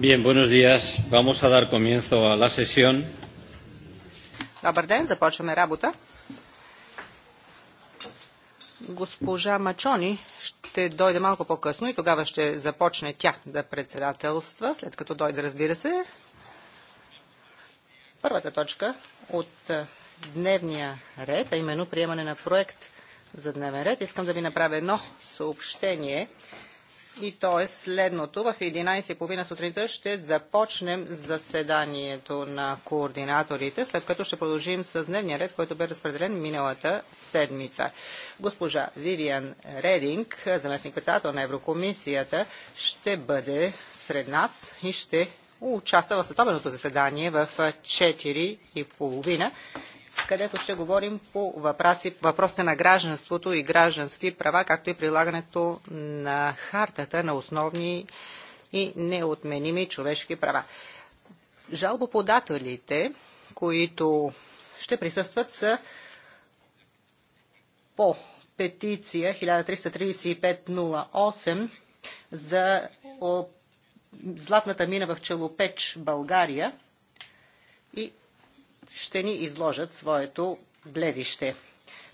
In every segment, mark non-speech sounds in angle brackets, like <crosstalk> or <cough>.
Bien, buenos días. Vamos a dar comienzo a la sesión. Добър ден, започваме работа. Госпожа Мачони ще дойде малко по-късно и тогава ще започне тя да председателства, след като дойде, разбира се. Първата точка от дневния ред, а именно приемане на проект за дневен ред, искам да ви направя едно съобщение. И то е следното. В 11.30 сутринта ще започнем заседанието на координаторите, след като ще продължим с дневния ред, който бе разпределен миналата седмица. Госпожа Вивиан Рединг, заместник председател на Еврокомисията, ще бъде сред нас и ще участва в световеното заседание в 4.30 където ще говорим по въпроси, въпросите на гражданството и граждански права, както и прилагането на хартата на основни и неотменими човешки права. Жалбоподателите, които ще присъстват, са по петиция 133508 за златната мина в Челопеч, България и ще ни изложат своето гледище.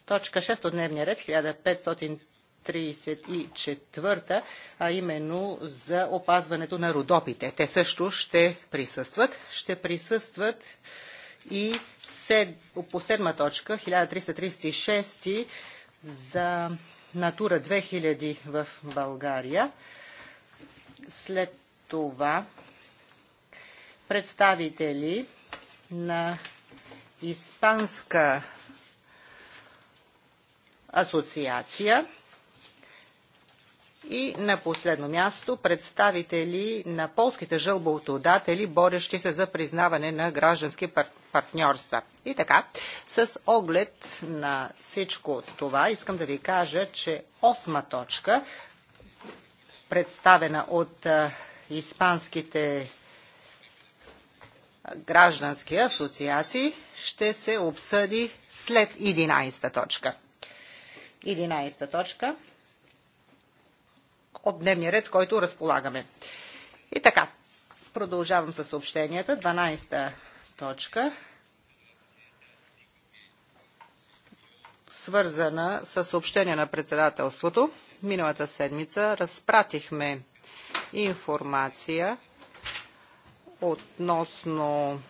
Точка 6 от дневния ред 1534, а именно за опазването на родопите. Те също ще присъстват. Ще присъстват и по седма точка 1336 за Натура 2000 в България. След това представители на испанска асоциация и на последно място представители на полските жълботодатели, борещи се за признаване на граждански пар- партньорства. И така, с оглед на всичко това, искам да ви кажа, че осма точка, представена от а, испанските граждански асоциации ще се обсъди след 11-та точка. 11-та точка от дневния ред, с който разполагаме. И така, продължавам с съобщенията. 12-та точка свързана с съобщение на председателството. Миналата седмица разпратихме информация относно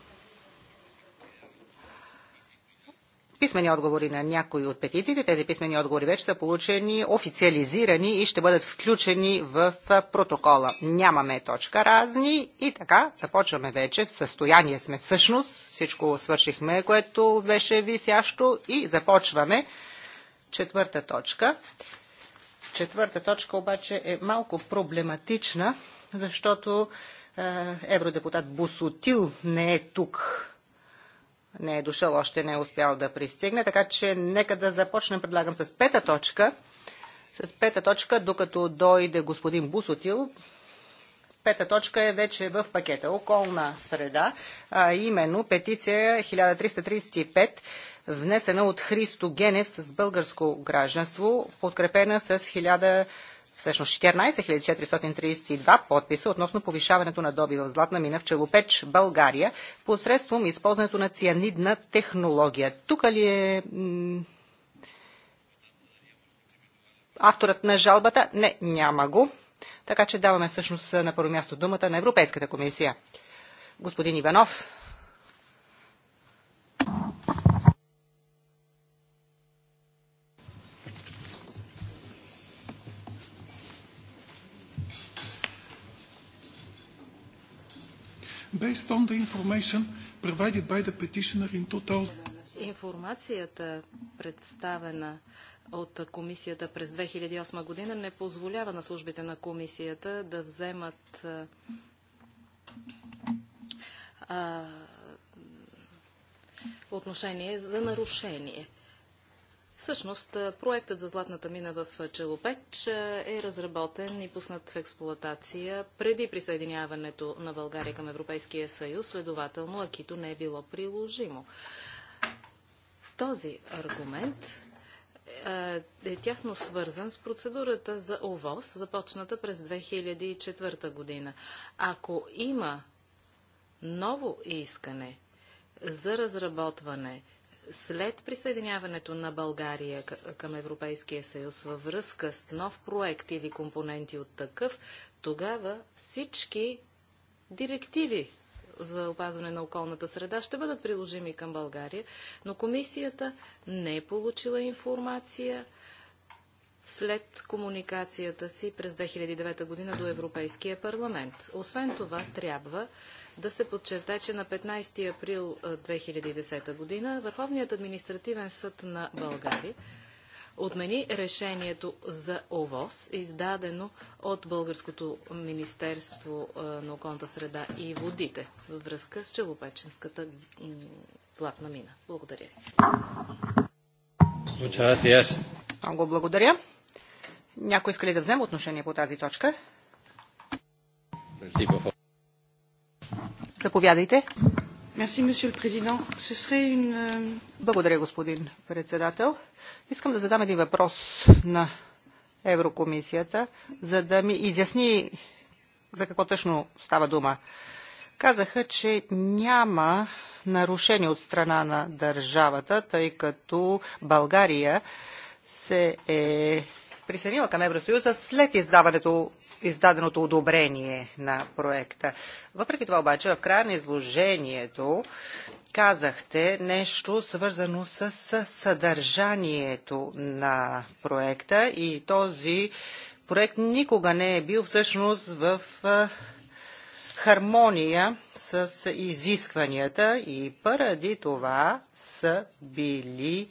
писмени отговори на някои от петициите. Тези писмени отговори вече са получени, официализирани и ще бъдат включени в протокола. Нямаме точка разни и така започваме вече. В състояние сме всъщност. Всичко свършихме, което беше висящо и започваме. Четвърта точка. Четвърта точка обаче е малко проблематична, защото е, евродепутат Бусотил не е тук. Не е дошъл, още не е успял да пристигне, така че нека да започнем, предлагам, с пета точка. С пета точка, докато дойде господин Бусотил, Пета точка е вече в пакета околна среда, а именно петиция 1335, внесена от Христо Генев с българско гражданство, подкрепена с 1000 всъщност 14 подписа относно повишаването на доби в златна мина в Челопеч, България, посредством използването на цианидна технология. Тук ли е авторът на жалбата? Не, няма го. Така че даваме всъщност на първо място думата на Европейската комисия. Господин Иванов, based on the information provided by the petitioner in 2000. Информацията, представена от комисията през 2008 година, не позволява на службите на комисията да вземат а, отношение за нарушение. Всъщност, е, проектът за златната мина в е, Челопеч е, е разработен и пуснат в експлоатация преди присъединяването на България към Европейския съюз, следователно Акито не е било приложимо. Този аргумент е тясно свързан с процедурата за ОВОз, започната през 2004 година. Ако има ново искане за разработване след присъединяването на България към Европейския съюз във връзка с нов проект или компоненти от такъв, тогава всички директиви за опазване на околната среда ще бъдат приложими към България, но комисията не е получила информация след комуникацията си през 2009 година до Европейския парламент. Освен това, трябва да се подчерта, че на 15 април 2010 година Върховният административен съд на България отмени решението за ОВОз, издадено от Българското министерство на околната среда и водите във връзка с Челопеченската златна мина. Благодаря. Много благодаря. Някой иска ли да вземе отношение по тази точка? Merci, Заповядайте. Euh, Благодаря, господин председател. Искам да задам един въпрос на Еврокомисията, за да ми изясни за какво точно става дума. Казаха, че няма нарушение от страна на държавата, тъй като България се е присъединила към Евросъюза след издаването издаденото одобрение на проекта. Въпреки това обаче, в края на изложението казахте нещо свързано с съдържанието на проекта и този проект никога не е бил всъщност в хармония с изискванията и поради това са били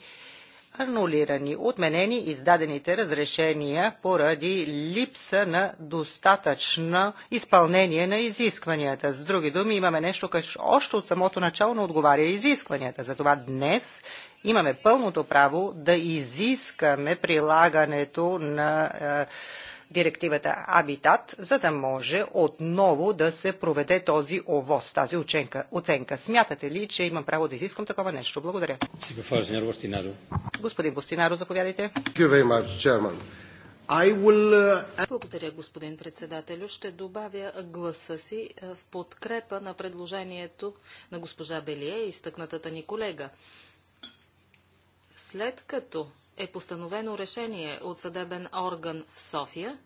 анулирани, отменени издадените разрешения поради липса на достатъчно изпълнение на изискванията. С други думи, имаме нещо, което още от самото начало не отговаря изискванията. Затова днес имаме пълното право да изискаме прилагането на е, директивата Абитат, за да може отново да се проведе този овоз, тази оценка. оценка. Смятате ли, че имам право да изискам такова нещо? Благодаря. Господин Бостинаро, заповядайте. Uh, Благодаря, господин председателю. Ще добавя гласа си е, в подкрепа на предложението на госпожа Белие, стъкнатата ни колега. След като е постановено решение от съдебен орган в София,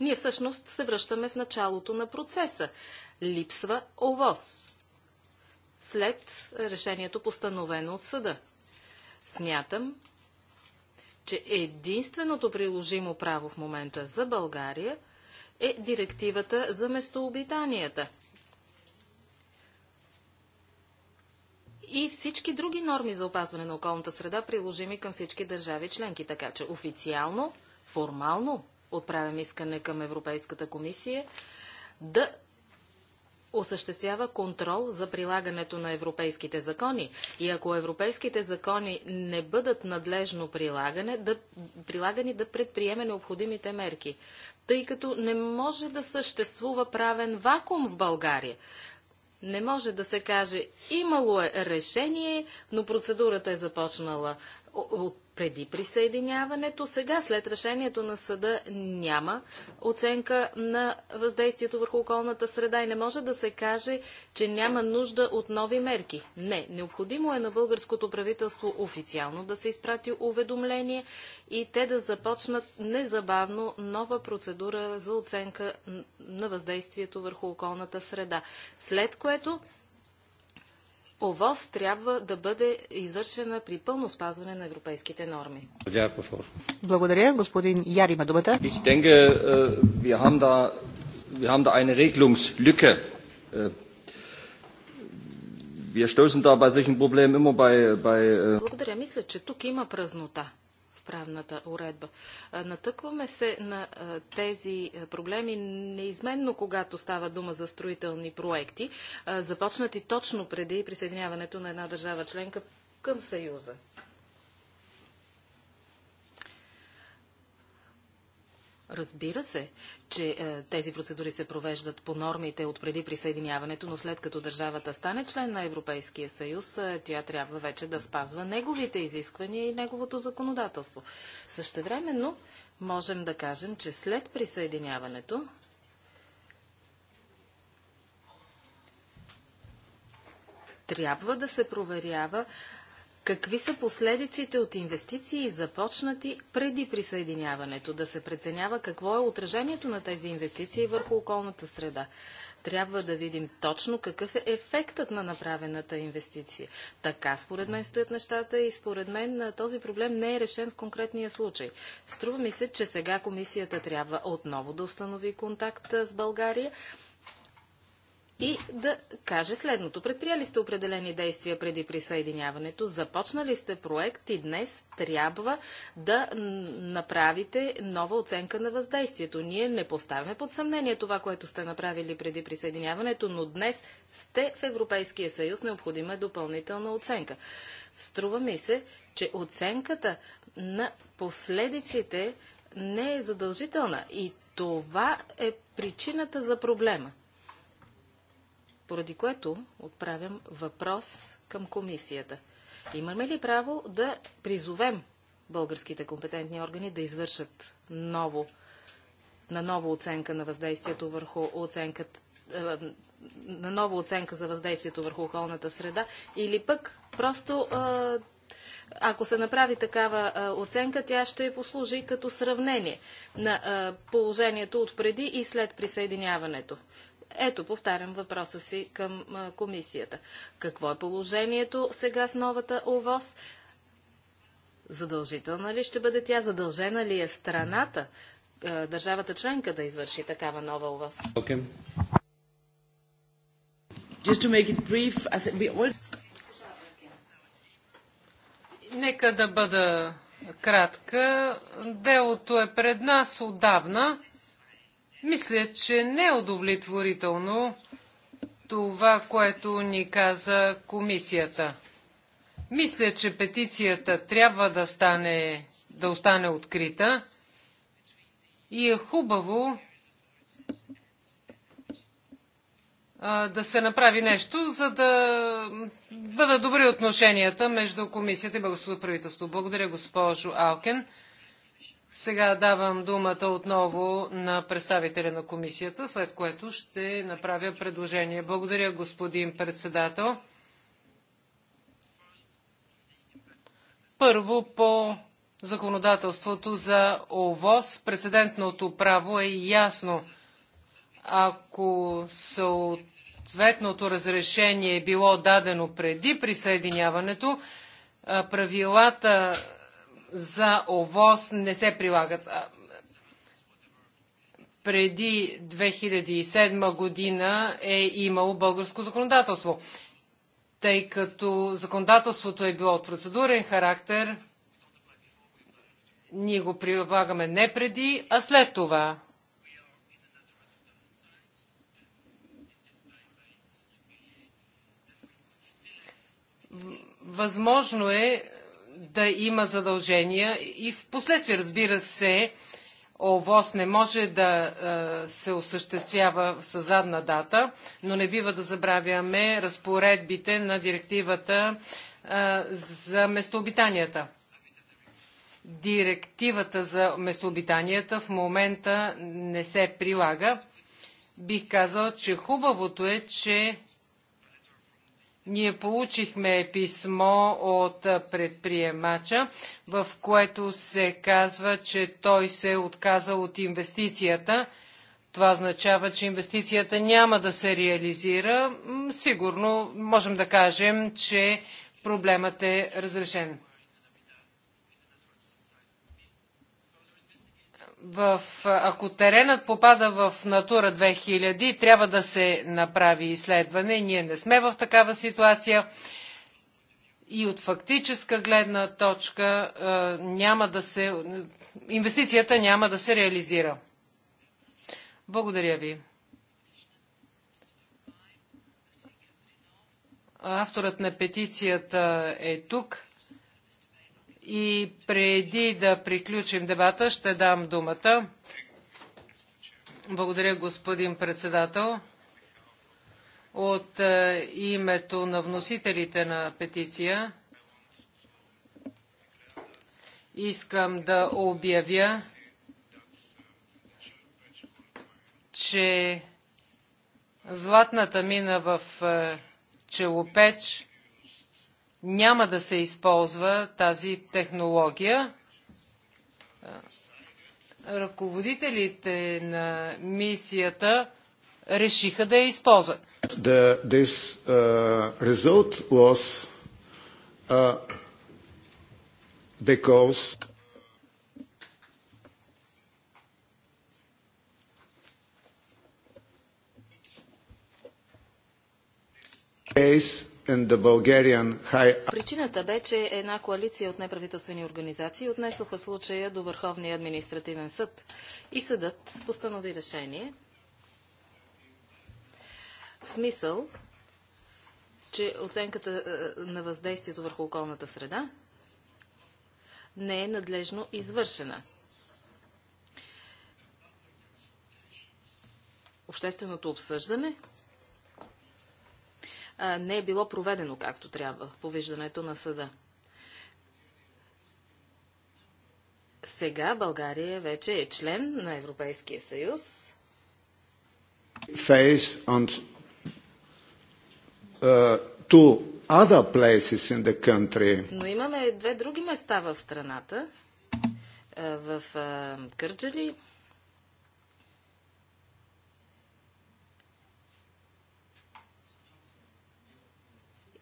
ние всъщност се връщаме в началото на процеса. Липсва овоз след решението постановено от съда. Смятам, че единственото приложимо право в момента за България е директивата за местообитанията – и всички други норми за опазване на околната среда, приложими към всички държави членки. Така че официално, формално отправям искане към Европейската комисия да осъществява контрол за прилагането на европейските закони. И ако европейските закони не бъдат надлежно прилагане, да, прилагани, да предприеме необходимите мерки. Тъй като не може да съществува правен вакуум в България. Не може да се каже, имало е решение, но процедурата е започнала. От преди присъединяването. Сега, след решението на съда, няма оценка на въздействието върху околната среда и не може да се каже, че няма нужда от нови мерки. Не, необходимо е на българското правителство официално да се изпрати уведомление и те да започнат незабавно нова процедура за оценка на въздействието върху околната среда. След което ОВОС трябва да бъде извършена при пълно спазване на европейските норми. Благодаря. Господин Яри Мадубата. Äh, äh, äh Благодаря. Мисля, че тук има празнота правната уредба. Натъкваме се на тези проблеми неизменно, когато става дума за строителни проекти, започнати точно преди присъединяването на една държава членка към Съюза. Разбира се, че е, тези процедури се провеждат по нормите от преди присъединяването, но след като държавата стане член на Европейския съюз, е, тя трябва вече да спазва неговите изисквания и неговото законодателство. Същевременно можем да кажем, че след присъединяването трябва да се проверява Какви са последиците от инвестиции, започнати преди присъединяването? Да се преценява какво е отражението на тези инвестиции върху околната среда. Трябва да видим точно какъв е ефектът на направената инвестиция. Така, според мен, стоят нещата и според мен този проблем не е решен в конкретния случай. Струва ми се, че сега комисията трябва отново да установи контакт с България и да каже следното. Предприели сте определени действия преди присъединяването, започнали сте проект и днес трябва да направите нова оценка на въздействието. Ние не поставяме под съмнение това, което сте направили преди присъединяването, но днес сте в Европейския съюз, необходима е допълнителна оценка. Струва ми се, че оценката на последиците не е задължителна и това е причината за проблема поради което отправям въпрос към комисията. Имаме ли право да призовем българските компетентни органи да извършат ново, на ново оценка на въздействието върху оценката, е, на нова оценка за въздействието върху околната среда или пък просто е, ако се направи такава е, оценка, тя ще послужи като сравнение на положението от преди и след присъединяването. Ето, повтарям въпроса си към комисията. Какво е положението сега с новата ОВОС? Задължителна ли ще бъде тя? Задължена ли е страната, държавата членка да извърши такава нова ОВОС? Нека да бъда кратка. Делото е пред нас отдавна. Мисля, че не е удовлетворително това, което ни каза комисията. Мисля, че петицията трябва да, стане, да остане открита и е хубаво а, да се направи нещо, за да бъдат добри отношенията между комисията и българското правителство. Благодаря, госпожо Алкен. Сега давам думата отново на представителя на комисията, след което ще направя предложение. Благодаря, господин председател. Първо по законодателството за ОВОС. Прецедентното право е ясно. Ако съответното разрешение е било дадено преди присъединяването, правилата за ОВОз не се прилагат. Преди 2007 година е имало българско законодателство. Тъй като законодателството е било от процедурен характер, ние го прилагаме не преди, а след това. Възможно е да има задължения и в последствие, разбира се, ОВОС не може да се осъществява с задна дата, но не бива да забравяме разпоредбите на директивата за местообитанията. Директивата за местообитанията в момента не се прилага. Бих казал, че хубавото е, че ние получихме писмо от предприемача, в което се казва, че той се е отказа от инвестицията. Това означава, че инвестицията няма да се реализира. Сигурно можем да кажем, че проблемът е разрешен. в, ако теренът попада в Натура 2000, трябва да се направи изследване. Ние не сме в такава ситуация. И от фактическа гледна точка е, няма да се, инвестицията няма да се реализира. Благодаря ви. Авторът на петицията е тук. И преди да приключим дебата, ще дам думата. Благодаря, господин председател. От е, името на вносителите на петиция искам да обявя, че златната мина в е, Челопеч няма да се използва тази технология. Ръководителите на мисията решиха да я използват. The, this uh, result was uh, because case Причината бе, че една коалиция от неправителствени организации отнесоха случая до Върховния административен съд и съдът постанови решение в смисъл, че оценката е, на въздействието върху околната среда не е надлежно извършена. Общественото обсъждане не е било проведено както трябва по виждането на съда. Сега България вече е член на Европейския съюз. Face on uh, two other places in the country. Но имаме две други места в страната. В Кърджали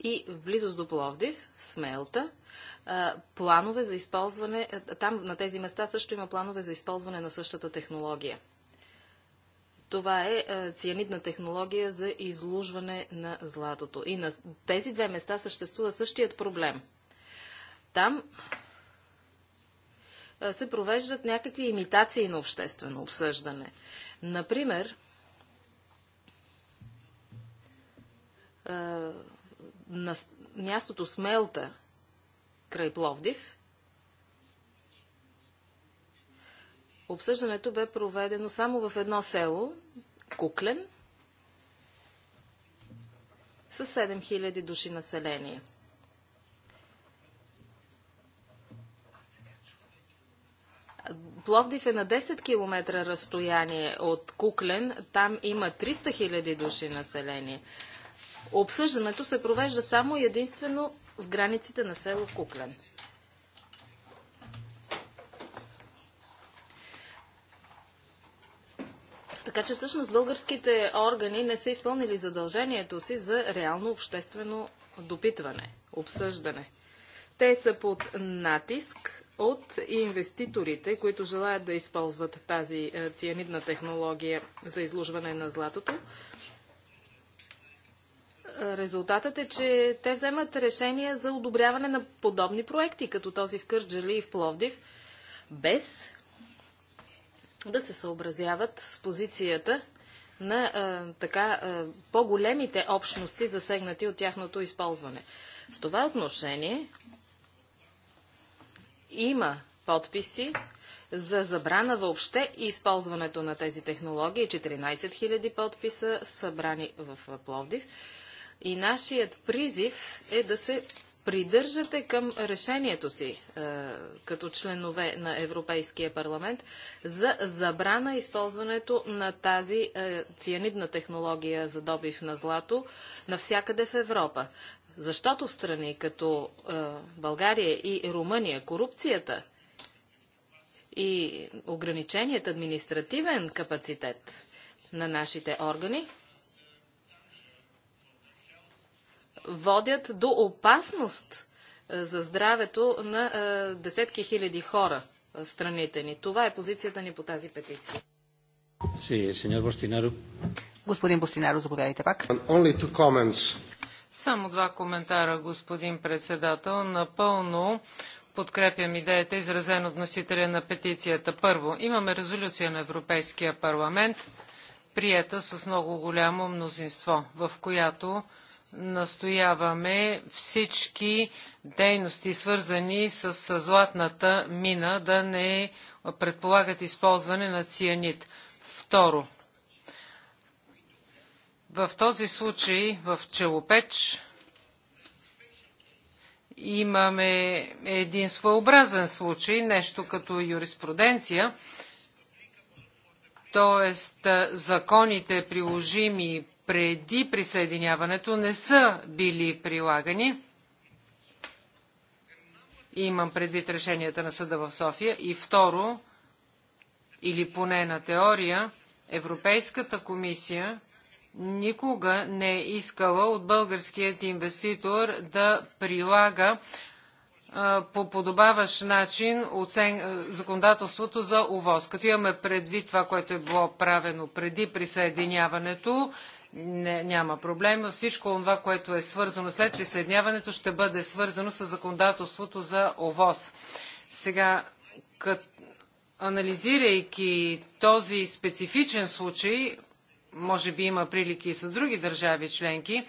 и в близост до Пловдив, Смелта, планове за използване, там на тези места също има планове за използване на същата технология. Това е цианидна технология за излужване на златото. И на тези две места съществува същият проблем. Там се провеждат някакви имитации на обществено обсъждане. Например, на мястото Смелта край Пловдив, обсъждането бе проведено само в едно село, Куклен, с 7000 души население. Пловдив е на 10 км разстояние от Куклен. Там има 300 000 души население. Обсъждането се провежда само и единствено в границите на село Куклен. Така че всъщност българските органи не са изпълнили задължението си за реално обществено допитване, обсъждане. Те са под натиск от инвеститорите, които желаят да използват тази е, цианидна технология за излужване на златото, резултатът е, че те вземат решения за одобряване на подобни проекти, като този в Кърджали и в Пловдив, без да се съобразяват с позицията на а, така по-големите общности, засегнати от тяхното използване. В това отношение има подписи за забрана въобще и използването на тези технологии. 14 000 подписа събрани в Пловдив. И нашият призив е да се придържате към решението си е, като членове на Европейския парламент за забрана използването на тази е, цианидна технология за добив на злато навсякъде в Европа. Защото в страни като е, България и Румъния корупцията и ограниченият административен капацитет на нашите органи водят до опасност е, за здравето на е, десетки хиляди хора е, в страните ни. Това е позицията ни по тази петиция. Господин Бостинаро, заповядайте пак. Само два коментара, господин председател. Напълно подкрепям идеята, изразена от носителя на петицията. Първо, имаме резолюция на Европейския парламент, приета с много голямо мнозинство, в която настояваме всички дейности, свързани с златната мина, да не предполагат използване на цианид. Второ, в този случай в Челопеч имаме един своеобразен случай, нещо като юриспруденция, т.е. законите приложими преди присъединяването не са били прилагани. Имам предвид решенията на съда в София. И второ, или поне на теория, Европейската комисия никога не е искала от българският инвеститор да прилага по подобаващ начин оцен... законодателството за увоз. Като имаме предвид това, което е било правено преди присъединяването не, няма проблем. Всичко това, което е свързано след присъединяването, ще бъде свързано с законодателството за ОВОС. Сега, кът, анализирайки този специфичен случай, може би има прилики и с други държави членки,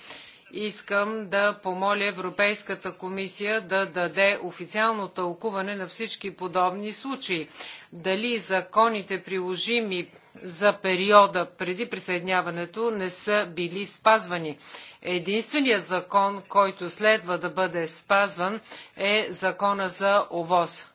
искам да помоля Европейската комисия да даде официално тълкуване на всички подобни случаи. Дали законите приложими за периода преди присъединяването не са били спазвани. Единственият закон, който следва да бъде спазван е закона за ОВОз.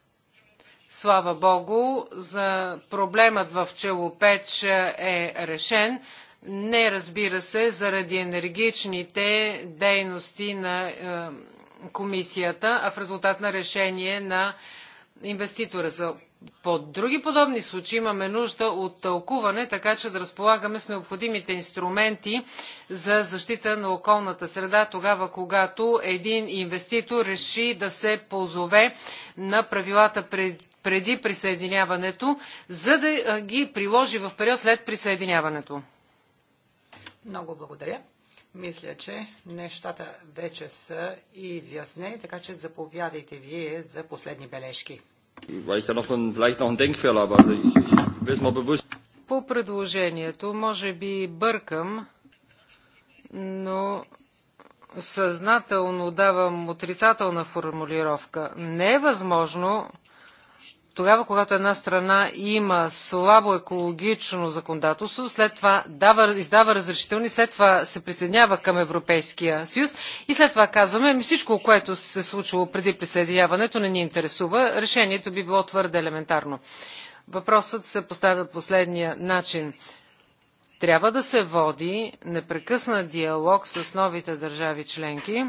Слава Богу, за проблемът в Челопеч е решен не, разбира се, заради енергичните дейности на е, комисията, а в резултат на решение на инвеститора. За по други подобни случаи имаме нужда от тълкуване, така че да разполагаме с необходимите инструменти за защита на околната среда, тогава когато един инвеститор реши да се позове на правилата преди присъединяването, за да е, ги приложи в период след присъединяването. Много благодаря. Мисля, че нещата вече са и изяснени, така че заповядайте вие за последни бележки. По предложението, може би бъркам, но съзнателно давам отрицателна формулировка. Не е възможно тогава, когато една страна има слабо екологично законодателство, след това дава, издава разрешителни, след това се присъединява към Европейския съюз и след това казваме, ми всичко, което се случило преди присъединяването, не ни интересува. Решението би било твърде елементарно. Въпросът се поставя последния начин. Трябва да се води непрекъснат диалог с новите държави членки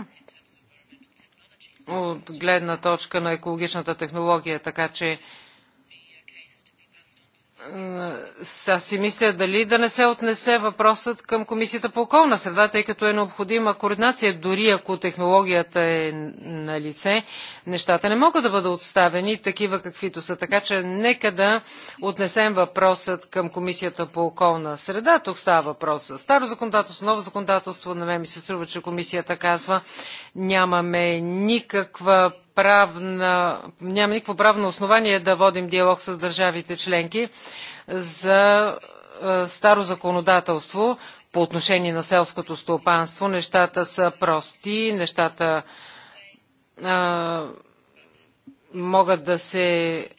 от гледна точка на екологичната технология, така че аз си мисля дали да не се отнесе въпросът към Комисията по околна среда, тъй като е необходима координация. Дори ако технологията е на лице, нещата не могат да бъдат отставени такива каквито са. Така че нека да отнесем въпросът към Комисията по околна среда. Тук става въпрос за старо законодателство, ново законодателство. На мен ми се струва, че Комисията казва нямаме никаква правна, няма никакво правно основание да водим диалог с държавите членки за е, старо законодателство по отношение на селското стопанство. Нещата са прости, нещата а, е, могат да се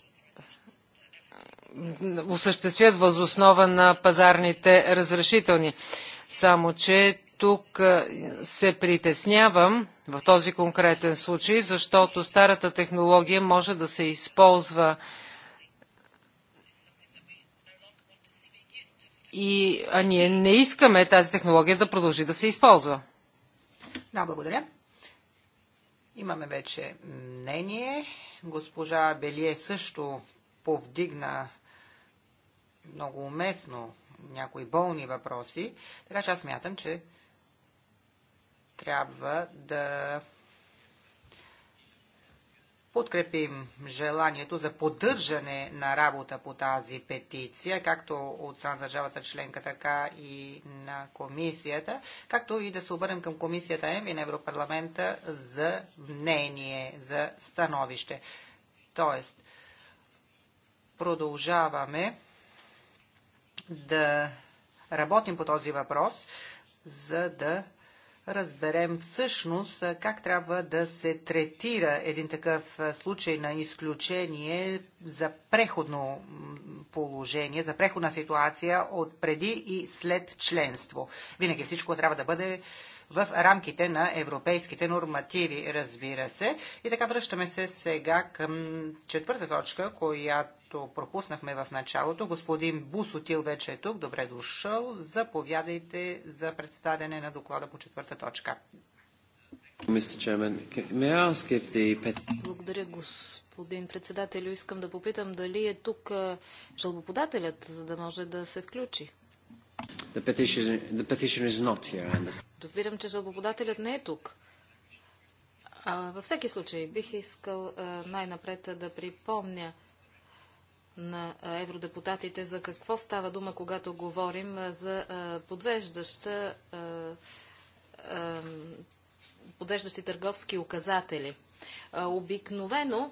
осъществят възоснова на пазарните разрешителни. Само, че тук е, се притеснявам, в този конкретен случай, защото старата технология може да се използва и а ние не искаме тази технология да продължи да се използва. Да, благодаря. Имаме вече мнение. Госпожа Белие също повдигна много уместно някои болни въпроси, така че аз мятам, че трябва да подкрепим желанието за поддържане на работа по тази петиция, както от страна държавата членка, така и на комисията, както и да се обърнем към комисията М и на Европарламента за мнение, за становище. Тоест, продължаваме да работим по този въпрос, за да разберем всъщност как трябва да се третира един такъв случай на изключение за преходно положение, за преходна ситуация от преди и след членство. Винаги всичко трябва да бъде в рамките на европейските нормативи, разбира се. И така връщаме се сега към четвърта точка, която който пропуснахме в началото. Господин Бусотил вече е тук. Добре дошъл. Заповядайте за представяне на доклада по четвърта точка. Благодаря, господин председателю. Искам да попитам дали е тук жалбоподателят, за да може да се включи. The the here, Разбирам, че жалбоподателят не е тук. А, във всеки случай, бих искал най-напред да припомня на евродепутатите за какво става дума, когато говорим за подвеждаща, подвеждащи търговски указатели. Обикновено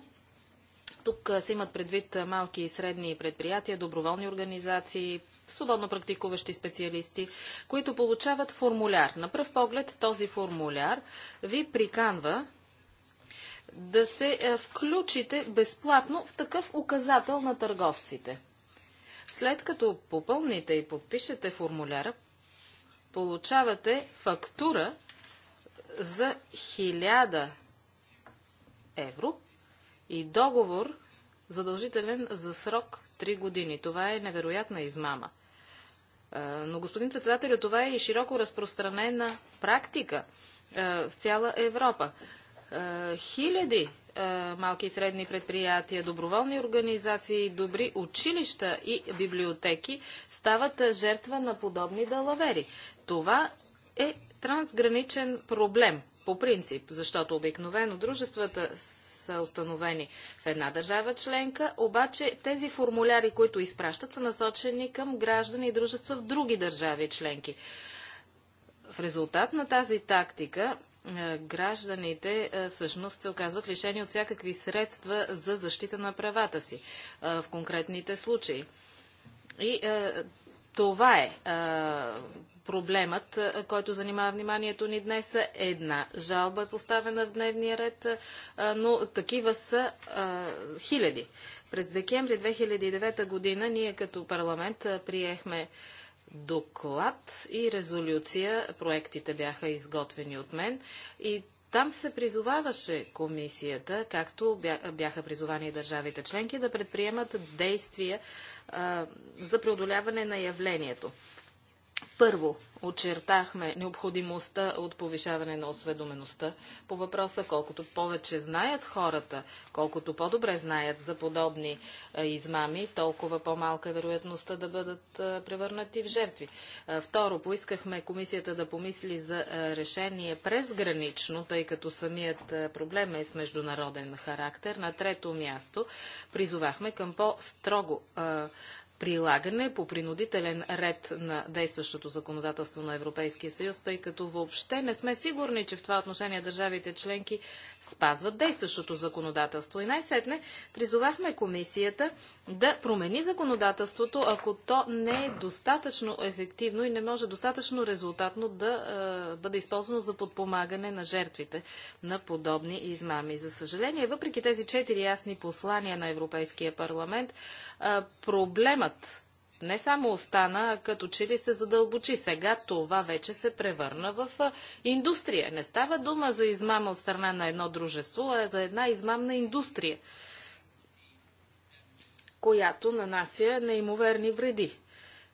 тук се имат предвид малки и средни предприятия, доброволни организации, свободно практикуващи специалисти, които получават формуляр. На пръв поглед този формуляр ви приканва да се е, включите безплатно в такъв указател на търговците. След като попълните и подпишете формуляра, получавате фактура за 1000 евро и договор задължителен за срок 3 години. Това е невероятна измама. Е, но, господин председател, това е и широко разпространена практика е, в цяла Европа. Е, хиляди е, малки и средни предприятия, доброволни организации, добри училища и библиотеки стават жертва на подобни далавери. Това е трансграничен проблем по принцип, защото обикновено дружествата са установени в една държава членка, обаче тези формуляри, които изпращат, са насочени към граждани и дружества в други държави членки. В резултат на тази тактика е, гражданите е, всъщност се оказват лишени от всякакви средства за защита на правата си е, в конкретните случаи. И това е проблемът, който занимава вниманието ни днес. Една жалба е поставена в дневния ред, но такива са хиляди. През декември 2009 година ние като парламент приехме доклад и резолюция. Проектите бяха изготвени от мен и там се призоваваше комисията, както бяха призовани и държавите членки, да предприемат действия а, за преодоляване на явлението. Първо, очертахме необходимостта от повишаване на осведомеността по въпроса колкото повече знаят хората, колкото по-добре знаят за подобни измами, толкова по-малка е вероятността да бъдат превърнати в жертви. второ, поискахме комисията да помисли за решение презгранично, тъй като самият проблем е с международен характер. На трето място призовахме към по-строго прилагане по принудителен ред на действащото законодателство на Европейския съюз, тъй като въобще не сме сигурни, че в това отношение държавите членки спазват действащото законодателство. И най-сетне призовахме комисията да промени законодателството, ако то не е достатъчно ефективно и не може достатъчно резултатно да е, бъде използвано за подпомагане на жертвите на подобни измами. За съжаление, въпреки тези четири ясни послания на Европейския парламент, е, проблемът проблемът не само остана, а като че ли се задълбочи. Сега това вече се превърна в индустрия. Не става дума за измама от страна на едно дружество, а за една измамна индустрия, която нанася неимоверни вреди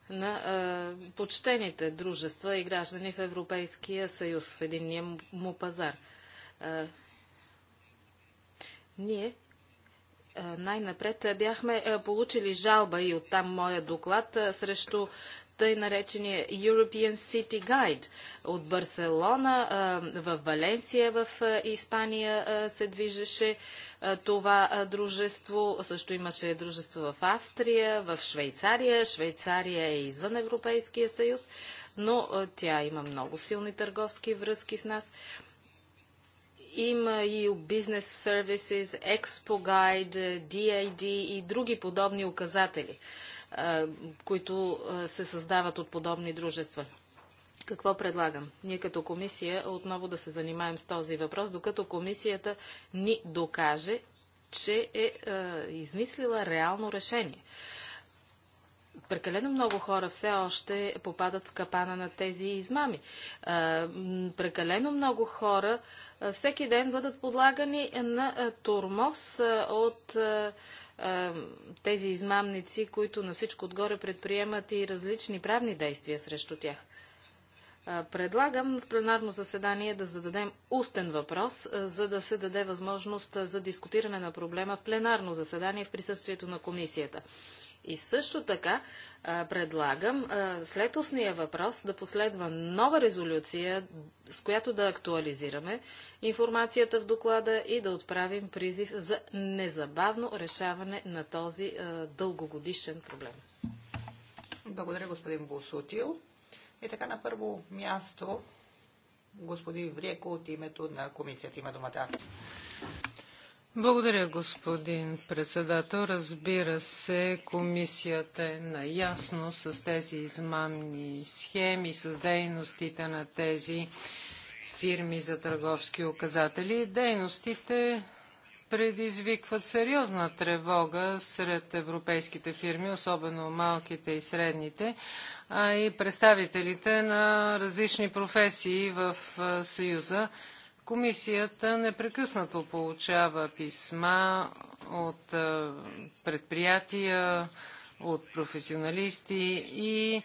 на е, почтените дружества и граждани в Европейския съюз, в единния му пазар. Е, ние е, най-напред е, бяхме е, получили жалба и оттам моя доклад срещу тъй наречения European City Guide от Барселона. В Валенсия в Испания се движеше това дружество. Също имаше дружество в Австрия, в Швейцария. Швейцария е извън Европейския съюз, но тя има много силни търговски връзки с нас. Има и бизнес Services, Експо Гайд, DID и други подобни указатели, които се създават от подобни дружества. Какво предлагам? Ние като комисия отново да се занимаем с този въпрос, докато комисията ни докаже, че е измислила реално решение. Прекалено много хора все още попадат в капана на тези измами. Прекалено много хора всеки ден бъдат подлагани на турмоз от тези измамници, които на всичко отгоре предприемат и различни правни действия срещу тях. Предлагам в пленарно заседание да зададем устен въпрос, за да се даде възможност за дискутиране на проблема в пленарно заседание в присъствието на комисията. И също така предлагам след устния въпрос да последва нова резолюция, с която да актуализираме информацията в доклада и да отправим призив за незабавно решаване на този дългогодишен проблем. Благодаря, господин Босутил. И така на първо място господин Вреко от името на комисията има думата. Благодаря, господин председател. Разбира се, комисията е наясно с тези измамни схеми, с дейностите на тези фирми за търговски указатели. Дейностите предизвикват сериозна тревога сред европейските фирми, особено малките и средните, а и представителите на различни професии в Съюза. Комисията непрекъснато получава писма от е, предприятия, от професионалисти и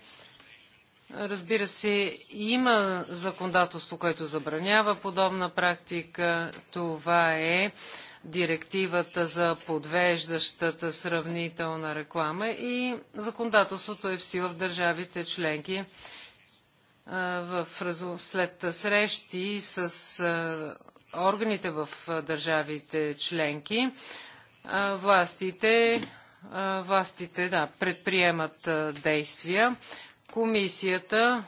Разбира се, има законодателство, което забранява подобна практика. Това е директивата за подвеждащата сравнителна реклама и законодателството е в сила в държавите членки в, след срещи с органите в държавите членки, властите, властите да, предприемат действия. Комисията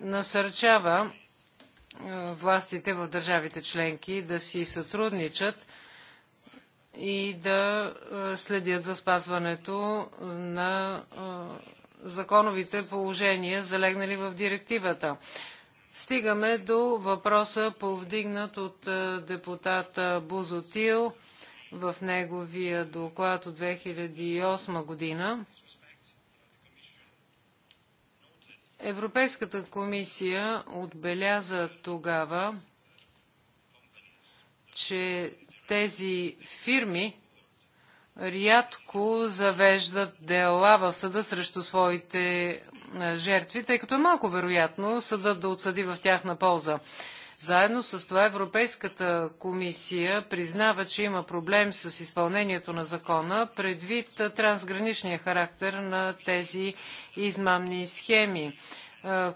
насърчава властите в държавите членки да си сътрудничат и да следят за спазването на законовите положения, залегнали в директивата. Стигаме до въпроса, повдигнат от е, депутата Бузотил в неговия доклад от 2008 година. Европейската комисия отбеляза тогава, че тези фирми, рядко завеждат дела в съда срещу своите жертви, тъй като е малко вероятно съда да отсъди в тяхна полза. Заедно с това Европейската комисия признава, че има проблем с изпълнението на закона предвид трансграничния характер на тези измамни схеми.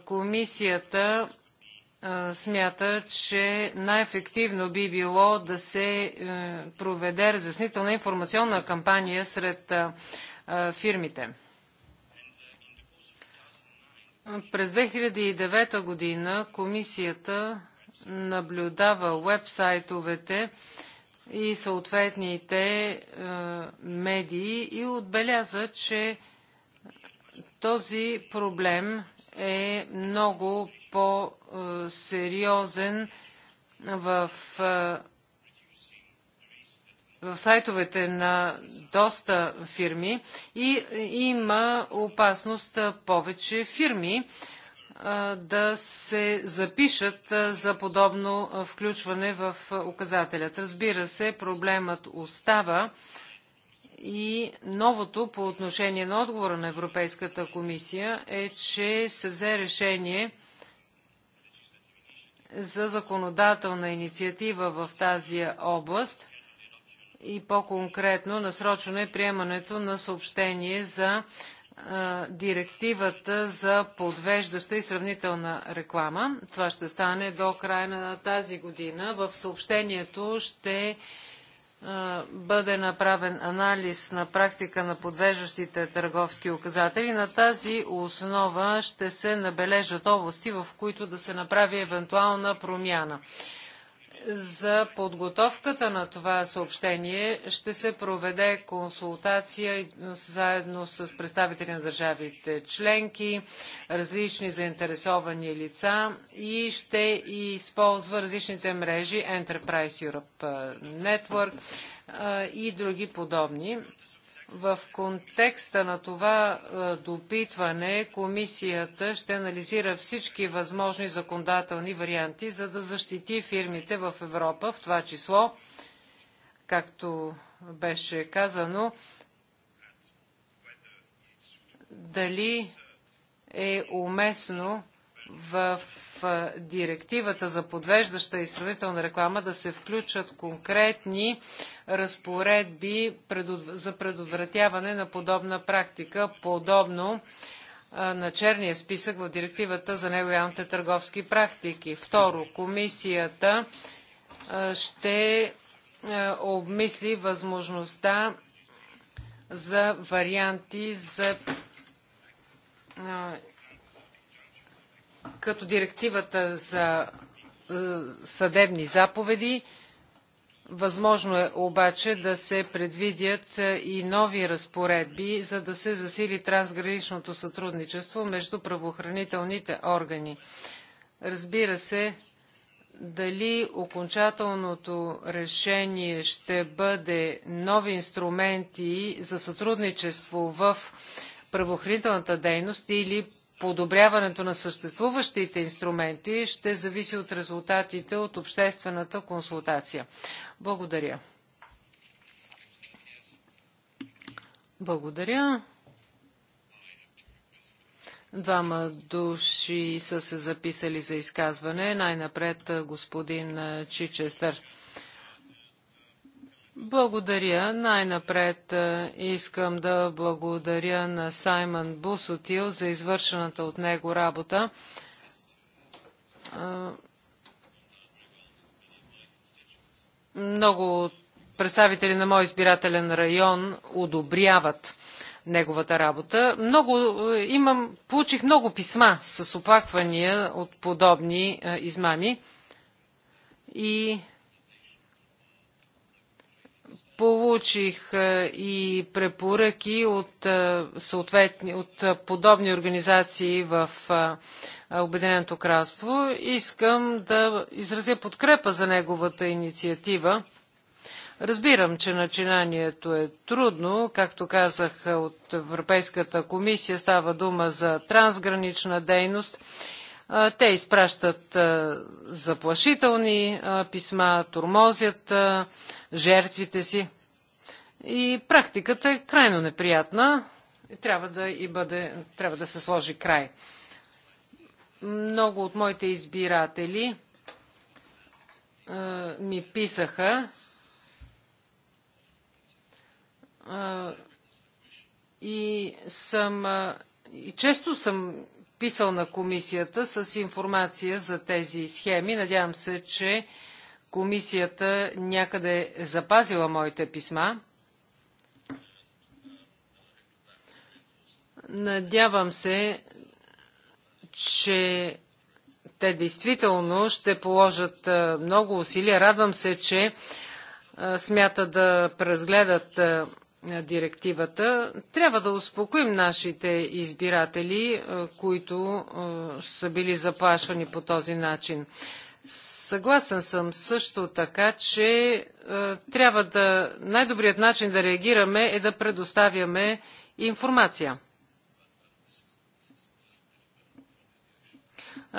Комисията смята, че най-ефективно би било да се е, проведе разяснителна информационна кампания сред фирмите. През 2009 година комисията наблюдава вебсайтовете и съответните е, медии и отбеляза, че този проблем е много по- сериозен в, в сайтовете на доста фирми и има опасност повече фирми да се запишат за подобно включване в указателят. Разбира се, проблемът остава и новото по отношение на отговора на Европейската комисия е, че се взе решение за законодателна инициатива в тази област и по-конкретно насрочено е приемането на съобщение за директивата за подвеждаща и сравнителна реклама. Това ще стане до края на тази година. В съобщението ще бъде направен анализ на практика на подвеждащите търговски указатели. На тази основа ще се набележат области, в които да се направи евентуална промяна за подготовката на това съобщение ще се проведе консултация заедно с представители на държавите членки, различни заинтересовани лица и ще използва различните мрежи Enterprise Europe Network и други подобни. В контекста на това е, допитване комисията ще анализира всички възможни законодателни варианти, за да защити фирмите в Европа, в това число, както беше казано, дали е уместно в директивата за подвеждаща и сравнителна реклама да се включат конкретни разпоредби за предотвратяване на подобна практика, подобно на черния списък в директивата за нелоялните търговски практики. Второ, комисията ще обмисли възможността за варианти за като директивата за е, съдебни заповеди. Възможно е обаче да се предвидят е, и нови разпоредби, за да се засили трансграничното сътрудничество между правоохранителните органи. Разбира се, дали окончателното решение ще бъде нови инструменти за сътрудничество в правоохранителната дейност или подобряването на съществуващите инструменти ще зависи от резултатите от обществената консултация. Благодаря. Благодаря. Двама души са се записали за изказване. Най-напред господин Чичестър. Благодаря. Най-напред е, искам да благодаря на Саймън Бусотил за извършената от него работа. Е, много представители на мой избирателен район одобряват неговата работа. Много, е, имам, получих много писма с оплаквания от подобни измами и Получих е, и препоръки от, е, съответни, от е, подобни организации в Обединеното кралство. Искам да изразя подкрепа за неговата инициатива. Разбирам, че начинанието е трудно. Както казах от Европейската комисия, става дума за трансгранична дейност те изпращат заплашителни писма, турмозят жертвите си. И практиката е крайно неприятна. и Трябва да, и бъде, трябва да се сложи край. Много от моите избиратели ми писаха и съм и често съм писал на комисията с информация за тези схеми. Надявам се, че комисията някъде е запазила моите писма. Надявам се, че те действително ще положат много усилия. Радвам се, че смята да преразгледат директивата. Трябва да успокоим нашите избиратели, е, които е, са били заплашвани по този начин. Съгласен съм също така, че е, трябва да. Най-добрият начин да реагираме е да предоставяме информация.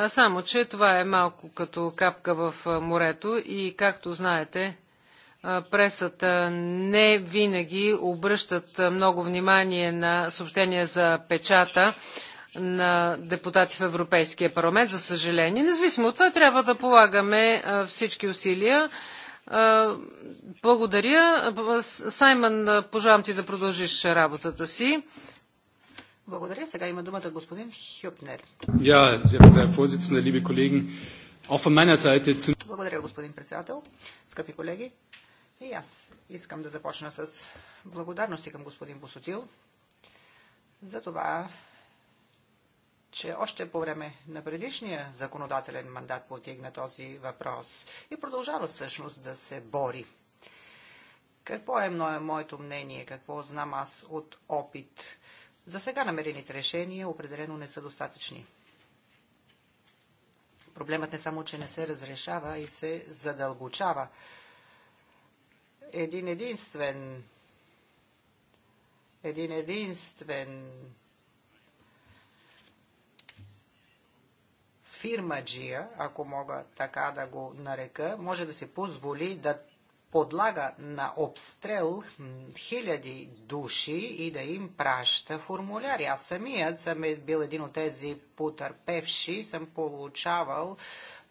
Само, че това е малко като капка в морето и, както знаете, пресата не винаги обръщат много внимание на съобщения за печата на депутати в Европейския парламент, за съжаление. Независимо от това, трябва да полагаме всички усилия. Благодаря. Саймън, пожелавам ти да продължиш работата си. Благодаря. Сега има думата господин Хюпнер. Ja, Благодаря, господин председател. Скъпи колеги, и аз искам да започна с благодарности към господин Босотил за това, че още по време на предишния законодателен мандат потигна този въпрос и продължава всъщност да се бори. Какво е моето мнение? Какво знам аз от опит? За сега намерените решения определено не са достатъчни. Проблемът не само, че не се разрешава и се задълбочава един единствен един единствен фирмаджия, ако мога така да го нарека, може да се позволи да подлага на обстрел хиляди души и да им праща формуляри. Аз самият съм е бил един от тези потърпевши, съм получавал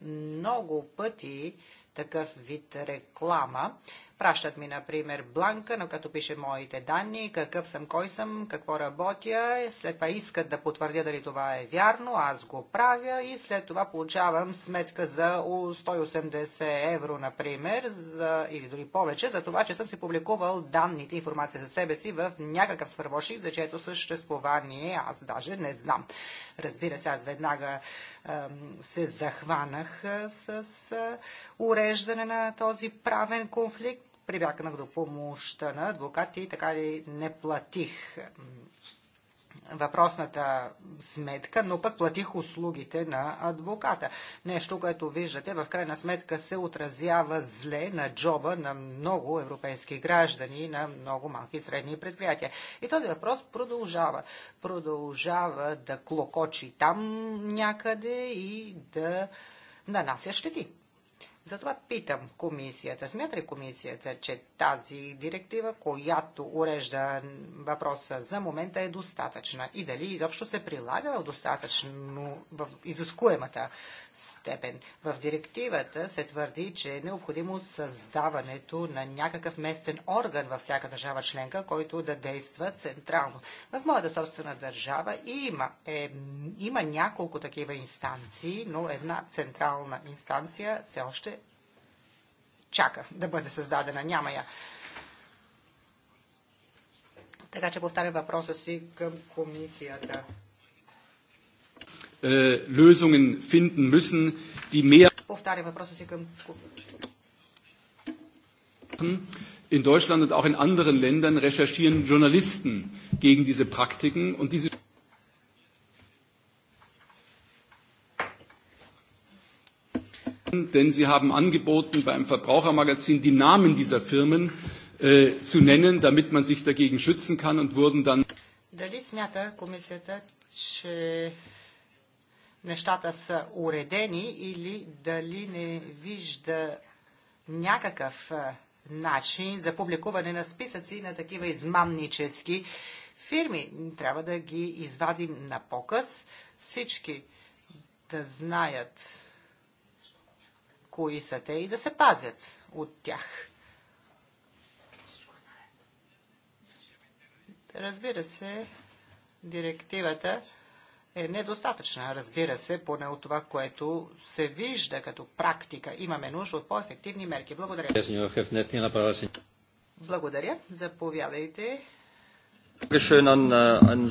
много пъти такъв вид реклама, Пращат ми, например, бланка, на като пише моите данни, какъв съм, кой съм, какво работя. След това искат да потвърдя дали това е вярно, аз го правя и след това получавам сметка за 180 евро, например, за, или дори повече, за това, че съм си публикувал данните, информация за себе си в някакъв свърбошик, за чието съществувание аз даже не знам. Разбира се, аз веднага се захванах с уреждане на този правен конфликт, прибягнах до помощта на адвокати и така ли не платих въпросната сметка, но пък платих услугите на адвоката. Нещо, което виждате, в крайна сметка се отразява зле на джоба на много европейски граждани, и на много малки и средни предприятия. И този въпрос продължава. Продължава да клокочи там някъде и да нанася щети. Затова питам комисията, смята ли комисията, че тази директива, която урежда въпроса за момента е достатъчна и дали изобщо се прилага в достатъчно в изискуемата степен. В директивата се твърди, че е необходимо създаването на някакъв местен орган във всяка държава членка, който да действа централно. В моята собствена държава има, е, има няколко такива инстанции, но една централна инстанция все още чака да бъде създадена. Няма я. Така че повтарям въпроса си към комисията. Lösungen finden müssen, die mehr In Deutschland und auch in anderen Ländern recherchieren Journalisten gegen diese Praktiken und diese Denn Sie haben angeboten, beim Verbrauchermagazin die Namen dieser Firmen äh, zu nennen, damit man sich dagegen schützen kann und wurden dann. Дали смята комисията, че нещата са уредени или дали не вижда някакъв начин за публикуване на списъци на такива измамнически фирми. Трябва да ги извадим на показ, всички да знаят кои са те и да се пазят от тях. Разбира се, директивата е недостатъчна, разбира се, поне от това, което се вижда като практика. Имаме нужда от по-ефективни мерки. Благодаря. Благодаря. Заповядайте. Благодаря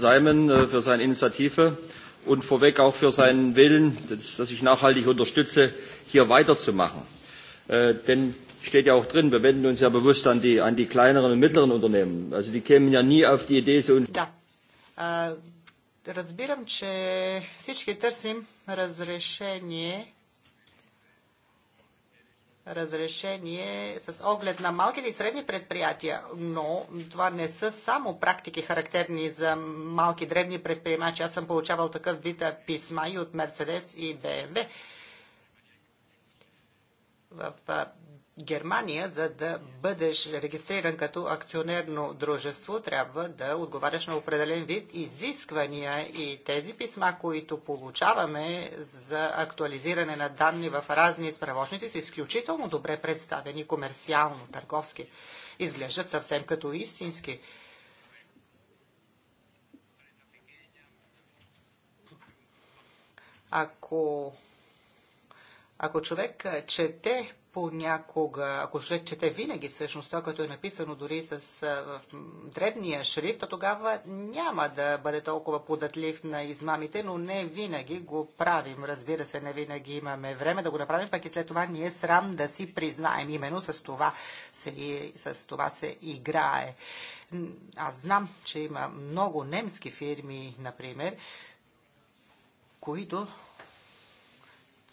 und vorweg auch für seinen Willen, dass ich nachhaltig unterstütze, hier weiterzumachen. Denn steht ja auch drin, wir wenden uns ja bewusst an die, an die kleineren und mittleren Unternehmen. Also die kämen ja nie auf die Idee, so... Да. А, разбирам, че всички търсим разрешение разрешение с оглед на малките и средни предприятия, но това не са само практики характерни за малки древни предприемачи. Аз съм получавал такъв вид писма и от Мерцедес и БМВ. В Германия, за да бъдеш регистриран като акционерно дружество, трябва да отговаряш на определен вид изисквания и тези писма, които получаваме за актуализиране на данни в разни справочници, са изключително добре представени комерциално, търговски. Изглеждат съвсем като истински. Ако ако човек чете понякога, ако човек чете винаги всъщност това, което е написано дори с в дребния шрифт, тогава няма да бъде толкова податлив на измамите, но не винаги го правим. Разбира се, не винаги имаме време да го направим, пък и след това ние е срам да си признаем. Именно с това се, с това се играе. Аз знам, че има много немски фирми, например, които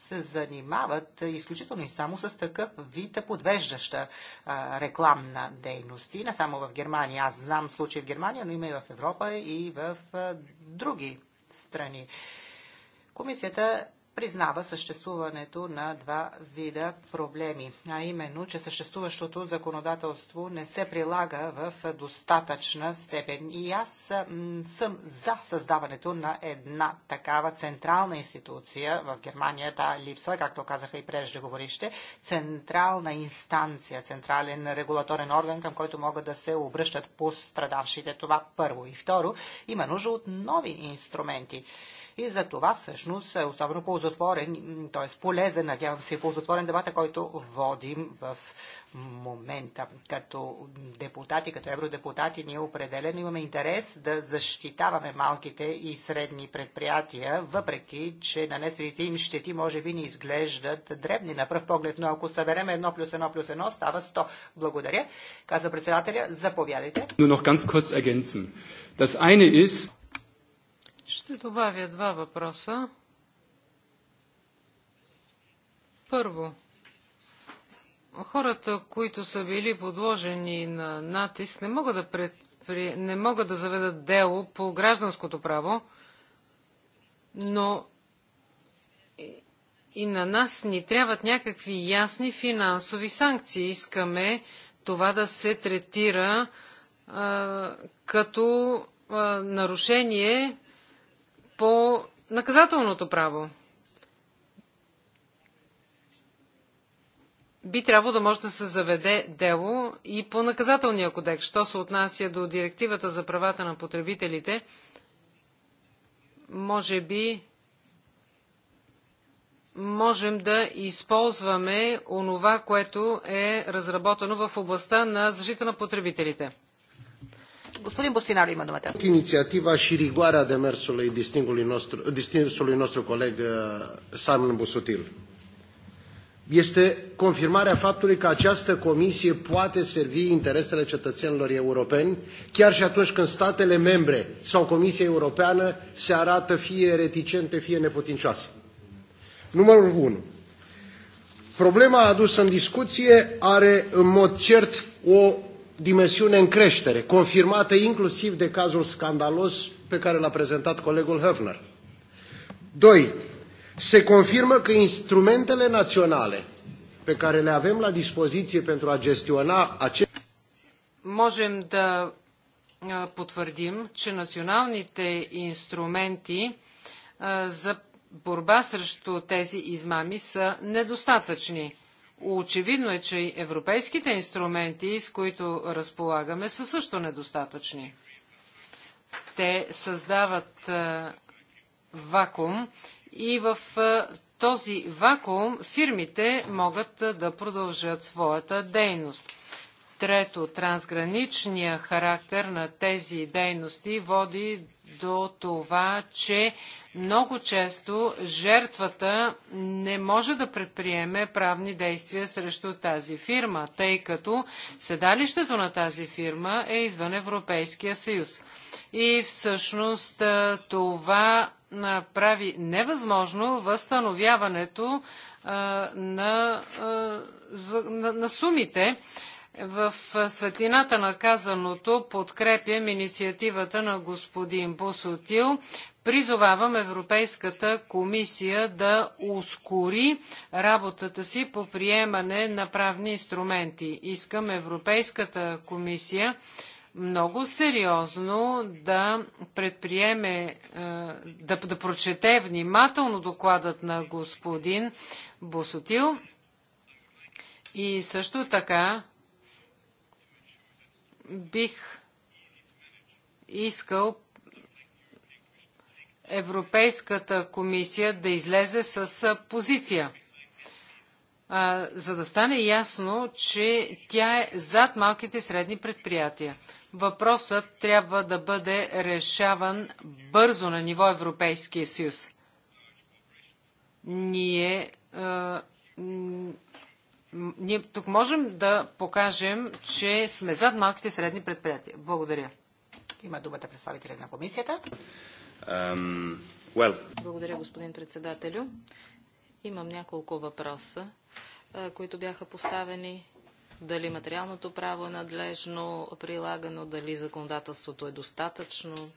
се занимават изключително и само с такъв вид подвеждаща а, рекламна дейност. И не само в Германия. Аз знам случаи в Германия, но има и в Европа и в а, други страни. Комисията признава съществуването на два вида проблеми, а именно, че съществуващото законодателство не се прилага в достатъчна степен. И аз съм за създаването на една такава централна институция в Германия, та липсва, както казаха и преждеговорище, централна инстанция, централен регулаторен орган, към който могат да се обръщат пострадавшите. Това първо. И второ, има нужда от нови инструменти. И за това всъщност е особено ползотворен, т.е. полезен, надявам се, ползотворен дебата, който водим в момента. Като депутати, като евродепутати, ние определено имаме интерес да защитаваме малките и средни предприятия, въпреки, че нанесените им щети може би ни изглеждат дребни на пръв поглед, но ако съберем едно плюс едно плюс едно, става 100. Благодаря. Каза председателя, заповядайте. Но, но, ganz kurz ergänzen. Das eine ist, ще добавя два въпроса. Първо, хората, които са били подложени на натиск, не могат да, предпри... не могат да заведат дело по гражданското право, но и на нас ни трябват някакви ясни финансови санкции. Искаме това да се третира а, като а, нарушение по наказателното право. Би трябвало да може да се заведе дело и по наказателния кодекс. Що се отнася до директивата за правата на потребителите, може би можем да използваме онова, което е разработено в областта на защита на потребителите. Господин Бостинаро има думата. Инициатива și rigoarea demersului distinsului nostru, nostru coleg Simon Busutil este confirmarea faptului că această comisie poate servi interesele cetățenilor europeni, chiar și atunci când statele membre sau Comisia Europeană se arată fie reticente, fie neputincioase. Numărul 1. Problema adusă în discuție are în mod cert o dimensiune în creștere, confirmată inclusiv de cazul scandalos pe care l-a prezentat colegul Höfner. 2. Se confirmă că instrumentele naționale pe care le avem la dispoziție pentru a gestiona acest... Можем да потвърдим, че националните инструменти за борба срещу тези измами са недостатъчни. Очевидно е, че европейските инструменти, с които разполагаме, са също недостатъчни. Те създават е, вакуум и в е, този вакуум фирмите могат е, да продължат своята дейност. Трето, трансграничния характер на тези дейности води до това, че много често жертвата не може да предприеме правни действия срещу тази фирма, тъй като седалището на тази фирма е извън Европейския съюз. И всъщност това прави невъзможно възстановяването на, на, на сумите в светлината на казаното подкрепям инициативата на господин Босотил. Призовавам Европейската комисия да ускори работата си по приемане на правни инструменти. Искам Европейската комисия много сериозно да предприеме, да, да прочете внимателно докладът на господин Босотил и също така бих искал Европейската комисия да излезе с позиция, за да стане ясно, че тя е зад малките и средни предприятия. Въпросът трябва да бъде решаван бързо на ниво Европейския съюз. Ние ние тук можем да покажем, че сме зад малките и средни предприятия. Благодаря. Има думата представителя на комисията. Um, well. Благодаря, господин председателю. Имам няколко въпроса, които бяха поставени. Дали материалното право е надлежно прилагано, дали законодателството е достатъчно.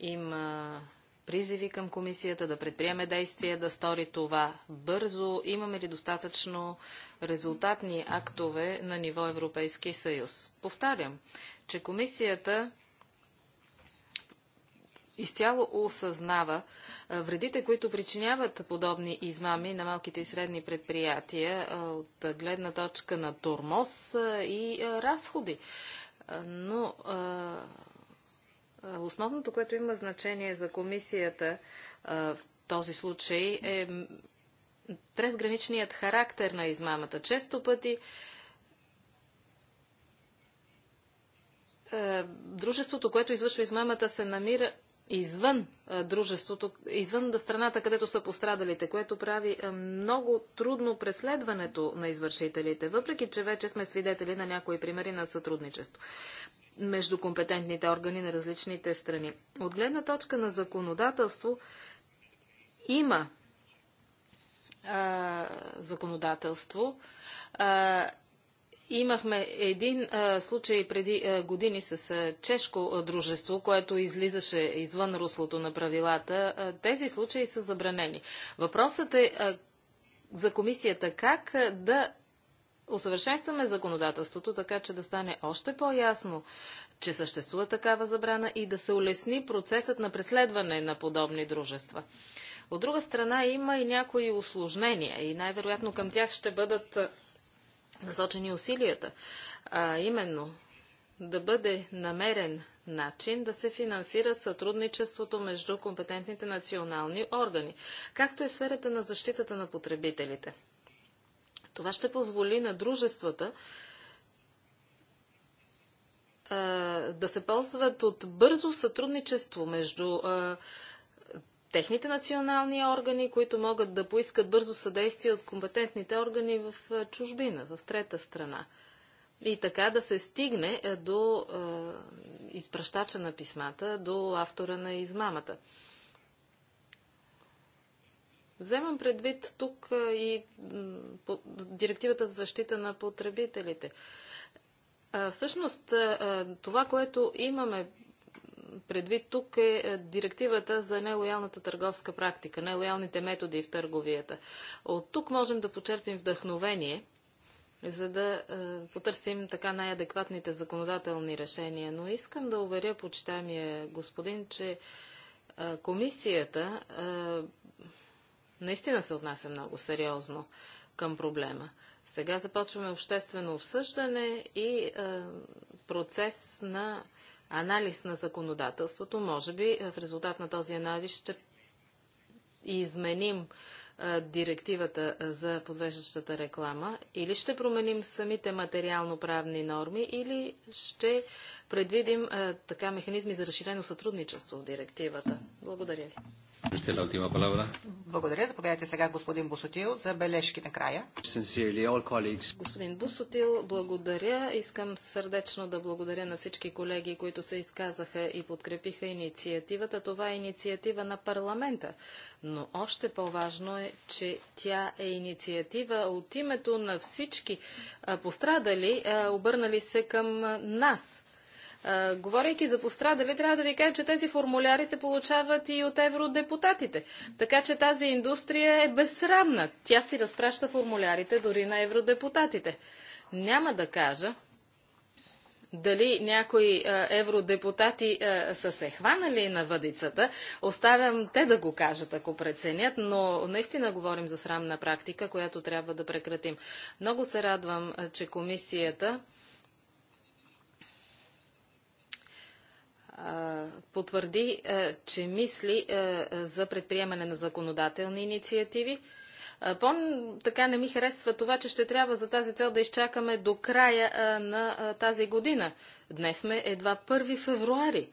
Има призиви към комисията да предприеме действия, да стори това бързо. Имаме ли достатъчно резултатни актове на ниво Европейски съюз? Повтарям, че комисията изцяло осъзнава вредите, които причиняват подобни измами на малките и средни предприятия от гледна точка на тормоз и разходи. Но Основното, което има значение за комисията в този случай е презграничният характер на измамата. Често пъти дружеството, което извършва измамата, се намира извън дружеството, извън страната, където са пострадалите, което прави много трудно преследването на извършителите, въпреки че вече сме свидетели на някои примери на сътрудничество между компетентните органи на различните страни. От гледна точка на законодателство има а, законодателство, а, Имахме един а, случай преди а, години с а, чешко дружество, което излизаше извън руслото на правилата. А, тези случаи са забранени. Въпросът е а, за комисията как а, да усъвършенстваме законодателството, така че да стане още по-ясно, че съществува такава забрана и да се улесни процесът на преследване на подобни дружества. От друга страна има и някои осложнения и най-вероятно към тях ще бъдат насочени усилията, а именно да бъде намерен начин да се финансира сътрудничеството между компетентните национални органи, както и сферата на защитата на потребителите. Това ще позволи на дружествата а, да се ползват от бързо сътрудничество между а, техните национални органи, които могат да поискат бързо съдействие от компетентните органи в чужбина, в трета страна. И така да се стигне до е, изпращача на писмата, до автора на измамата. Вземам предвид тук и по, директивата за защита на потребителите. Всъщност, това, което имаме предвид тук е, е директивата за нелоялната търговска практика, нелоялните методи в търговията. От тук можем да почерпим вдъхновение, за да е, потърсим така най-адекватните законодателни решения. Но искам да уверя почитаемия господин, че е, комисията наистина се отнася много сериозно към проблема. Сега започваме обществено обсъждане и е, процес на анализ на законодателството, може би е, в резултат на този анализ ще изменим е, директивата е, за подвеждащата реклама или ще променим самите материално-правни норми или ще предвидим е, така механизми за разширено сътрудничество в директивата. Благодаря ви. Благодаря. Заповядайте сега господин Бусотил за бележки на края. Господин Бусотил, благодаря. Искам сърдечно да благодаря на всички колеги, които се изказаха и подкрепиха инициативата. Това е инициатива на парламента. Но още по-важно е, че тя е инициатива от името на всички пострадали, обърнали се към нас Говорейки за пострадали, трябва да ви кажа, че тези формуляри се получават и от евродепутатите. Така че тази индустрия е безсрамна. Тя си разпраща формулярите дори на евродепутатите. Няма да кажа, дали някои евродепутати са се хванали на въдицата. Оставям те да го кажат, ако преценят, но наистина говорим за срамна практика, която трябва да прекратим. Много се радвам, че комисията потвърди, че мисли за предприемане на законодателни инициативи Пон, така не ми харесва това, че ще трябва за тази цел да изчакаме до края на тази година. Днес сме едва 1 февруари.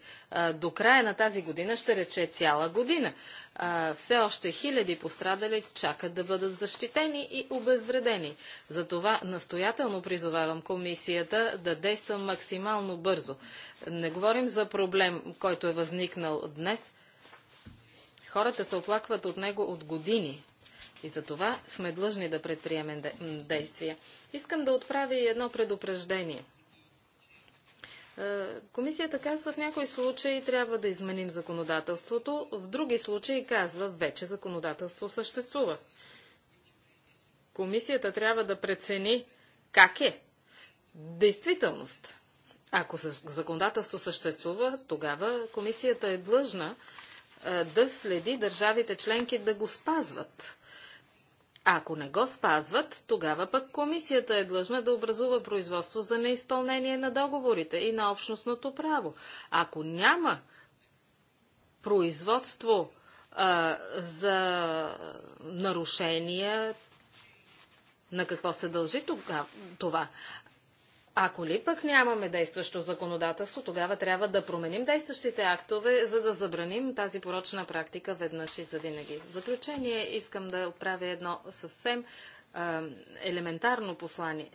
До края на тази година ще рече цяла година. Все още хиляди пострадали чакат да бъдат защитени и обезвредени. Затова настоятелно призовавам комисията да действа максимално бързо. Не говорим за проблем, който е възникнал днес. Хората се оплакват от него от години. И за това сме длъжни да предприемем действия. Искам да отправя и едно предупреждение. Е, комисията казва, в някои случаи трябва да изменим законодателството, в други случаи казва, вече законодателство съществува. Комисията трябва да прецени как е. Действителност. Ако законодателство съществува, тогава комисията е длъжна е, да следи държавите членки да го спазват. Ако не го спазват, тогава пък комисията е длъжна да образува производство за неизпълнение на договорите и на общностното право. Ако няма производство а, за нарушения, на какво се дължи тогава това? Ако ли пък нямаме действащо законодателство, тогава трябва да променим действащите актове, за да забраним тази порочна практика веднъж и завинаги. В заключение искам да отправя едно съвсем а, елементарно послание.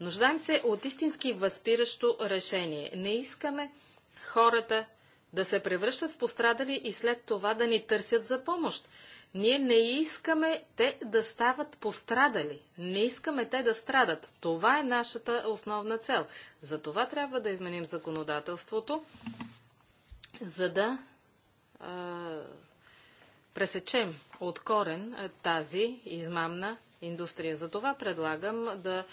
Нуждаем се от истински възпиращо решение. Не искаме хората да се превръщат в пострадали и след това да ни търсят за помощ. Ние не искаме те да стават пострадали. Не искаме те да страдат. Това е нашата основна цел. За това трябва да изменим законодателството, за да а, пресечем от корен тази измамна индустрия. За това предлагам да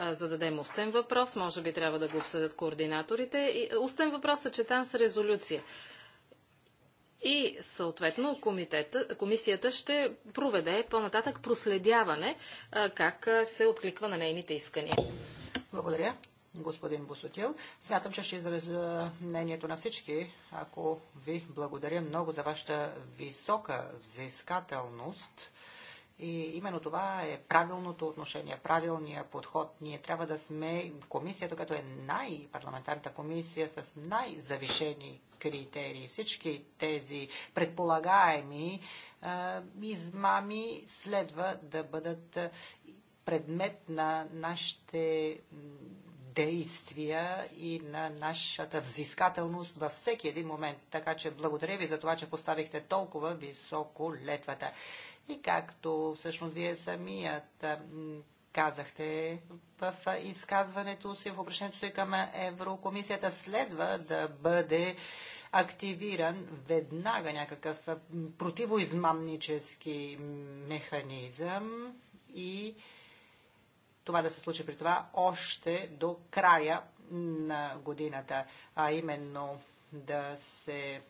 зададем устен въпрос, може би трябва да го обсъдят координаторите. И устен въпрос съчетан с резолюция. И съответно комисията ще проведе по-нататък проследяване как се откликва на нейните искания. Благодаря, господин Босотил. Смятам, че ще изразя мнението на всички, ако ви благодаря много за вашата висока взискателност и именно това е правилното отношение, правилният подход. Ние трябва да сме комисията, като е най-парламентарната комисия с най-завишени критерии. Всички тези предполагаеми а, измами следва да бъдат предмет на нашите действия и на нашата взискателност във всеки един момент. Така че благодаря ви за това, че поставихте толкова високо летвата. И както всъщност вие самият казахте в изказването си, в обращението си към Еврокомисията, следва да бъде активиран веднага някакъв противоизмамнически механизъм и това да се случи при това още до края на годината, а именно да се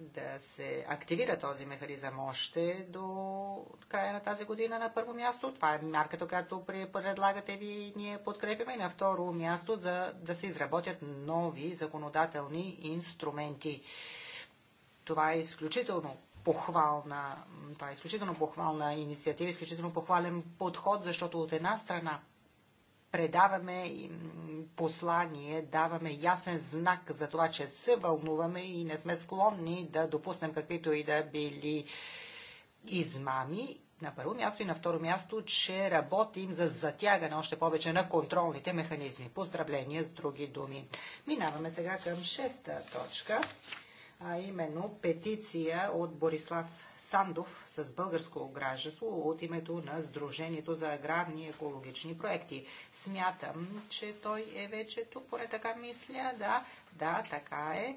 да се активира този механизъм още до края на тази година на първо място. Това е мярката, която предлагате ви и ние подкрепяме. И на второ място за да се изработят нови законодателни инструменти. Това е изключително похвална, това е изключително похвална инициатива, изключително похвален подход, защото от една страна предаваме послание, даваме ясен знак за това, че се вълнуваме и не сме склонни да допуснем каквито и да били измами. На първо място и на второ място, че работим за затягане още повече на контролните механизми. Поздравления с други думи. Минаваме сега към шеста точка, а именно петиция от Борислав Сандов с българско гражданство от името на Сдружението за аграрни и екологични проекти. Смятам, че той е вече тук, поне така мисля, да, да, така е.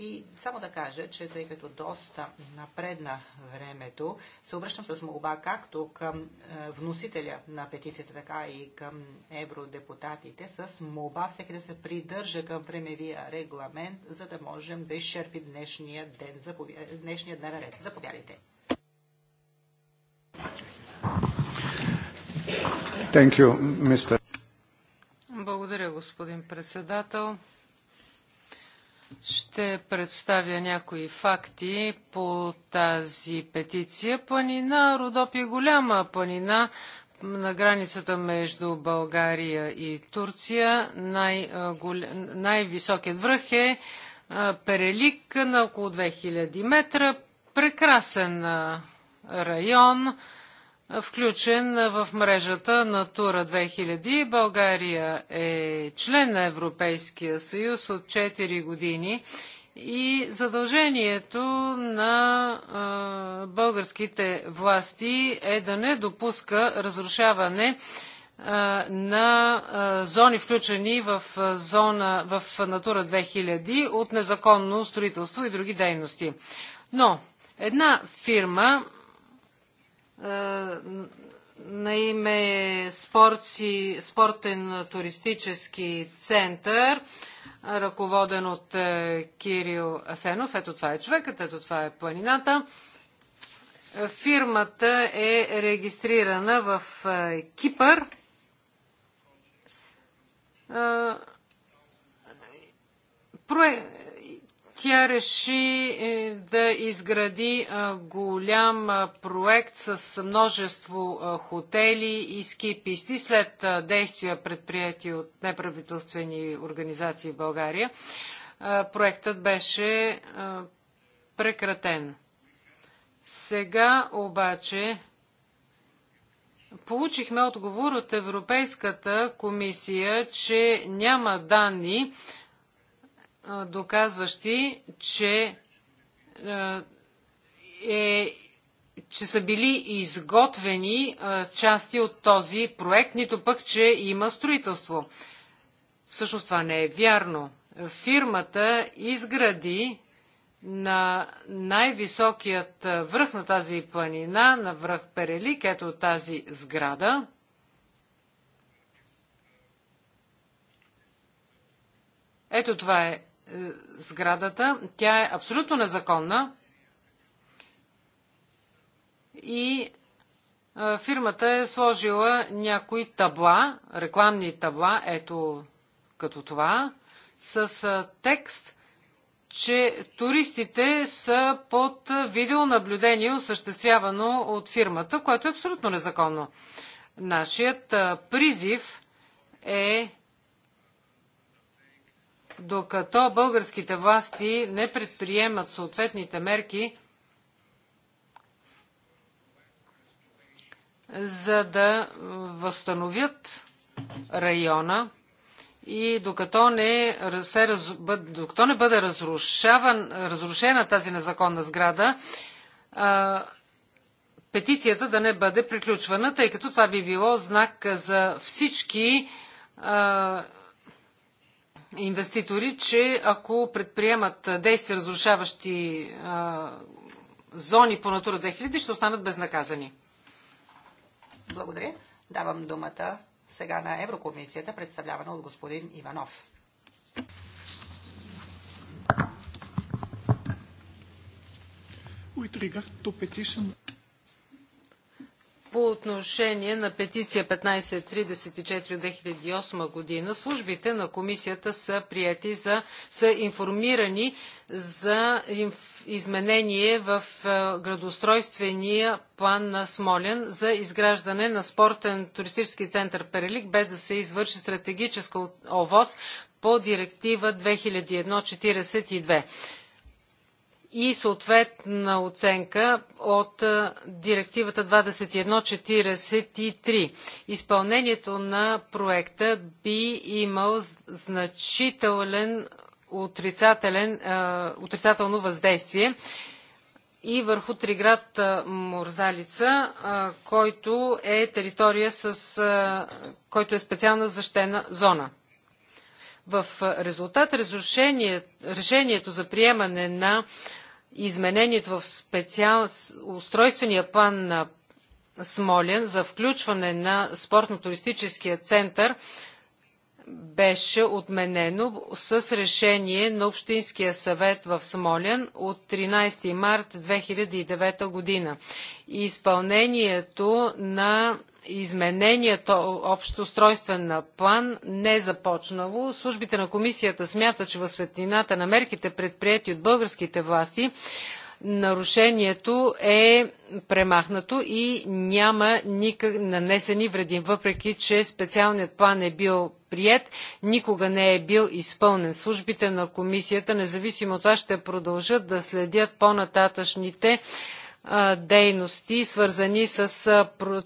И само да кажа, че тъй като доста напредна времето, се обръщам с молба както към е, вносителя на петицията, така и към евродепутатите, с молба всеки да се придържа към времевия регламент, за да можем да изчерпим днешния, ден, заповя... днешния ден ред. Заповядайте. Thank you, Mr. Благодаря, господин председател. Ще представя някои факти по тази петиция. Планина Родопи е голяма планина на границата между България и Турция. Най- най-високият връх е Перелик на около 2000 метра. Прекрасен район включен в мрежата Натура 2000. България е член на Европейския съюз от 4 години и задължението на а, българските власти е да не допуска разрушаване а, на а, зони, включени в зона в Натура 2000 от незаконно строителство и други дейности. Но една фирма е, на име спорци, спортен туристически център, ръководен от е, Кирил Асенов. Ето това е човекът, ето това е планината. Фирмата е регистрирана в е, Кипър. Проект тя реши е, да изгради е, голям е, проект с множество хотели и ски писти след действия предприяти от неправителствени организации в България. Проектът беше прекратен. Сега обаче получихме отговор от Европейската комисия, че няма данни доказващи, че, е, че са били изготвени части от този проект, нито пък, че има строителство. Всъщност това не е вярно. Фирмата изгради на най-високият връх на тази планина, на връх Перелик, ето тази сграда. Ето това е е, сградата. Тя е абсолютно незаконна и е, фирмата е сложила някои табла, рекламни табла, ето като това, с е, текст, че туристите са под видеонаблюдение, осъществявано от фирмата, което е абсолютно незаконно. Нашият призив е докато българските власти не предприемат съответните мерки, за да възстановят района и докато не, се, докато не бъде разрушаван, разрушена тази незаконна сграда, петицията да не бъде приключвана, тъй като това би било знак за всички инвеститори, че ако предприемат действия, разрушаващи зони по Натура 2000, ще останат безнаказани. Благодаря. Давам думата сега на Еврокомисията, представлявана от господин Иванов. With regard to petition по отношение на петиция 1534 от 2008 година, службите на комисията са прияти за, са информирани за изменение в градостройствения план на Смолен за изграждане на спортен туристически център Перелик, без да се извърши стратегическа овоз по директива 2001-42 и съответна оценка от директивата 2143. Изпълнението на проекта би имал значителен отрицателен, отрицателно въздействие и върху Триград Морзалица, който е територия с който е специална защитена зона. В резултат решението за приемане на изменението в специал, устройствения план на Смолен за включване на спортно-туристическия център беше отменено с решение на Общинския съвет в Смолен от 13 март 2009 година. Изпълнението на изменението общо устройствен план не е започнало. Службите на комисията смятат, че в светлината на мерките предприяти от българските власти нарушението е премахнато и няма никак нанесени вреди. Въпреки, че специалният план е бил прият, никога не е бил изпълнен. Службите на комисията, независимо от това, ще продължат да следят по-нататъчните дейности, свързани с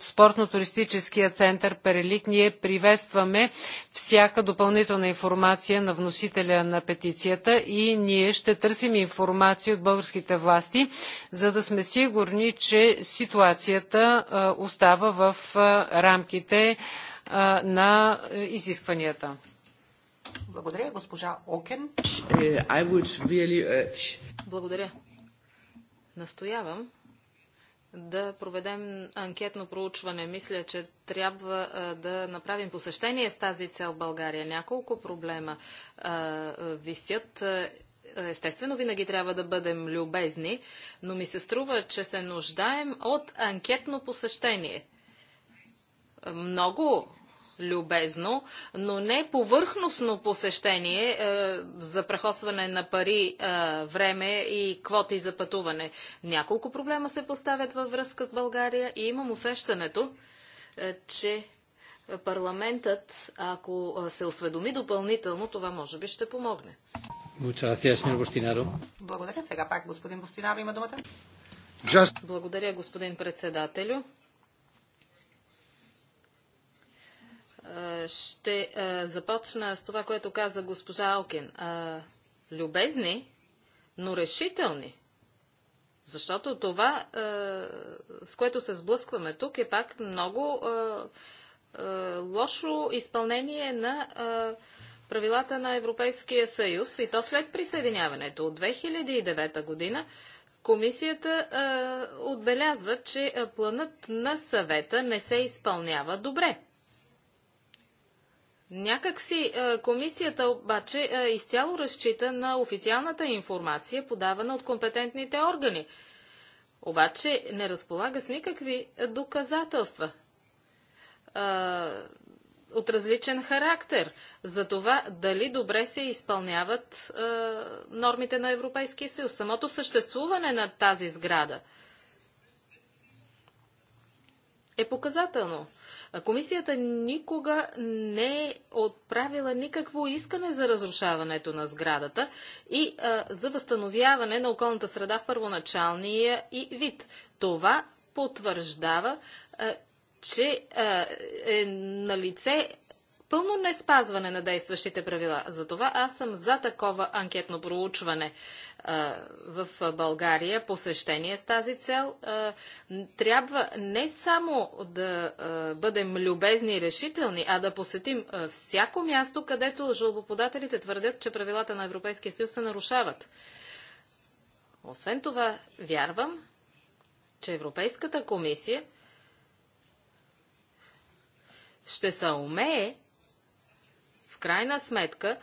спортно-туристическия център Перелик. Ние приветстваме всяка допълнителна информация на вносителя на петицията и ние ще търсим информация от българските власти, за да сме сигурни, че ситуацията остава в рамките на изискванията. Благодаря, госпожа Окен. Е, Благодаря. Настоявам да проведем анкетно проучване. Мисля, че трябва да направим посещение с тази цел в България. Няколко проблема висят. Естествено, винаги трябва да бъдем любезни, но ми се струва, че се нуждаем от анкетно посещение. Много любезно, но не повърхностно посещение е, за прехосване на пари, е, време и квоти за пътуване. Няколко проблема се поставят във връзка с България и имам усещането, е, че парламентът, ако е, се осведоми допълнително, това може би ще помогне. Благодаря. Сега пак господин Бустинаро има думата. Благодаря, господин председателю. Е, ще е, започна с това, което каза госпожа Алкин. Е, любезни, но решителни. Защото това, с което се сблъскваме тук, е пак много лошо изпълнение на правилата на Европейския съюз и то след присъединяването от 2009 година Комисията е, отбелязва, че планът на съвета не се изпълнява добре. Някакси е, комисията обаче е, изцяло разчита на официалната информация, подавана от компетентните органи. Обаче не разполага с никакви е, доказателства от различен характер за това дали добре се изпълняват нормите на Европейския съюз. Самото съществуване на тази сграда е показателно. Комисията никога не е отправила никакво искане за разрушаването на сградата и а, за възстановяване на околната среда в първоначалния и вид. Това потвърждава, а, че а, е на лице пълно не спазване на действащите правила. Затова аз съм за такова анкетно проучване в България, посещение с тази цел. трябва не само да бъдем любезни и решителни, а да посетим всяко място, където жалбоподателите твърдят, че правилата на Европейския съюз се нарушават. Освен това, вярвам, че Европейската комисия ще се умее крайна сметка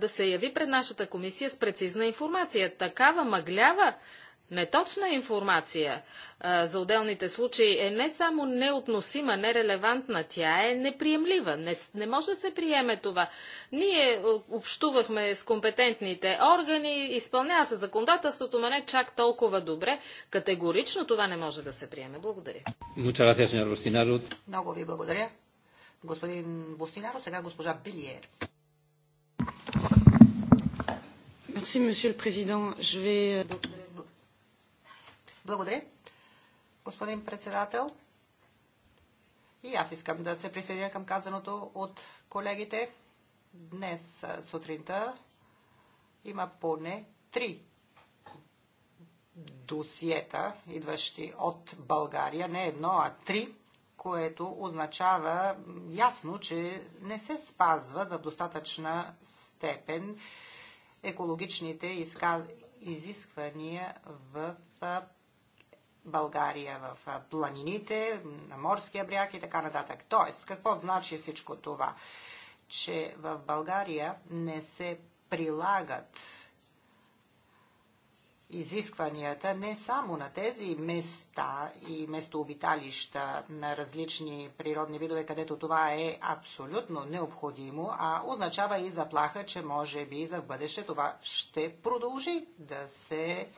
да се яви пред нашата комисия с прецизна информация. Такава мъглява неточна информация а, за отделните случаи е не само неотносима, нерелевантна, тя е неприемлива. Не, не може да се приеме това. Ние е, общувахме с компетентните органи, изпълнява се законодателството, но не чак толкова добре. Категорично това не може да се приеме. Благодаря. Много ви благодаря господин Бостинаро, сега госпожа Белиер. Merci, monsieur le président. Je vais... Euh, Благодаря. Господин председател, и аз искам да се присъединя към казаното от колегите. Днес сутринта има поне три досиета, идващи от България. Не едно, а три което означава ясно, че не се спазва на достатъчна степен екологичните изисквания в България, в планините, на морския бряг и така нататък. Тоест, какво значи всичко това? Че в България не се прилагат изискванията не само на тези места и местообиталища на различни природни видове, където това е абсолютно необходимо, а означава и заплаха, че може би за бъдеще това ще продължи да се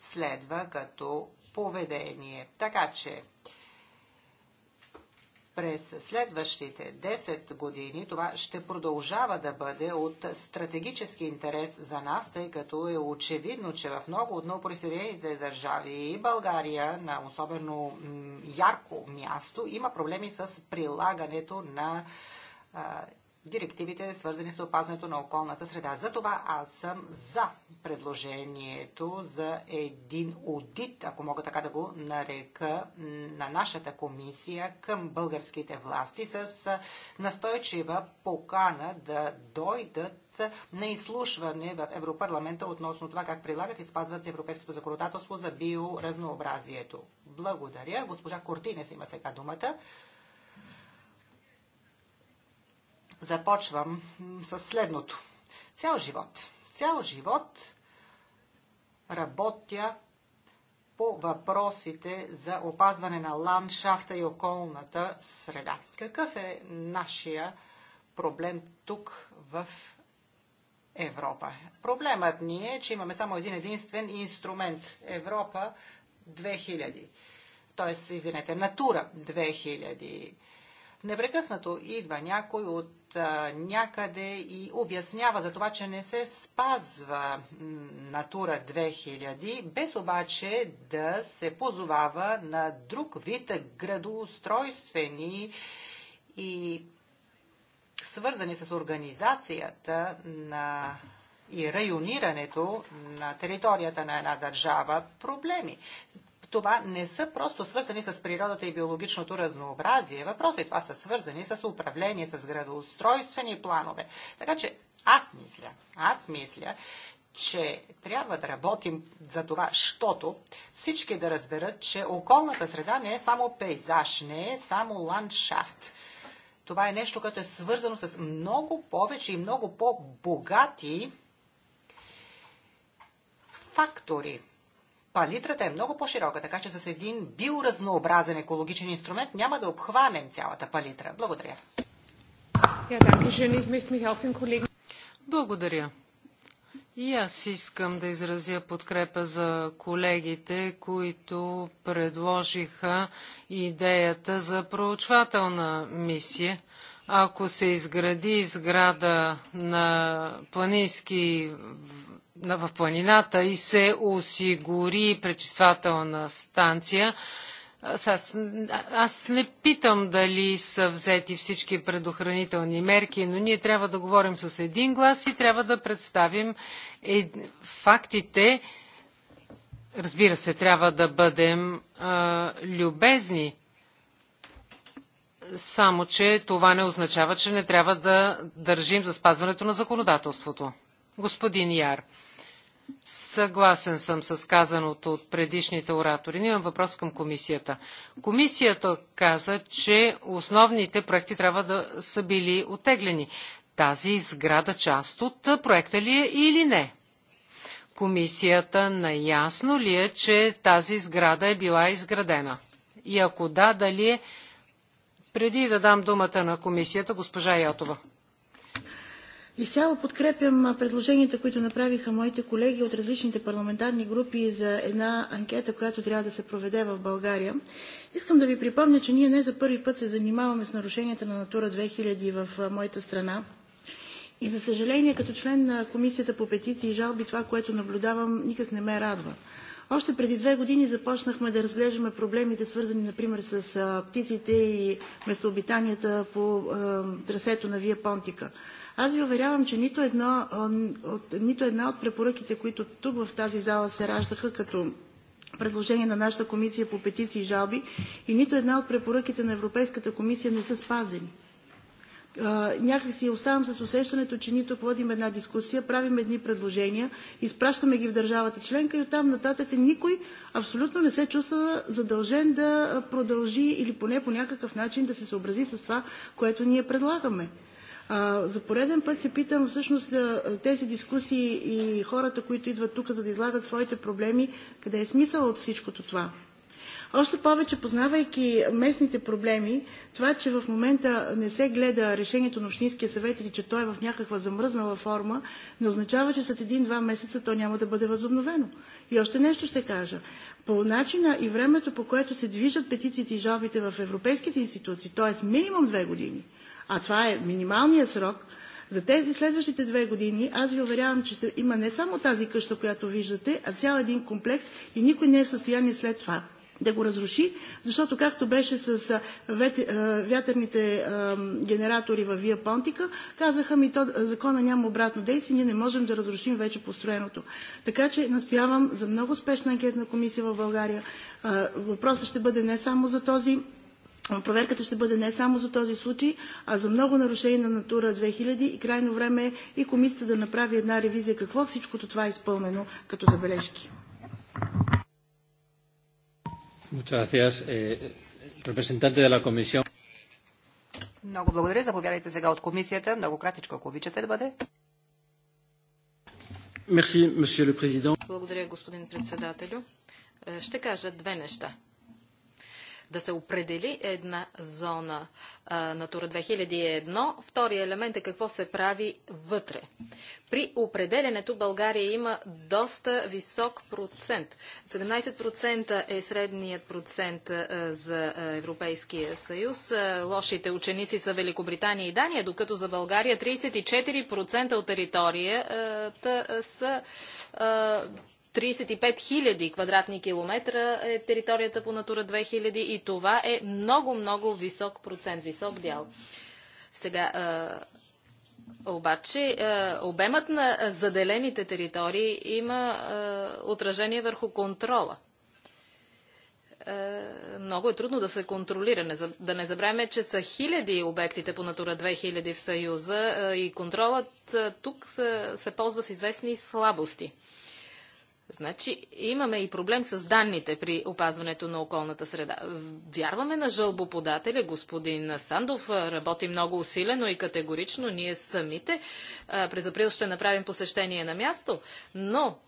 следва като поведение. Така че през следващите 10 години това ще продължава да бъде от стратегически интерес за нас, тъй като е очевидно, че в много от новопроизведените държави и България на особено ярко място има проблеми с прилагането на директивите, свързани с опазването на околната среда. Затова аз съм за предложението за един одит, ако мога така да го нарека, на нашата комисия към българските власти с настойчива покана да дойдат на изслушване в Европарламента относно това как прилагат и спазват европейското законодателство за биоразнообразието. Благодаря. Госпожа Кортинес има сега думата. Започвам с следното. Цял живот. Цял живот работя по въпросите за опазване на ландшафта и околната среда. Какъв е нашия проблем тук в Европа? Проблемът ни е, че имаме само един единствен инструмент Европа 2000. Тоест, извинете, Натура 2000. Непрекъснато идва някой от а, някъде и обяснява за това, че не се спазва Натура 2000, без обаче да се позовава на друг вид градоустройствени и свързани с организацията на и районирането на територията на една държава проблеми това не са просто свързани с природата и биологичното разнообразие. Въпроси е, това са свързани с управление, с градоустройствени планове. Така че аз мисля, аз мисля, че трябва да работим за това, защото всички да разберат, че околната среда не е само пейзаж, не е само ландшафт. Това е нещо, което е свързано с много повече и много по-богати фактори палитрата е много по-широка, така че с един биоразнообразен екологичен инструмент няма да обхванем цялата палитра. Благодаря. Благодаря. И аз искам да изразя подкрепа за колегите, които предложиха идеята за проучвателна мисия. Ако се изгради сграда на планински в планината и се осигури пречиствателна станция, аз, аз не питам дали са взети всички предохранителни мерки, но ние трябва да говорим с един глас и трябва да представим е, фактите. Разбира се, трябва да бъдем а, любезни. Само, че това не означава, че не трябва да държим за спазването на законодателството. Господин Яр. Съгласен съм с казаното от предишните оратори. имам въпрос към комисията. Комисията каза, че основните проекти трябва да са били отеглени. Тази сграда част от проекта ли е или не? Комисията наясно ли е, че тази сграда е била изградена? И ако да, дали е... Преди да дам думата на комисията, госпожа Ятова. Изцяло подкрепям предложенията, които направиха моите колеги от различните парламентарни групи за една анкета, която трябва да се проведе в България. Искам да ви припомня, че ние не за първи път се занимаваме с нарушенията на Натура 2000 в моята страна. И за съжаление, като член на Комисията по петиции и жалби, това, което наблюдавам, никак не ме радва. Още преди две години започнахме да разглеждаме проблемите, свързани, например, с птиците и местообитанията по трасето на Вия Понтика. Аз ви уверявам, че нито, едно, от, нито една от препоръките, които тук в тази зала се раждаха като предложение на нашата комисия по петиции и жалби и нито една от препоръките на Европейската комисия не са спазени. Някак си оставам с усещането, че ние тук водим една дискусия, правим едни предложения, изпращаме ги в държавата членка и оттам нататък никой абсолютно не се чувства задължен да продължи или поне по някакъв начин да се съобрази с това, което ние предлагаме. А, за пореден път се питам всъщност тези дискусии и хората, които идват тук, за да излагат своите проблеми, къде е смисъл от всичкото това? Още повече, познавайки местните проблеми, това, че в момента не се гледа решението на Общинския съвет или че то е в някаква замръзнала форма, не означава, че след един-два месеца то няма да бъде възобновено. И още нещо ще кажа. По начина и времето, по което се движат петициите и жалбите в европейските институции, т.е. минимум две години – а това е минималният срок, за тези следващите две години, аз ви уверявам, че ще има не само тази къща, която виждате, а цял един комплекс и никой не е в състояние след това да го разруши, защото както беше с вятърните генератори във Вия Понтика, казаха ми, то, закона няма обратно действие, ние не можем да разрушим вече построеното. Така че настоявам за много спешна анкетна комисия в България. Въпросът ще бъде не само за този проверката ще бъде не само за този случай, а за много нарушения на Натура 2000 и крайно време е и комисията да направи една ревизия какво всичко това е изпълнено като забележки. Eh, много благодаря. Заповядайте сега от комисията. Много кратичко, ако обичате да бъде. Благодаря, господин председателю. Е, ще кажа две неща да се определи една зона на Натура 2001. Втори елемент е какво се прави вътре. При определенето България има доста висок процент. 17% е средният процент за Европейския съюз. лошите ученици са Великобритания и Дания, докато за България 34% от територията са 35 000 квадратни километра е територията по Натура 2000 и това е много-много висок процент, висок дял. Сега, обаче, обемът на заделените територии има отражение върху контрола. Много е трудно да се контролира. Да не забравяме, че са хиляди обектите по Натура 2000 в Съюза и контролът тук се ползва с известни слабости. Значи имаме и проблем с данните при опазването на околната среда. Вярваме на жълбоподателя, господин Сандов работи много усилено и категорично. Ние самите през април ще направим посещение на място, но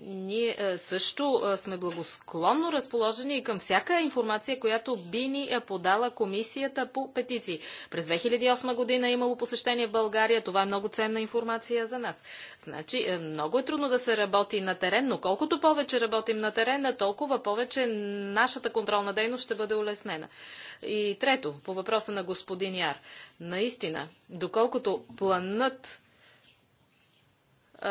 ние е, също е, сме благосклонно разположени и към всяка информация, която би ни е подала комисията по петиции. През 2008 година е имало посещение в България. Това е много ценна информация за нас. Значи, е, много е трудно да се работи на терен, но колкото повече работим на терен, толкова повече нашата контролна дейност ще бъде улеснена. И трето, по въпроса на господин Яр. Наистина, доколкото планът е,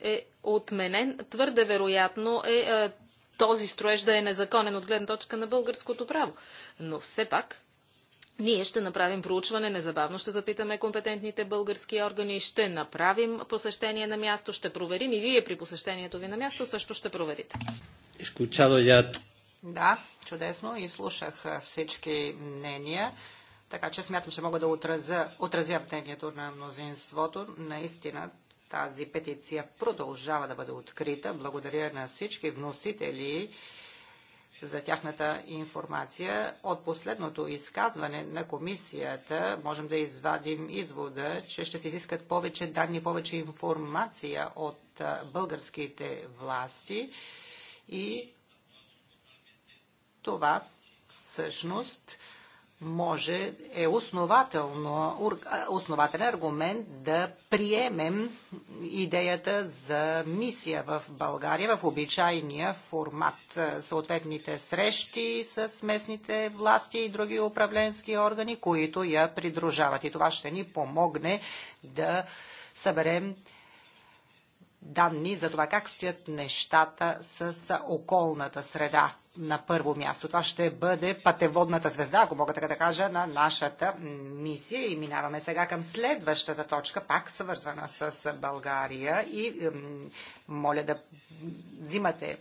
е отменен, твърде вероятно е, е този строеж да е незаконен от гледна точка на българското право. Но все пак ние ще направим проучване, незабавно ще запитаме компетентните български органи, ще направим посещение на място, ще проверим и вие при посещението ви на място също ще проверите. Изключава я. Да, чудесно и слушах всички мнения. Така че смятам, че мога да отразя, отразя мнението на мнозинството. Наистина, тази петиция продължава да бъде открита. Благодаря на всички вносители за тяхната информация. От последното изказване на комисията можем да извадим извода, че ще се изискат повече данни, повече информация от българските власти и това всъщност може, е основателно, основателен аргумент да приемем идеята за мисия в България в обичайния формат. Съответните срещи с местните власти и други управленски органи, които я придружават. И това ще ни помогне да съберем данни за това как стоят нещата с околната среда на първо място. Това ще бъде пътеводната звезда, ако мога така да кажа, на нашата мисия. И минаваме сега към следващата точка, пак свързана с България. И моля да взимате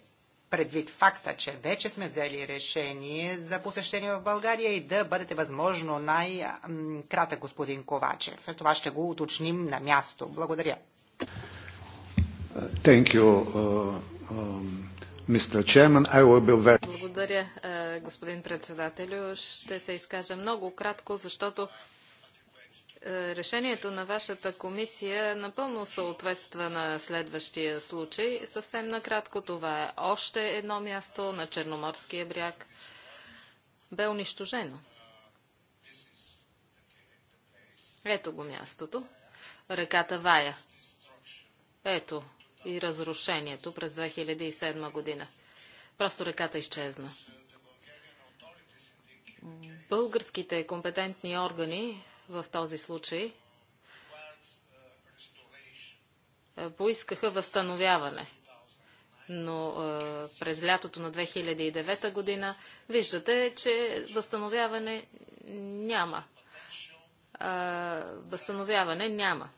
предвид факта, че вече сме взели решение за посещение в България и да бъдете възможно най-кратък, господин Ковачев. Това ще го уточним на място. Благодаря. Thank you, uh, Mr. Um, Chairman. I will be very... Благодаря, е, господин председателю. Ще се изкажа много кратко, защото е, решението на вашата комисия напълно съответства на следващия случай. Съвсем накратко това е. Още едно място на Черноморския бряг бе унищожено. Ето го мястото. Реката Вая. Ето и разрушението през 2007 година. Просто реката изчезна. Българските компетентни органи в този случай е, поискаха възстановяване. Но е, през лятото на 2009 година виждате, че възстановяване няма. Е, възстановяване няма.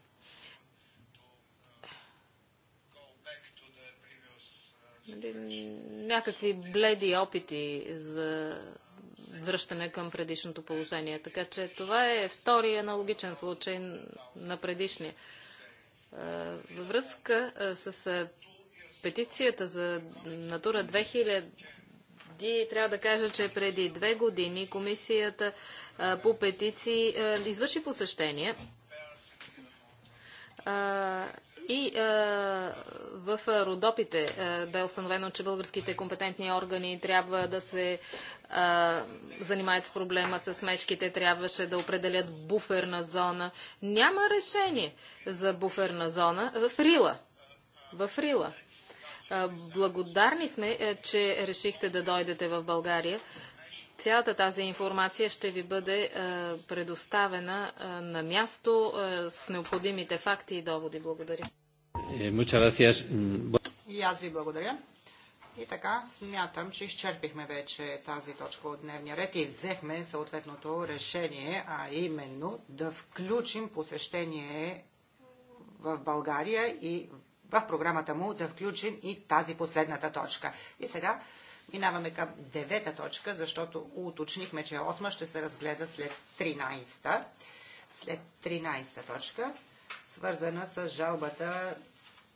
някакви бледи опити за връщане към предишното положение. Така че това е втори аналогичен случай на предишния. Е, във връзка е, с е, петицията за Натура 2000 трябва да кажа, че преди две години комисията по петиции извърши посещение и е, в е, Родопите е, бе установено, че българските компетентни органи трябва да се е, занимаят с проблема с мечките, трябваше да определят буферна зона. Няма решение за буферна зона в Рила. В Рила. Благодарни сме, че решихте да дойдете в България. Цялата тази информация ще ви бъде е, предоставена е, на място е, с необходимите факти и доводи. Благодаря. И аз ви благодаря. И така, смятам, че изчерпихме вече тази точка от дневния ред и взехме съответното решение, а именно да включим посещение в България и в програмата му да включим и тази последната точка. И сега Минаваме към девета точка, защото уточнихме, че 8 ще се разгледа след 13-та. След 13-та точка, свързана с жалбата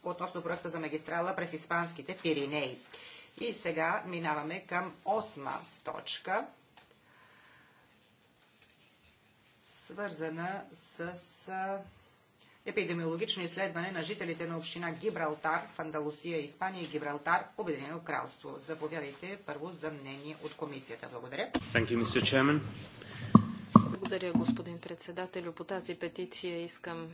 относно проекта за магистрала през испанските Пиринеи. И сега минаваме към 8 точка, свързана с епидемиологично изследване на жителите на община Гибралтар в Андалусия, Испания и Гибралтар, Обединено кралство. Заповядайте първо за мнение от комисията. Благодаря. You, Благодаря, господин председател. По тази петиция искам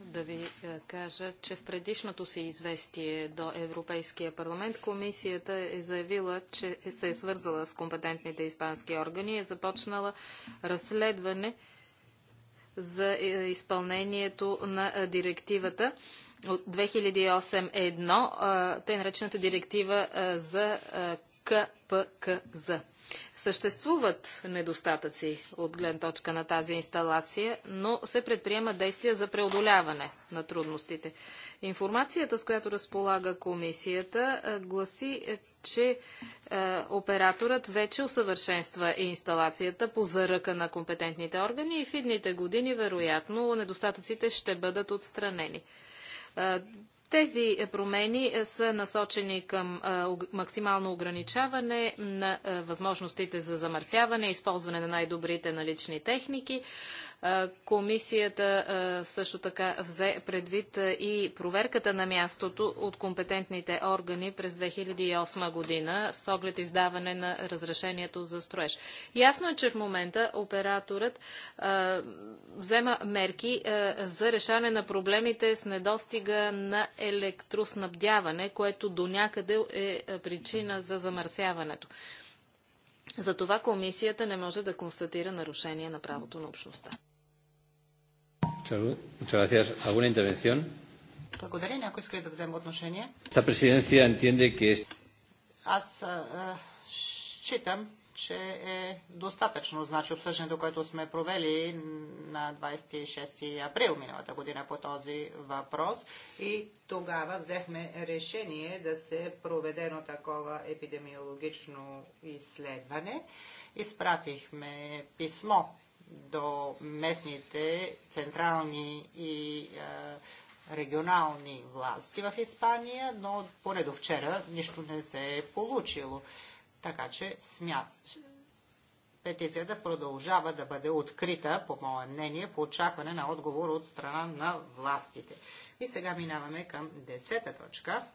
да ви е, кажа, че в предишното си известие до Европейския парламент комисията е заявила, че се е свързала с компетентните испански органи и е започнала разследване за е, изпълнението на е, директивата от 2008-1, тъй наречената директива за КПКЗ. Съществуват недостатъци от глен точка на тази инсталация, но се предприемат действия за преодоляване на трудностите. Информацията, с която разполага комисията, е, гласи, е, че е, операторът вече усъвършенства инсталацията по заръка на компетентните органи и в идните години, вероятно, недостатъците ще бъдат отстранени. Тези е, промени е, са насочени към е, максимално ограничаване на възможностите за замърсяване, използване на най-добрите налични техники, Комисията също така взе предвид и проверката на мястото от компетентните органи през 2008 година с оглед издаване на разрешението за строеж. Ясно е, че в момента операторът взема мерки за решаване на проблемите с недостига на електроснабдяване, което до някъде е причина за замърсяването. Затова комисията не може да констатира нарушение на правото на общността. ¿Alguna intervención? Благодаря. да Esta presidencia entiende que es... Аз а, считам, че е достатъчно. Значи обсъждането, което сме провели на 26 април миналата година по този въпрос и тогава взехме решение да се проведе едно такова епидемиологично изследване. Изпратихме писмо до местните централни и е, регионални власти в Испания, но поне до вчера нищо не се е получило. Така че смят. Петицията продължава да бъде открита, по мое мнение, в очакване на отговор от страна на властите. И сега минаваме към десета точка –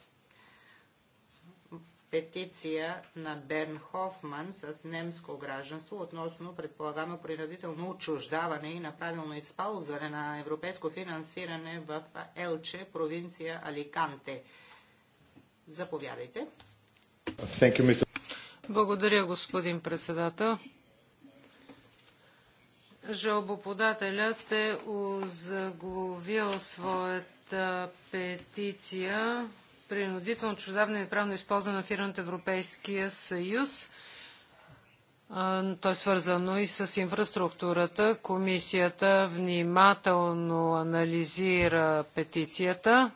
петиция на Берн Хофман с немско гражданство относно предполагано принудително отчуждаване и направилно използване на европейско финансиране в Елче, провинция Аликанте. Заповядайте. You, Благодаря, господин председател. Жалбоподателят е озаглавил своята петиция принудително чуждавно и правно използване на фирма от Европейския съюз. То е свързано и с инфраструктурата. Комисията внимателно анализира петицията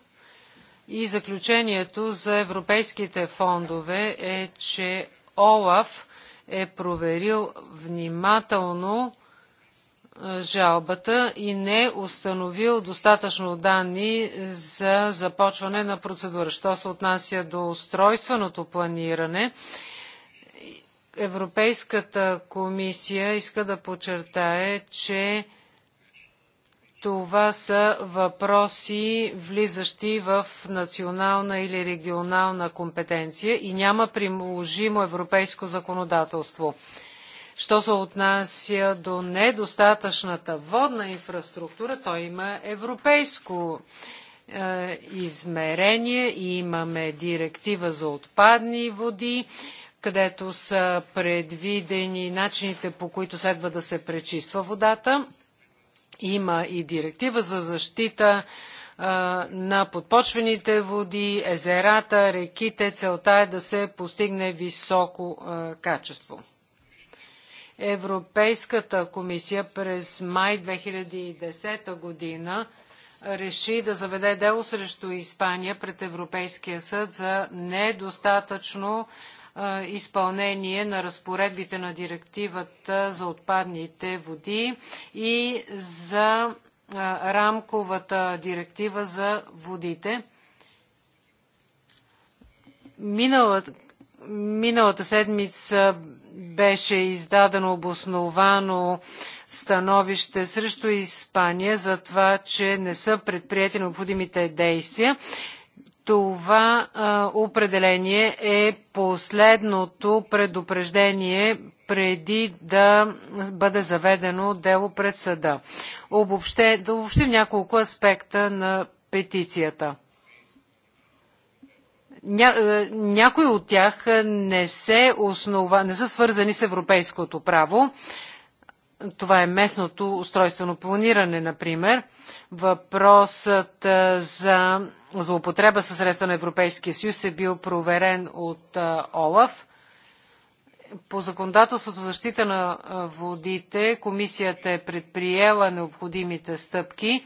и заключението за европейските фондове е, че ОЛАФ е проверил внимателно жалбата и не е установил достатъчно данни за започване на процедура. Що се отнася до устройственото планиране, Европейската комисия иска да подчертае, че това са въпроси, влизащи в национална или регионална компетенция и няма приложимо европейско законодателство. Що се отнася до недостатъчната водна инфраструктура, то има европейско е, измерение и имаме директива за отпадни води, където са предвидени начините по които следва да се пречиства водата. Има и директива за защита е, на подпочвените води, езерата, реките. Целта е да се постигне високо е, качество. Европейската комисия през май 2010 година реши да заведе дело срещу Испания пред Европейския съд за недостатъчно изпълнение на разпоредбите на директивата за отпадните води и за рамковата директива за водите. Миналата, миналата седмица беше издадено обосновано становище срещу Испания за това, че не са предприяти необходимите действия. Това а, определение е последното предупреждение преди да бъде заведено дело пред съда. обобщим няколко аспекта на петицията. Ня, е, някои от тях не, се основа, не са свързани с европейското право. Това е местното устройствено планиране, например. Въпросът е, за злоупотреба със средства на Европейския съюз е бил проверен от е, ОЛАФ. По законодателството защита на водите комисията е предприела необходимите стъпки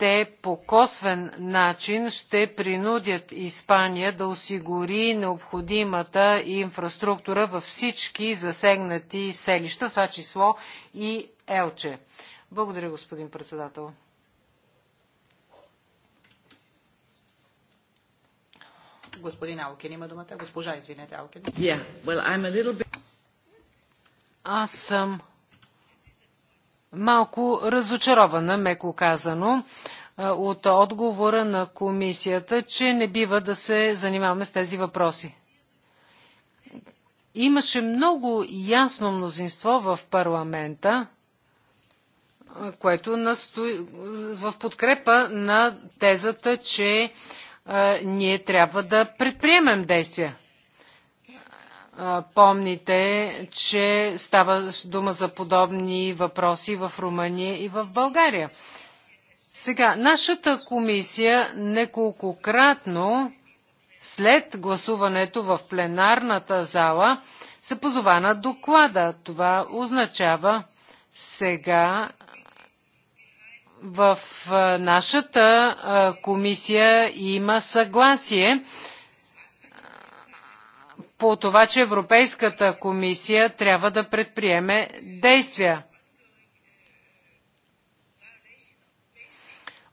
те по косвен начин ще принудят Испания да осигури необходимата инфраструктура във всички засегнати селища, в това число и Елче. Благодаря, господин председател. Господин Алкин има думата. Госпожа, извинете, Алкин. Yeah. Well, I'm a little bit... Аз съм малко разочарована, меко казано, от отговора на комисията, че не бива да се занимаваме с тези въпроси. Имаше много ясно мнозинство в парламента, което настои в подкрепа на тезата, че а, ние трябва да предприемем действия помните, че става дума за подобни въпроси в Румъния и в България. Сега, нашата комисия неколкократно след гласуването в пленарната зала се позова на доклада. Това означава сега в нашата комисия има съгласие по това, че Европейската комисия трябва да предприеме действия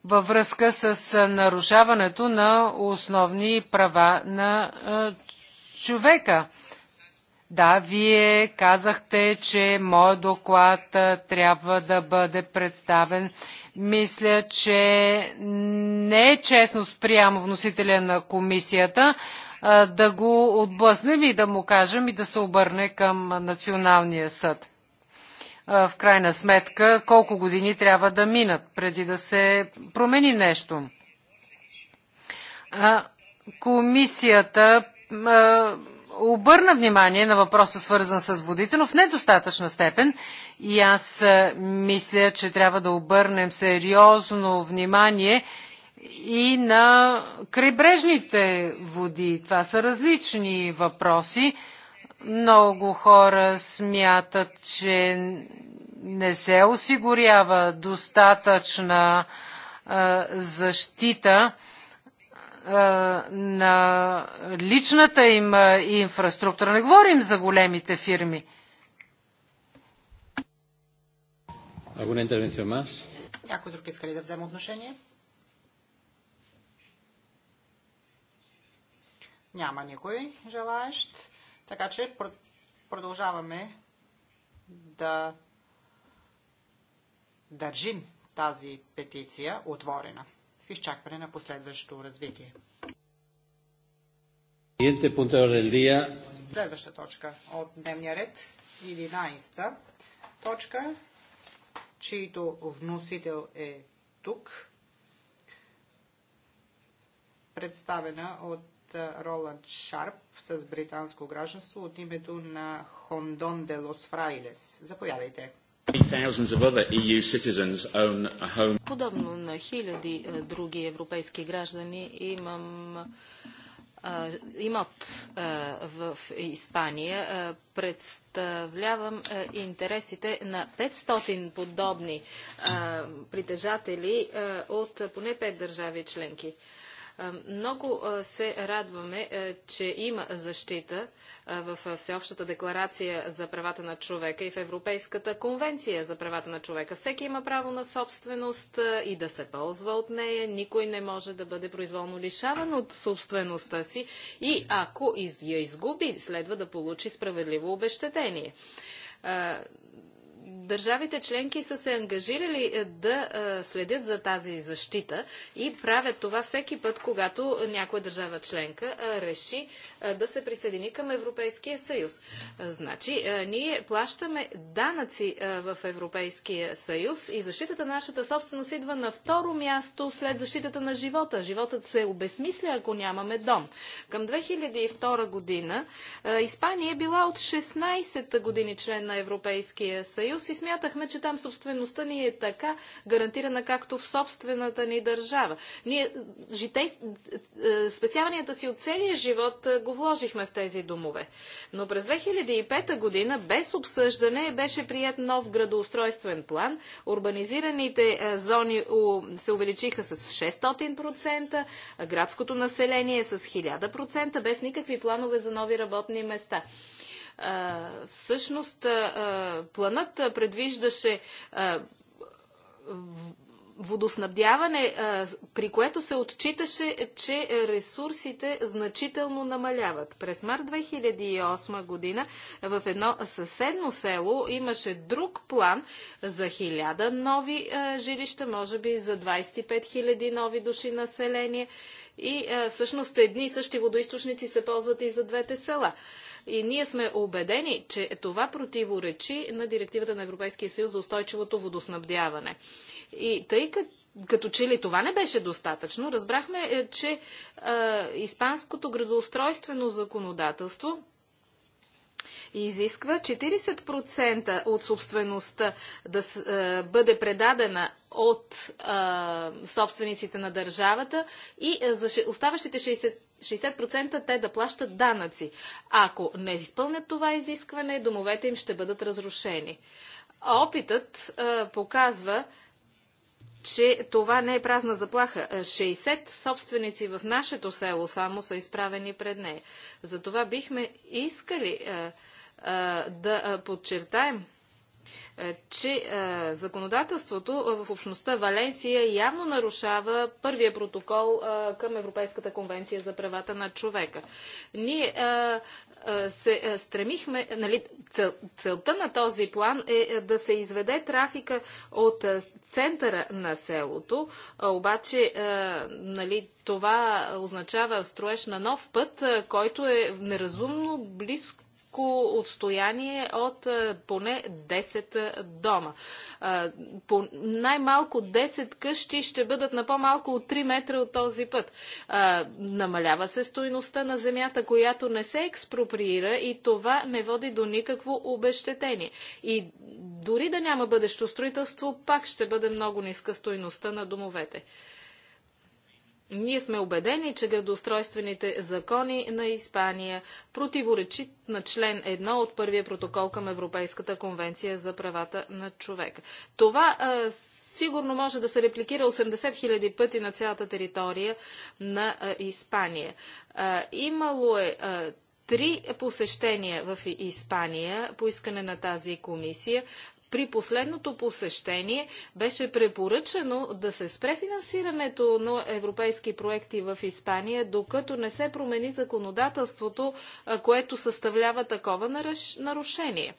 във връзка с нарушаването на основни права на човека. Да, вие казахте, че моят доклад трябва да бъде представен. Мисля, че не е честно спрямо вносителя на комисията, да го отблъснем и да му кажем и да се обърне към Националния съд. В крайна сметка, колко години трябва да минат преди да се промени нещо? Комисията обърна внимание на въпроса свързан с водите, но в недостатъчна степен. И аз мисля, че трябва да обърнем сериозно внимание и на крайбрежните води. Това са различни въпроси. Много хора смятат, че не се осигурява достатъчна а, защита а, на личната им инфраструктура. Не говорим за големите фирми. Някой друг иска ли да вземе отношение? Няма никой желаящ. Така че продължаваме да държим тази петиция отворена в изчакване на последващо развитие. Следваща точка от дневния ред, 11-та точка, чието вносител е тук, представена от Роланд Шарп с британско гражданство от името на Хондон де Лос Фрайлес. Заповядайте. E Подобно на хиляди е, други европейски граждани имам имот в Испания. представлявам интересите на 500 подобни притежатели от поне 5 държави членки. Много се радваме, че има защита в Всеобщата декларация за правата на човека и в Европейската конвенция за правата на човека. Всеки има право на собственост и да се ползва от нея. Никой не може да бъде произволно лишаван от собствеността си и ако я изгуби, следва да получи справедливо обещетение Държавите членки са се ангажирали е, да е, следят за тази защита и правят това всеки път, когато някоя държава членка е, реши да се присъедини към Европейския съюз. Значи, ние плащаме данъци в Европейския съюз и защитата на нашата собственост идва на второ място след защитата на живота. Животът се обесмисля, ако нямаме дом. Към 2002 година Испания е била от 16 години член на Европейския съюз съюз и смятахме, че там собствеността ни е така гарантирана, както в собствената ни държава. Ние е, житей... Е, е, спестяванията си от целия живот го вложихме в тези домове. Но през 2005 година, без обсъждане, беше прият нов градоустройствен план. Урбанизираните зони се увеличиха с 600%, градското население с 1000%, без никакви планове за нови работни места. Всъщност, планът предвиждаше водоснабдяване, при което се отчиташе, че ресурсите значително намаляват. През март 2008 година в едно съседно село имаше друг план за 1000 нови жилища, може би за 25 000 нови души население. И всъщност едни и същи водоисточници се ползват и за двете села. И ние сме убедени, че това противоречи на директивата на Европейския съюз за устойчивото водоснабдяване. И тъй като като че ли това не беше достатъчно, разбрахме, е, че е, испанското градоустройствено законодателство изисква 40% от собствеността да е, бъде предадена от е, собствениците на държавата и е, за оставащите 60%, 60% те да плащат данъци. Ако не изпълнят това изискване, домовете им ще бъдат разрушени. Опитът е, показва, че това не е празна заплаха. 60 собственици в нашето село само са изправени пред нея. Затова бихме искали е, да подчертаем, че законодателството в общността Валенсия явно нарушава първия протокол към Европейската конвенция за правата на човека. Ние се стремихме, нали, цел, целта на този план е, е да се изведе трафика от центъра на селото, обаче нали, това означава строеж на нов път, който е неразумно близко близко отстояние от е, поне 10 е, дома. Е, по най-малко 10 къщи ще бъдат на по-малко от 3 метра от този път. Намалява се стоиността на земята, която не се експроприира и това не води до никакво обещетение. И дори да няма бъдещо строителство, пак ще бъде много ниска стоиността на домовете. Ние сме убедени, че градоустройствените закони на Испания противоречи на член 1 от първия протокол към Европейската конвенция за правата на човека. Това а, сигурно може да се репликира 80 000 пъти на цялата територия на а, Испания. А, имало е три посещения в Испания по искане на тази комисия при последното посещение беше препоръчено да се спре финансирането на европейски проекти в Испания, докато не се промени законодателството, което съставлява такова нарушение.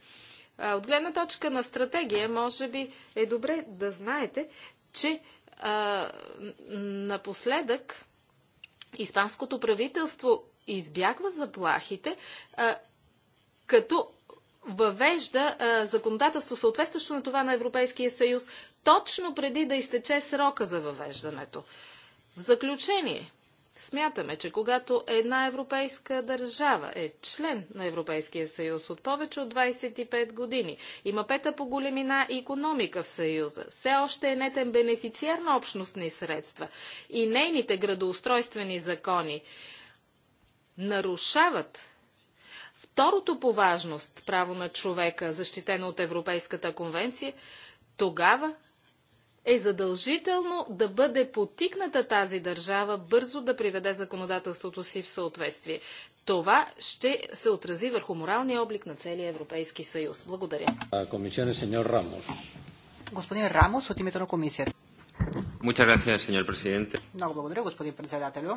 От гледна точка на стратегия, може би е добре да знаете, че а, напоследък испанското правителство избягва заплахите, а, като въвежда а, законодателство, съответстващо на това на Европейския съюз, точно преди да изтече срока за въвеждането. В заключение, смятаме, че когато една европейска държава е член на Европейския съюз от повече от 25 години, има пета по големина економика в съюза, все още е нетен бенефициар на общностни средства и нейните градоустройствени закони нарушават второто по важност право на човека, защитено от Европейската конвенция, тогава е задължително да бъде потикната тази държава бързо да приведе законодателството си в съответствие. Това ще се отрази върху моралния облик на целия Европейски съюз. Благодаря. Комисионер сеньор Рамос. Господин Рамос от името на комисията. Много благодаря, господин председателю.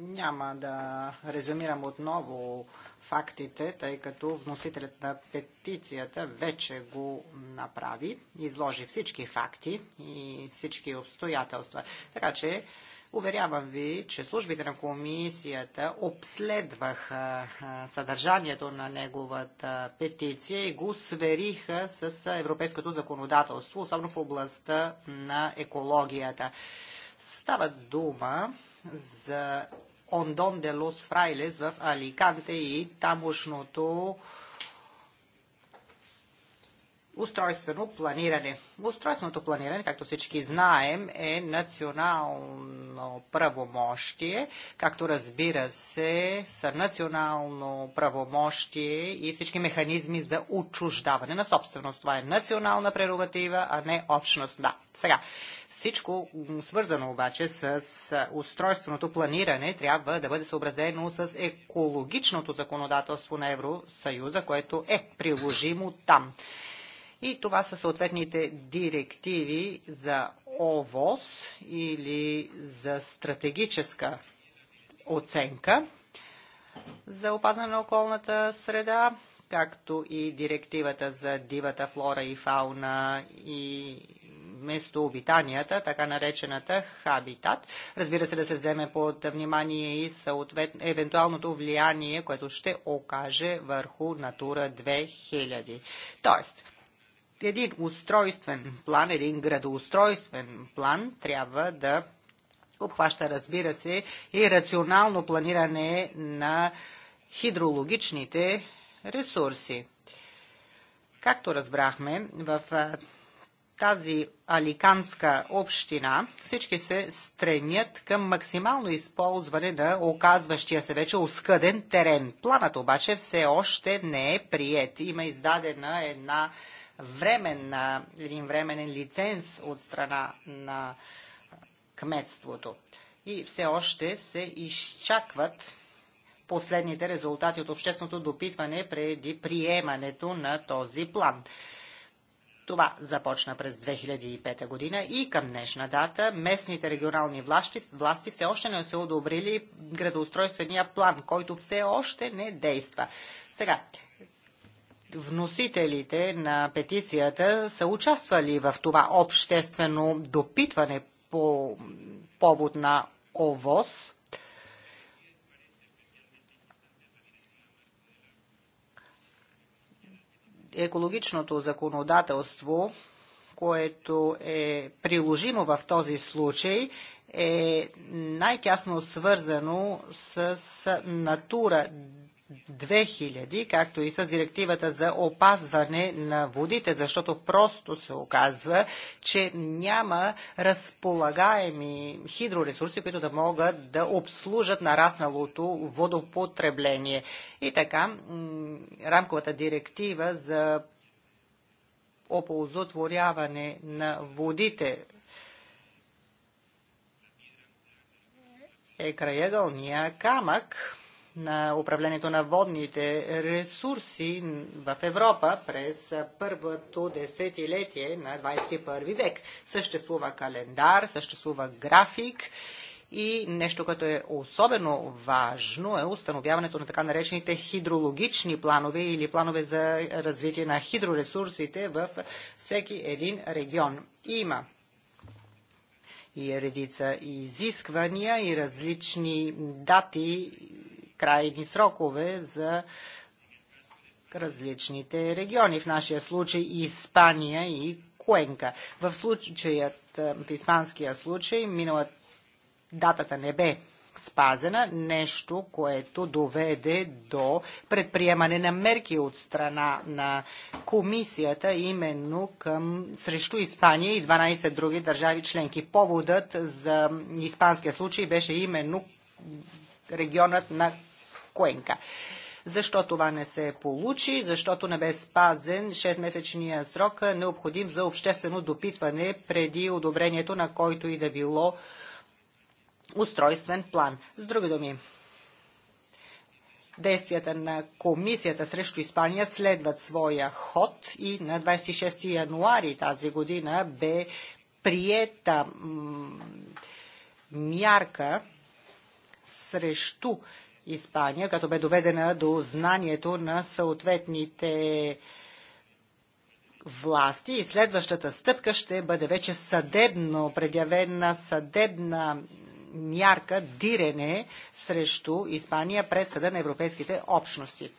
Няма да резюмирам отново фактите, тъй като вносителят на петицията вече го направи, изложи всички факти и всички обстоятелства. Така че, уверявам ви, че службите на комисията обследваха съдържанието на неговата петиция и го свериха с европейското законодателство, особено в областта на екологията. Става дума за Ондон де Лос Фрайлес в Аликанте и тамошното устройствено планиране. Устройственото планиране, както всички знаем, е национално правомощие, както разбира се, са национално правомощие и всички механизми за отчуждаване на собственост. Това е национална прерогатива, а не общност. Да, сега. Всичко свързано обаче с устройственото планиране трябва да бъде съобразено с екологичното законодателство на Евросъюза, което е приложимо там. И това са съответните директиви за ОВОС или за стратегическа оценка за опазване на околната среда, както и директивата за дивата флора и фауна и местообитанията, така наречената хабитат. Разбира се да се вземе под внимание и съответ... евентуалното влияние, което ще окаже върху Натура 2000. Тоест, един устройствен план, един градоустройствен план трябва да обхваща, разбира се, и рационално планиране на хидрологичните ресурси. Както разбрахме, в тази Аликанска община всички се стремят към максимално използване на оказващия се вече оскъден терен. Планът обаче все още не е прият. Има издадена една временна, един временен лиценз от страна на кметството. И все още се изчакват последните резултати от общественото допитване преди приемането на този план. Това започна през 2005 година и към днешна дата местните регионални власти, власти все още не са одобрили градоустройствения план, който все още не действа. Сега, вносителите на петицията са участвали в това обществено допитване по повод на ОВОС. Екологичното законодателство, което е приложимо в този случай, е най-тясно свързано с Натура 2000, както и с директивата за опазване на водите, защото просто се оказва, че няма разполагаеми хидроресурси, които да могат да обслужат нарасналото водопотребление. И така, рамковата директива за оползотворяване на водите е краегълния камък, на управлението на водните ресурси в Европа през първото десетилетие на 21 век. Съществува календар, съществува график и нещо, което е особено важно е установяването на така наречените хидрологични планове или планове за развитие на хидроресурсите в всеки един регион. Има и редица изисквания и различни дати крайни срокове за различните региони. В нашия случай Испания и Куенка. В, случаят, в испанския случай минала датата не бе спазена, нещо, което доведе до предприемане на мерки от страна на комисията, именно към срещу Испания и 12 други държави членки. Поводът за испанския случай беше именно регионът на Куенка. Защо това не се получи? Защото не бе спазен 6-месечния срок, необходим за обществено допитване преди одобрението на който и да било устройствен план. С други думи, действията на комисията срещу Испания следват своя ход и на 26 януари тази година бе приета мярка срещу Испания, като бе доведена до знанието на съответните власти и следващата стъпка ще бъде вече съдебно предявена съдебна мярка дирене срещу Испания пред съда на европейските общности.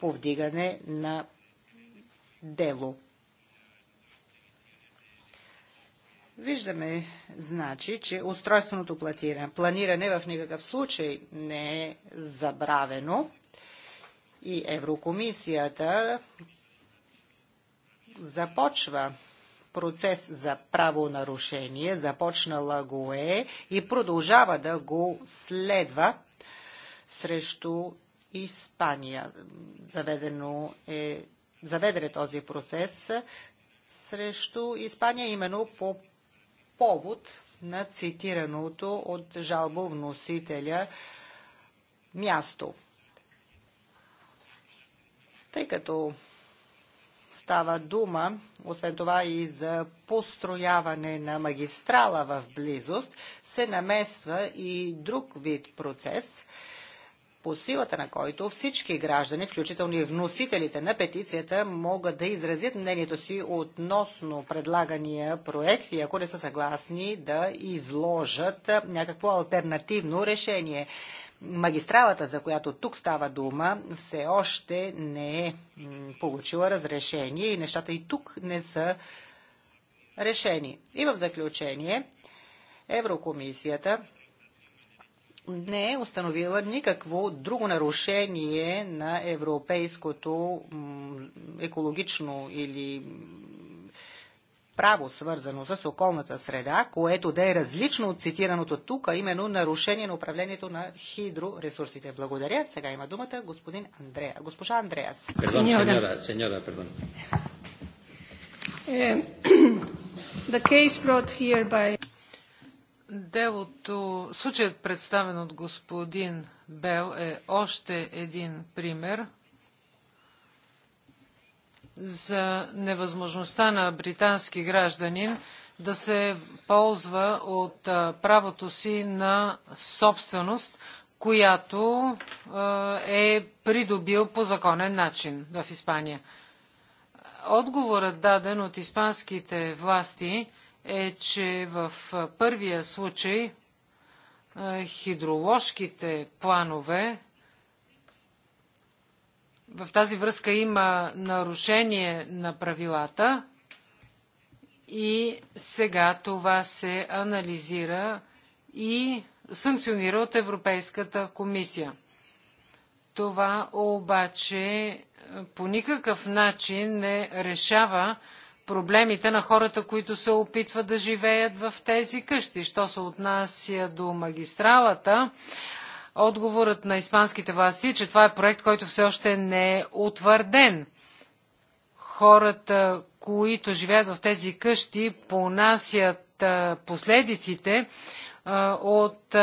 Повдигане на дело. Виждаме, значи, че устройственото планиране в никакъв случай не е забравено и Еврокомисията започва процес за правонарушение, започнала го е и продължава да го следва срещу Испания. Заведено е, заведен е този процес срещу Испания именно по повод на цитираното от жалбовносителя място. Тъй като става дума, освен това и за построяване на магистрала в близост, се намесва и друг вид процес – по силата на който всички граждани, включително и вносителите на петицията, могат да изразят мнението си относно предлагания проект и ако не са съгласни да изложат някакво альтернативно решение. Магистралата, за която тук става дума, все още не е получила разрешение и нещата и тук не са решени. И в заключение, Еврокомисията не е установила никакво друго нарушение на европейското екологично или право, свързано с околната среда, което да е различно от цитираното тук, а именно нарушение на управлението на хидроресурсите. Благодаря. Сега има думата господин Андрея. Госпожа Андреас. Сеньора, сеньора, е, señora, <clears throat> The case brought here by... Делото, случаят представен от господин Бел е още един пример за невъзможността на британски гражданин да се ползва от правото си на собственост, която е придобил по законен начин в Испания. Отговорът даден от испанските власти – е, че в първия случай хидроложките планове в тази връзка има нарушение на правилата и сега това се анализира и санкционира от Европейската комисия. Това обаче по никакъв начин не решава проблемите на хората, които се опитват да живеят в тези къщи. Що се отнася до магистралата, отговорът на испанските власти е, че това е проект, който все още не е утвърден. Хората, които живеят в тези къщи, понасят последиците от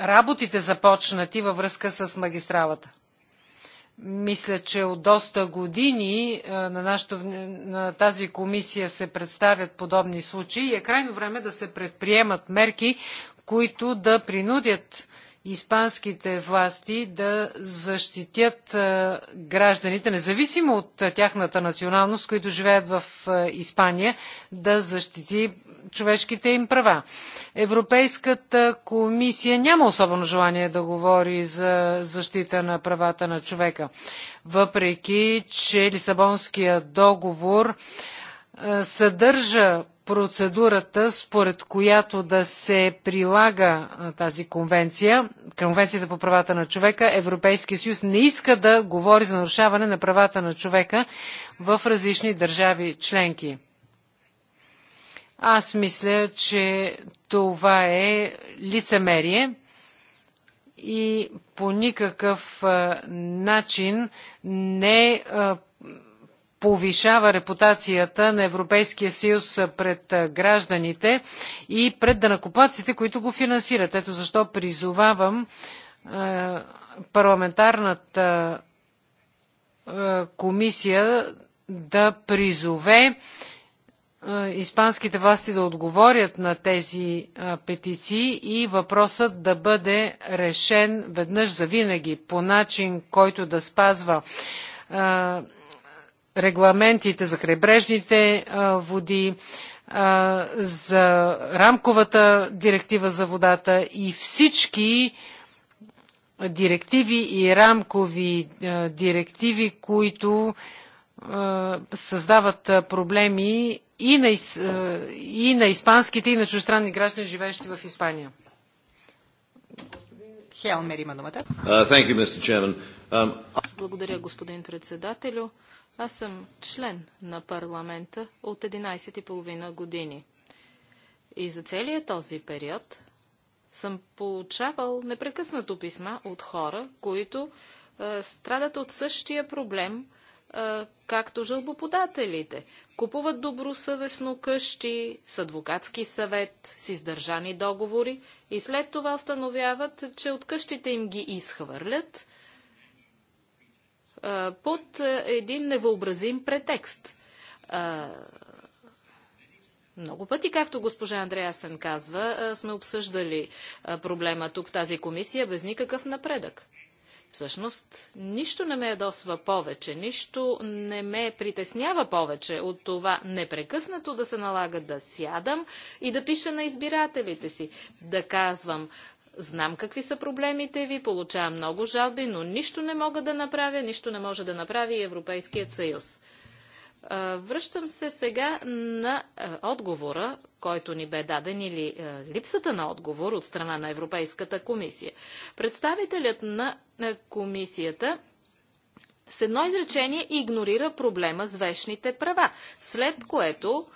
работите започнати във връзка с магистралата. Мисля, че от доста години на, на тази комисия се представят подобни случаи и е крайно време да се предприемат мерки, които да принудят испанските власти да защитят гражданите, независимо от тяхната националност, които живеят в Испания, да защити човешките им права. Европейската комисия няма особено желание да говори за защита на правата на човека, въпреки че Лисабонския договор е, съдържа процедурата, според която да се прилага е, тази конвенция, конвенцията по правата на човека, Европейския съюз не иска да говори за нарушаване на правата на човека в различни държави членки. Аз мисля, че това е лицемерие и по никакъв начин не повишава репутацията на Европейския съюз пред гражданите и пред данакопаците, които го финансират. Ето защо призовавам парламентарната комисия да призове е, испанските власти да отговорят на тези е, петиции и въпросът да бъде решен веднъж завинаги по начин, който да спазва е, регламентите за крайбрежните води, за рамковата директива за водата и всички директиви и рамкови директиви, които създават проблеми е, и на, испанските, и на чуждестранни граждани, живеещи в Испания. Хелмер има думата. Uh, um, Благодаря, господин председателю. Аз съм член на парламента от 11,5 години. И за целият този период съм получавал непрекъснато писма от хора, които е, страдат от същия проблем – както жълбоподателите. Купуват добросъвестно къщи с адвокатски съвет, с издържани договори и след това установяват, че от къщите им ги изхвърлят под един невъобразим претекст. Много пъти, както госпожа Андреасен казва, сме обсъждали проблема тук в тази комисия без никакъв напредък. Всъщност, нищо не ме ядосва повече, нищо не ме притеснява повече от това непрекъснато да се налага да сядам и да пиша на избирателите си, да казвам, знам какви са проблемите ви, получавам много жалби, но нищо не мога да направя, нищо не може да направи и Европейският съюз. Връщам се сега на отговора, който ни бе даден или е, липсата на отговор от страна на Европейската комисия. Представителят на, на комисията с едно изречение игнорира проблема с вечните права, след което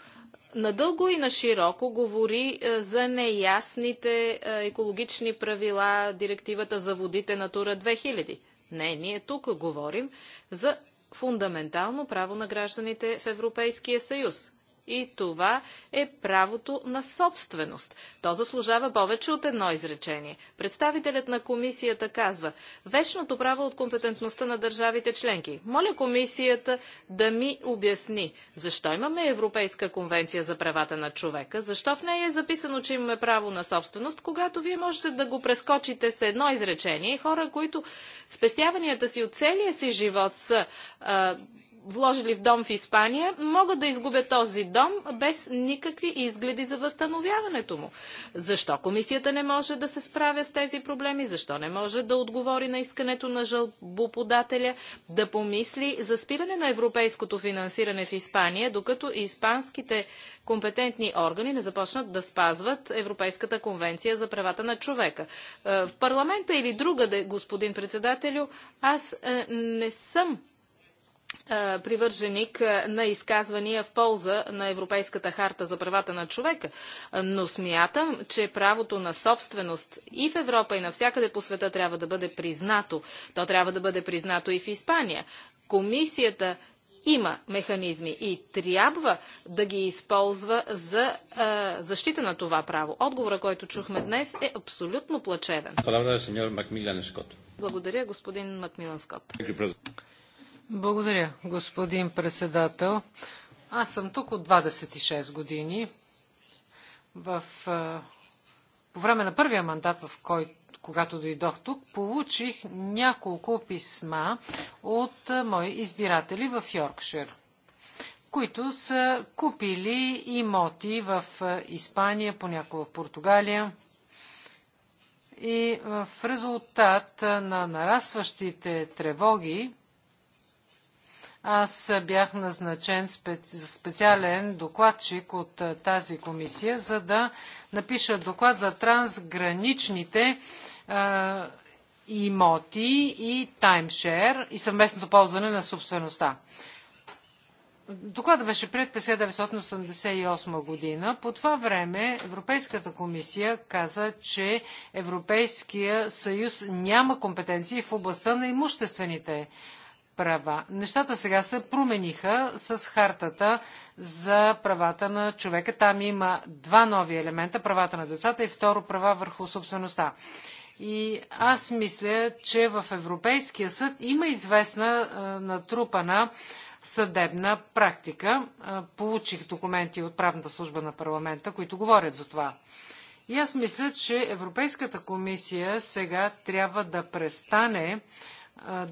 надълго и на широко говори е, за неясните е, екологични правила, директивата за водите Натура 2000. Не, ние тук говорим за фундаментално право на гражданите в Европейския съюз. И това е правото на собственост. То заслужава повече от едно изречение. Представителят на комисията казва Вечното право от компетентността на държавите членки. Моля комисията да ми обясни, защо имаме Европейска конвенция за правата на човека, защо в нея е записано, че имаме право на собственост, когато вие можете да го прескочите с едно изречение. Хора, които спестяванията си от целия си живот са а, вложили в дом в Испания, могат да изгубят този дом без никакви изгледи за възстановяването му. Защо комисията не може да се справя с тези проблеми? Защо не може да отговори на искането на жалбоподателя да помисли за спиране на европейското финансиране в Испания, докато испанските компетентни органи не започнат да спазват Европейската конвенция за правата на човека? Е, в парламента или друга, господин председателю, аз е, не съм е, привърженик е, на изказвания в полза на Европейската харта за правата на човека, е, но смятам, че правото на собственост и в Европа и навсякъде по света трябва да бъде признато. То трябва да бъде признато и в Испания. Комисията има механизми и трябва да ги използва за а, защита на това право. Отговора, който чухме днес, е абсолютно плачевен. Благодаря, господин Макмилан Скот. Благодаря, господин председател. Аз съм тук от 26 години. В, по време на първия мандат, в кой, когато дойдох тук, получих няколко писма от мои избиратели в Йоркшир, които са купили имоти в Испания, понякога в Португалия. И в резултат на нарастващите тревоги аз бях назначен за специален докладчик от тази комисия, за да напиша доклад за трансграничните имоти и таймшер и съвместното ползване на собствеността. Докладът беше прият през 1988 година. По това време Европейската комисия каза, че Европейския съюз няма компетенции в областта на имуществените права. Нещата сега се промениха с хартата за правата на човека. Там има два нови елемента правата на децата и второ права върху собствеността. И аз мисля, че в Европейския съд има известна натрупана съдебна практика. получих документи от правната служба на парламента, които говорят за това. И аз мисля, че Европейската комисия сега трябва да престане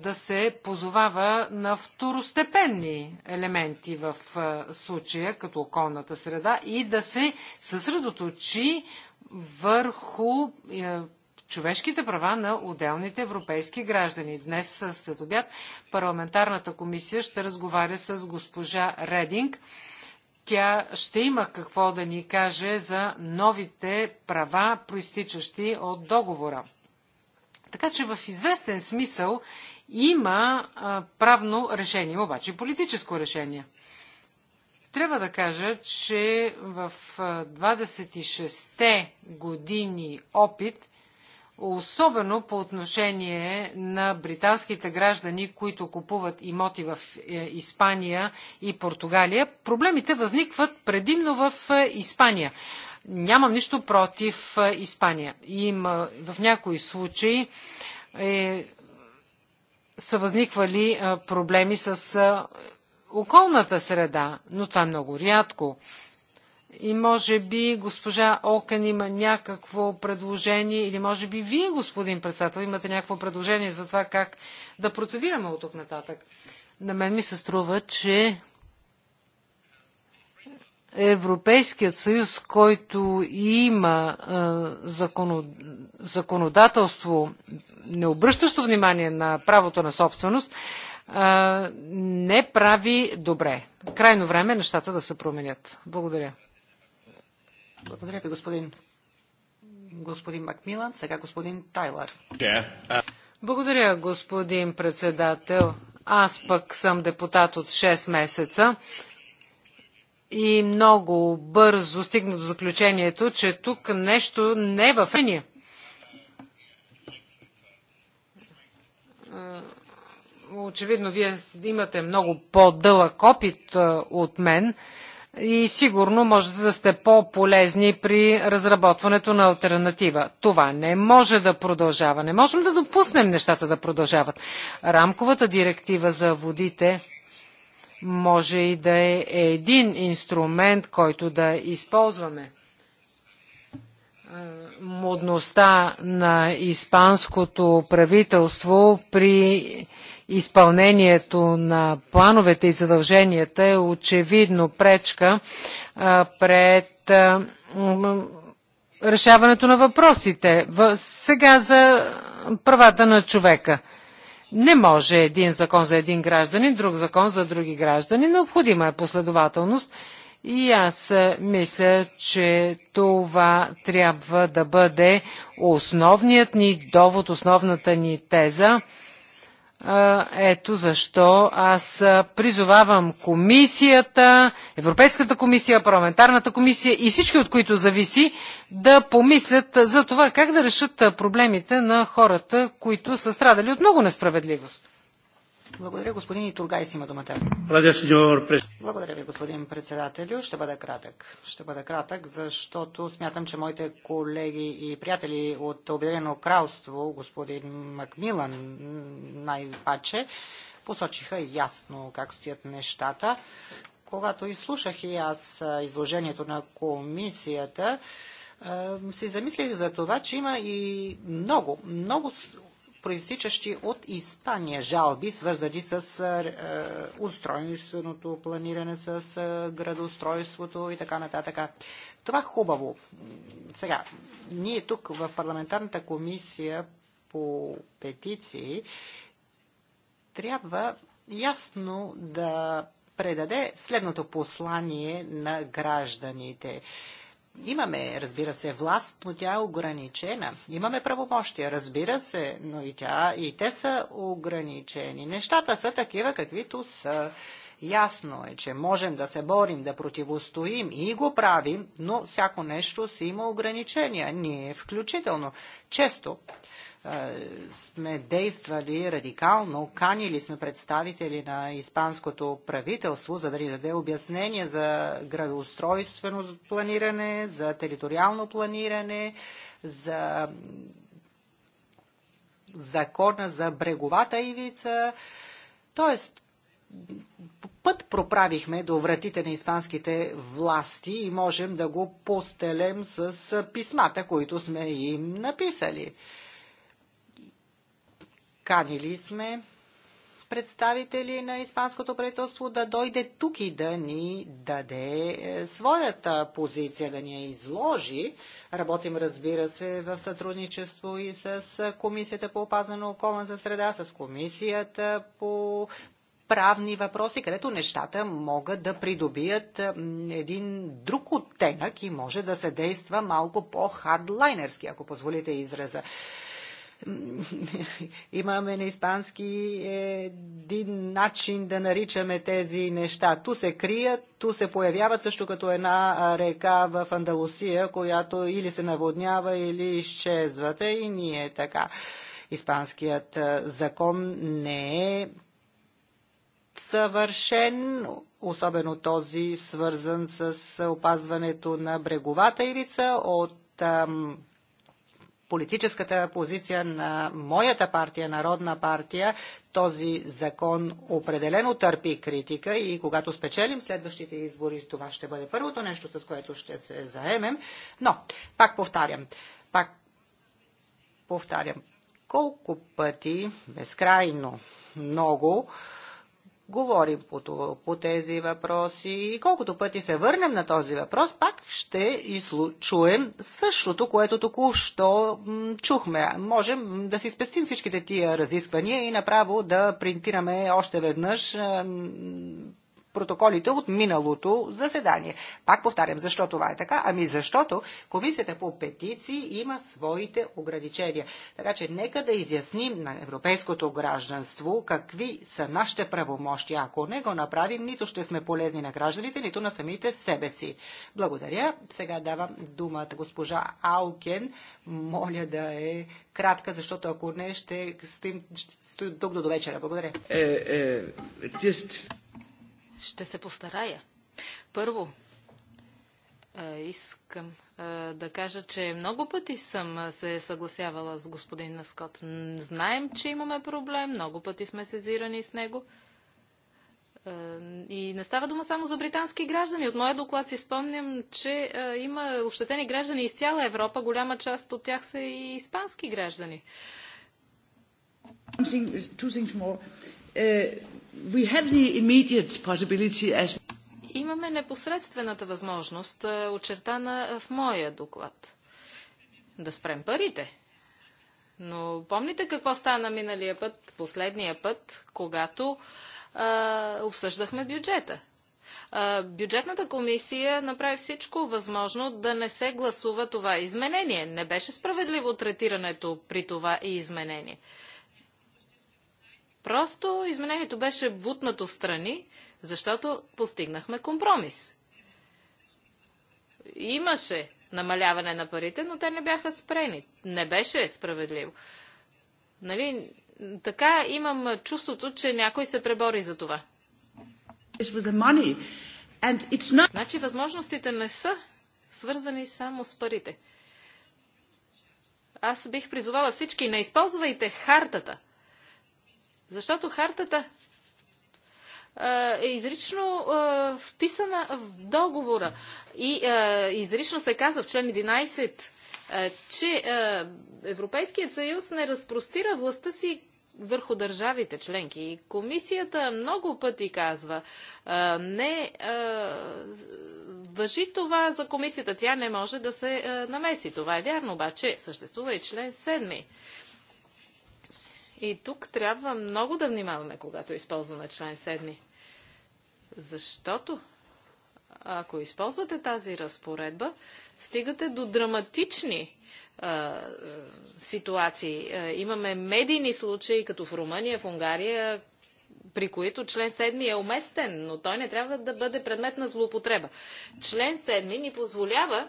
да се позовава на второстепенни елементи в случая, като околната среда, и да се съсредоточи върху е, човешките права на отделните европейски граждани. Днес след обяд парламентарната комисия ще разговаря с госпожа Рединг. Тя ще има какво да ни каже за новите права, проистичащи от договора. Така че в известен смисъл има а, правно решение, обаче политическо решение. Трябва да кажа, че в 26-те години опит, особено по отношение на британските граждани, които купуват имоти в е, Испания и Португалия, проблемите възникват предимно в е, Испания. Нямам нищо против Испания. Има в някои случаи е, са възниквали проблеми с околната среда, но това е много рядко. И може би госпожа Окън има някакво предложение, или може би вие, господин председател, имате някакво предложение за това как да процедираме от тук нататък. На мен ми се струва, че Европейският съюз, който има законодателство, не обръщащо внимание на правото на собственост, не прави добре. Крайно време нещата да се променят. Благодаря. Благодаря ви, господин. Господин Макмилан, сега господин Тайлар. Yeah. Uh... Благодаря, господин председател. Аз пък съм депутат от 6 месеца и много бързо стигна до заключението, че тук нещо не е в ения. Е, очевидно, вие имате много по-дълъг опит е, от мен и сигурно можете да сте по-полезни при разработването на альтернатива. Това не може да продължава. Не можем да допуснем нещата да продължават. Рамковата директива за водите може и да е един инструмент, който да използваме. Модността на испанското правителство при изпълнението на плановете и задълженията е очевидно пречка пред решаването на въпросите. Сега за правата на човека – не може един закон за един гражданин, друг закон за други граждани. Необходима е последователност. И аз е, мисля, че това трябва да бъде основният ни довод, основната ни теза. Ето защо аз призовавам комисията, Европейската комисия, парламентарната комисия и всички от които зависи да помислят за това как да решат проблемите на хората, които са страдали от много несправедливост. Благодаря, господин Итургайс има думата. Благодаря ви, господин председателю. Ще бъда кратък. Ще бъда кратък, защото смятам, че моите колеги и приятели от Обединено кралство, господин Макмилан най-паче, посочиха ясно как стоят нещата. Когато изслушах и аз изложението на комисията, си замислих за това, че има и много, много произтичащи от Испания жалби, свързани с устройственото планиране, с градоустройството и така нататък. Това е хубаво. Сега, ние тук в парламентарната комисия по петиции трябва ясно да предаде следното послание на гражданите. Имаме, разбира се, власт, но тя е ограничена. Имаме правомощия, разбира се, но и, тя, и те са ограничени. Нещата са такива, каквито са. Ясно е, че можем да се борим, да противостоим и го правим, но всяко нещо си има ограничения, ние включително. Често сме действали радикално, канили сме представители на испанското правителство, за да ни даде обяснение за градоустройствено планиране, за териториално планиране, за закона за бреговата ивица. Тоест, път проправихме до вратите на испанските власти и можем да го постелем с писмата, които сме им написали. Канили сме представители на Испанското правителство да дойде тук и да ни даде е, своята позиция, да ни я изложи. Работим, разбира се, в сътрудничество и с Комисията по опазване на околната среда, с Комисията по правни въпроси, където нещата могат да придобият е, един друг оттенък и може да се действа малко по-хардлайнерски, ако позволите израза. <laughs> имаме на испански един начин да наричаме тези неща. Ту се крият, ту се появяват също като една река в Андалусия, която или се наводнява, или изчезвате и ние така. Испанският закон не е съвършен, особено този свързан с опазването на бреговата ивица от политическата позиция на моята партия, Народна партия, този закон определено търпи критика и когато спечелим следващите избори, това ще бъде първото нещо, с което ще се заемем. Но, пак повтарям, пак повтарям, колко пъти, безкрайно много, говорим по, по тези въпроси и колкото пъти се върнем на този въпрос, пак ще изслу, чуем същото, което току-що чухме. Можем да си спестим всичките тия разисквания и направо да принтираме още веднъж протоколите от миналото заседание. Пак повтарям, защо това е така? Ами защото комисията по петиции има своите ограничения. Така че нека да изясним на европейското гражданство какви са нашите правомощи. Ако не го направим, нито ще сме полезни на гражданите, нито на самите себе си. Благодаря. Сега давам думата госпожа Аукен. Моля да е кратка, защото ако не, ще стоим, ще стоим тук до вечера. Благодаря. Е, е, just... Ще се постарая. Първо, искам да кажа, че много пъти съм се съгласявала с господин Наскот. Знаем, че имаме проблем, много пъти сме сезирани с него. И не става дума само за британски граждани. От моя доклад си спомням, че има ощетени граждани из цяла Европа. Голяма част от тях са и испански граждани. Two things more. Е, we have the immediate possibility as... Имаме непосредствената възможност, е, очертана е, в моя доклад. Да спрем парите. Но помните какво стана миналия път, последния път, когато а, е, обсъждахме бюджета? бюджетната комисия направи всичко възможно да не се гласува това изменение. Не беше справедливо третирането при това и изменение. Просто изменението беше бутнато страни, защото постигнахме компромис. Имаше намаляване на парите, но те не бяха спрени. Не беше справедливо. Нали? Така имам чувството, че някой се пребори за това. Значи възможностите не са свързани само с парите. Аз бих призовала всички, не използвайте хартата – защото хартата е изрично е, вписана в договора и е, изрично се казва в член 11, е, че Европейският съюз не разпростира властта си върху държавите членки. И комисията много пъти казва, не въжи това за комисията, тя не може да се намеси. Това е вярно, обаче съществува и член 7 и тук трябва много да внимаваме, когато използваме член 7. Защото ако използвате тази разпоредба, стигате до драматични а, ситуации. имаме медийни случаи, като в Румъния, в Унгария, при които член 7 е уместен, но той не трябва да бъде предмет на злоупотреба. Член 7 ни позволява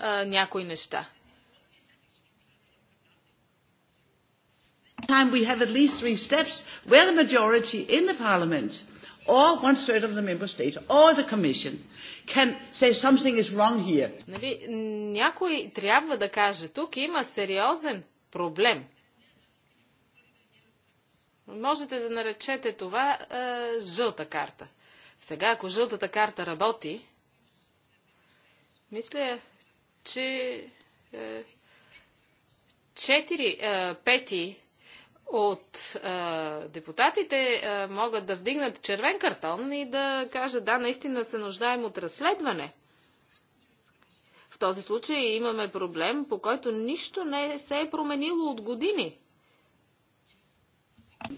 а, някои неща. time we have at least three steps where the majority in the parliament or one third of the member states or the commission can say something is wrong here. Нали, някой трябва да каже, тук има сериозен проблем. Можете да наречете това е, жълта карта. Сега, ако жълтата карта работи, мисля, че е, 4 е, пети от а, депутатите а, могат да вдигнат червен картон и да кажат да, наистина се нуждаем от разследване. В този случай имаме проблем, по който нищо не се е променило от години.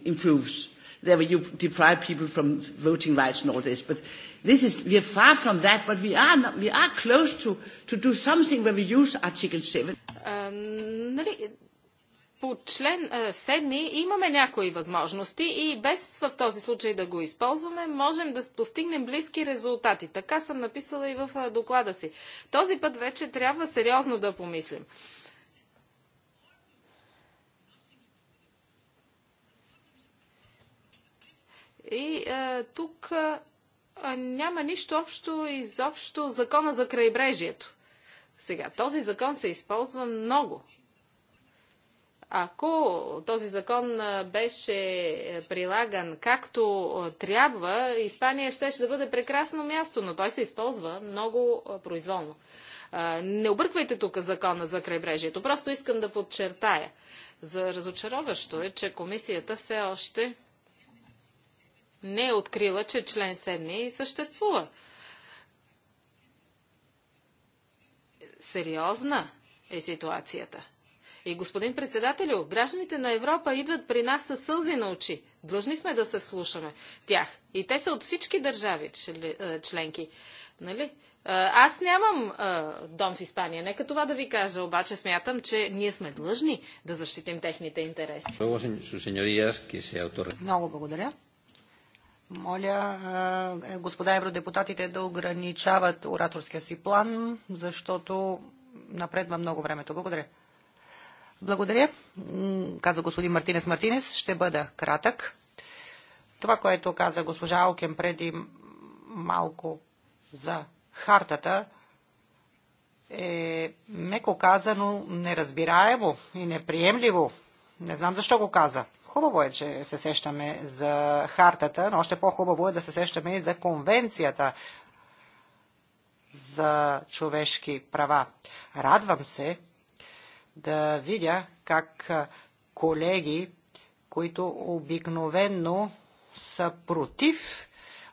Improves. There you deprive people from voting rights and all this, but this is we are far from that, but we are not, we are close to to do something where we use Article нали, по член 7 имаме някои възможности и без в този случай да го използваме, можем да постигнем близки резултати. Така съм написала и в доклада си. Този път вече трябва сериозно да помислим. И е, тук е, няма нищо общо изобщо закона за крайбрежието. Сега, този закон се използва много ако този закон беше е, прилаган както трябва, Испания щеше ще да бъде прекрасно място, но той се използва много произволно. Не обърквайте тук закона за крайбрежието. Просто искам да подчертая. За разочароващо е, че комисията все още не е открила, че член 7 съществува. Сериозна е ситуацията. И господин председателю, гражданите на Европа идват при нас със сълзи на очи. Длъжни сме да се слушаме тях. И те са от всички държави е, членки. Нали? Е, аз нямам а, е, дом в Испания, нека това да ви кажа, обаче смятам, че ние сме длъжни да защитим техните интереси. Много благодаря. Моля, господа евродепутатите да ограничават ораторския си план, защото напредва много времето. Благодаря. Благодаря, каза господин Мартинес Мартинес. Ще бъда кратък. Това, което каза госпожа Алкен преди малко за хартата, е меко казано неразбираемо и неприемливо. Не знам защо го каза. Хубаво е, че се сещаме за хартата, но още по-хубаво е да се сещаме и за конвенцията за човешки права. Радвам се, да видя как колеги, които обикновенно са против,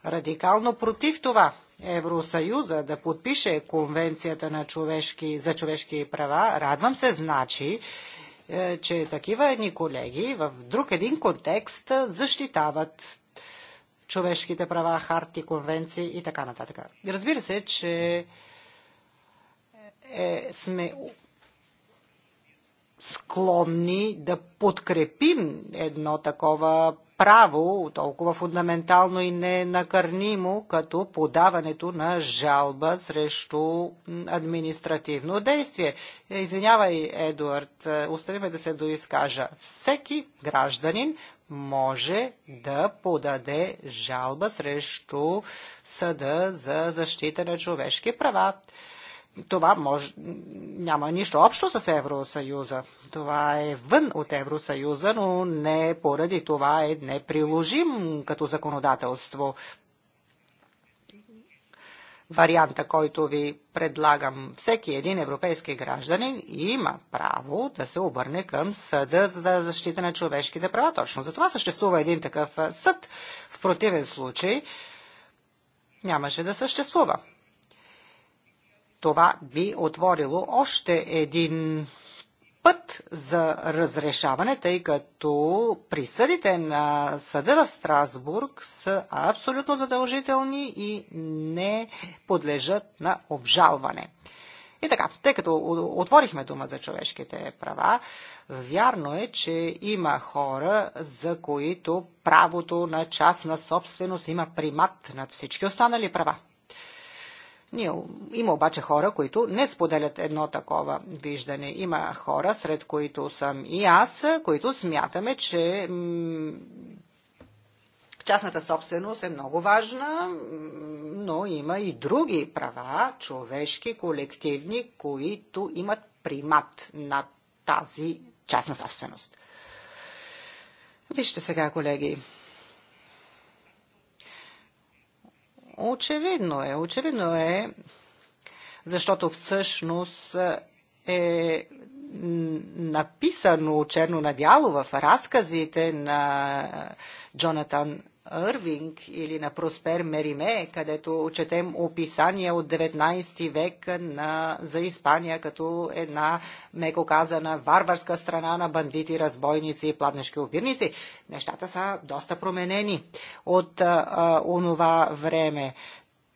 радикално против това Евросъюза да подпише Конвенцията на човешки, за човешки права. Радвам се, значи, е, че такива едни колеги в друг един контекст защитават човешките права, харти, конвенции и така нататък. Разбира се, че е, сме склонни да подкрепим едно такова право, толкова фундаментално и ненакърнимо, като подаването на жалба срещу административно действие. Извинявай, Едуард, е, оставиме да се доизкажа. Всеки гражданин може да подаде жалба срещу съда за защита на човешки права това може, няма нищо общо с Евросъюза. Това е вън от Евросъюза, но не поради това е неприложим като законодателство. Варианта, който ви предлагам, всеки един европейски гражданин има право да се обърне към съда за защита на човешките права. Точно за това съществува един такъв съд. В противен случай нямаше да съществува това би отворило още един път за разрешаване, тъй като присъдите на съда в Страсбург са абсолютно задължителни и не подлежат на обжалване. И така, тъй като отворихме дума за човешките права, вярно е, че има хора, за които правото на частна собственост има примат над всички останали права. Ние, има обаче хора, които не споделят едно такова виждане. Има хора, сред които съм и аз, които смятаме, че частната собственост е много важна, но има и други права, човешки, колективни, които имат примат на тази частна собственост. Вижте сега, колеги, Очевидно е, очевидно е, защото всъщност е, е написано черно на бяло в разказите на Джонатан Ирвинг или на Проспер Мериме, където четем описания от 19 век на, за Испания като една, меко казана, варварска страна на бандити, разбойници и пладнешки обирници. Нещата са доста променени от а, онова време.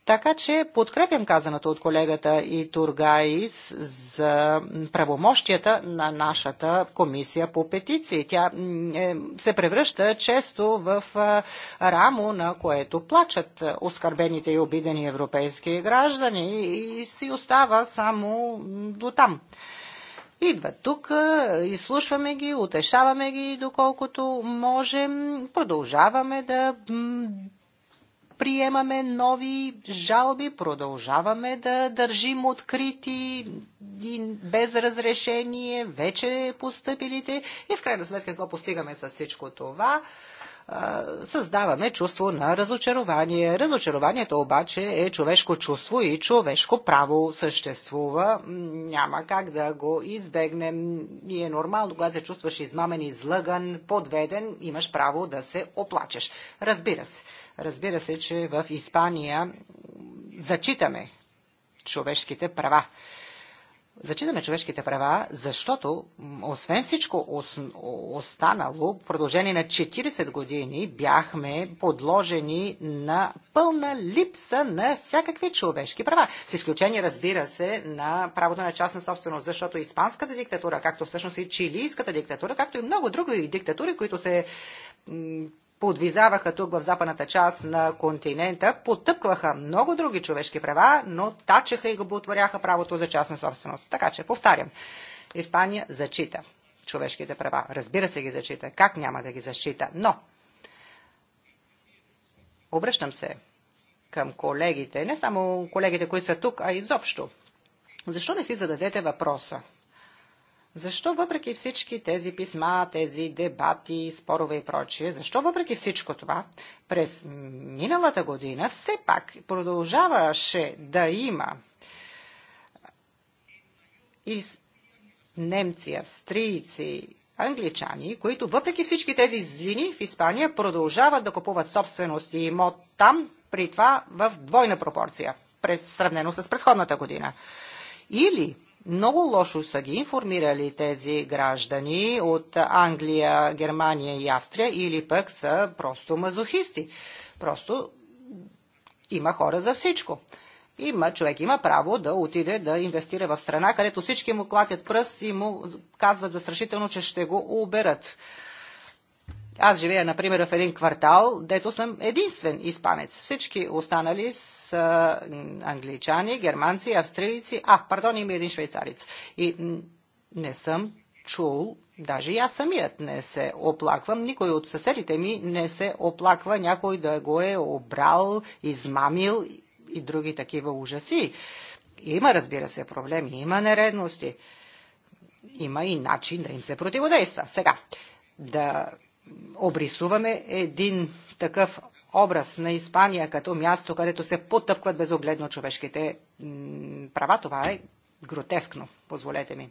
Така че подкрепям казаното от колегата и Тургайс за правомощията на нашата комисия по петиции. Тя е, се превръща често в рамо, на което плачат оскърбените и обидени европейски граждани и си остава само до там. Идват тук, изслушваме ги, утешаваме ги доколкото можем, продължаваме да приемаме нови жалби, продължаваме да държим открити без разрешение вече поступилите и в крайна сметка какво постигаме с всичко това? създаваме чувство на разочарование. Разочарованието обаче е човешко чувство и човешко право съществува. Няма как да го избегнем. И е нормално, когато се чувстваш измамен, излъган, подведен, имаш право да се оплачеш. Разбира се. Разбира се, че в Испания зачитаме човешките права. Зачитаме човешките права, защото, освен всичко останало, в продължение на 40 години бяхме подложени на пълна липса на всякакви човешки права. С изключение, разбира се, на правото на частна собственост, защото испанската диктатура, както всъщност и чилийската диктатура, както и много други диктатури, които се подвизаваха тук в западната част на континента, потъпкваха много други човешки права, но тачеха и го отворяха правото за частна собственост. Така че, повтарям, Испания зачита човешките права. Разбира се ги зачита. Как няма да ги защита? Но, обръщам се към колегите, не само колегите, които са тук, а изобщо. Защо не си зададете въпроса? Защо въпреки всички тези писма, тези дебати, спорове и прочие, защо въпреки всичко това, през миналата година все пак продължаваше да има и немци, австрийци, англичани, които въпреки всички тези злини в Испания продължават да купуват собственост и имот там, при това в двойна пропорция, през, сравнено с предходната година. Или много лошо са ги информирали тези граждани от Англия, Германия и Австрия или пък са просто мазохисти. Просто има хора за всичко. Има, човек има право да отиде да инвестира в страна, където всички му клатят пръст и му казват застрашително, че ще го уберат. Аз живея, например, в един квартал, дето съм единствен испанец. Всички останали са англичани, германци, австрийци, а, пардон, има един швейцарец. И не съм чул, даже и аз самият не се оплаквам, никой от съседите ми не се оплаква, някой да го е обрал, измамил и други такива ужаси. Има, разбира се, проблеми, има нередности, има и начин да им се противодейства. Сега, да обрисуваме един такъв образ на Испания като място, където се потъпкват безогледно човешките права. Това е гротескно, позволете ми.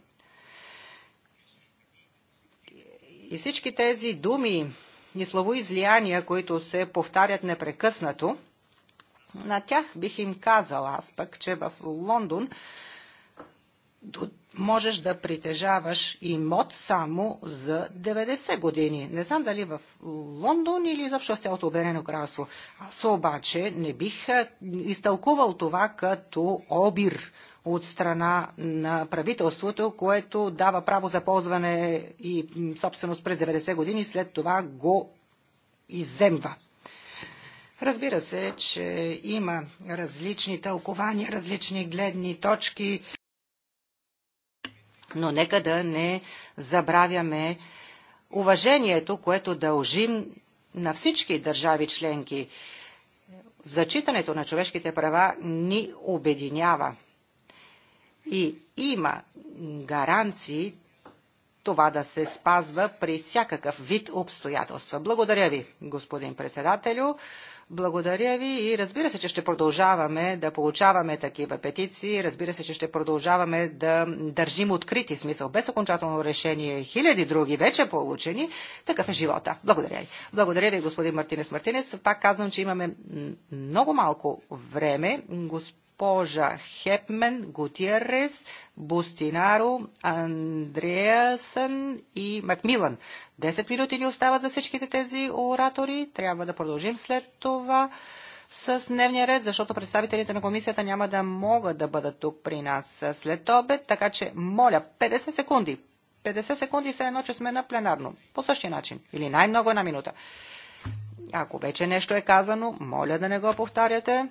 И всички тези думи и словоизлияния, които се повтарят непрекъснато, на тях бих им казала аз пък, че в Лондон можеш да притежаваш имот само за 90 години. Не знам дали в Лондон или изобщо в цялото Обединено кралство. Аз обаче не бих изтълкувал това като обир от страна на правителството, което дава право за ползване и собственост през 90 години, след това го изземва. Разбира се, че има различни тълкования, различни гледни точки но нека да не забравяме уважението, което дължим на всички държави членки. Зачитането на човешките права ни обединява. И има гаранции това да се спазва при всякакъв вид обстоятелства. Благодаря ви, господин председателю. Благодаря ви и разбира се, че ще продължаваме да получаваме такива петиции, разбира се, че ще продължаваме да държим открити смисъл без окончателно решение хиляди други вече получени. Такъв е живота. Благодаря ви. Благодаря ви, господин Мартинес Мартинес. Пак казвам, че имаме много малко време. Господин госпожа Хепмен, Гутиерес, Бустинаро, Андреасън и Макмилан. Десет минути ни остават за всичките тези оратори. Трябва да продължим след това с дневния ред, защото представителите на комисията няма да могат да бъдат тук при нас след обед, така че моля 50 секунди. 50 секунди се едно, че сме на пленарно. По същия начин. Или най-много една минута. Ако вече нещо е казано, моля да не го повтаряте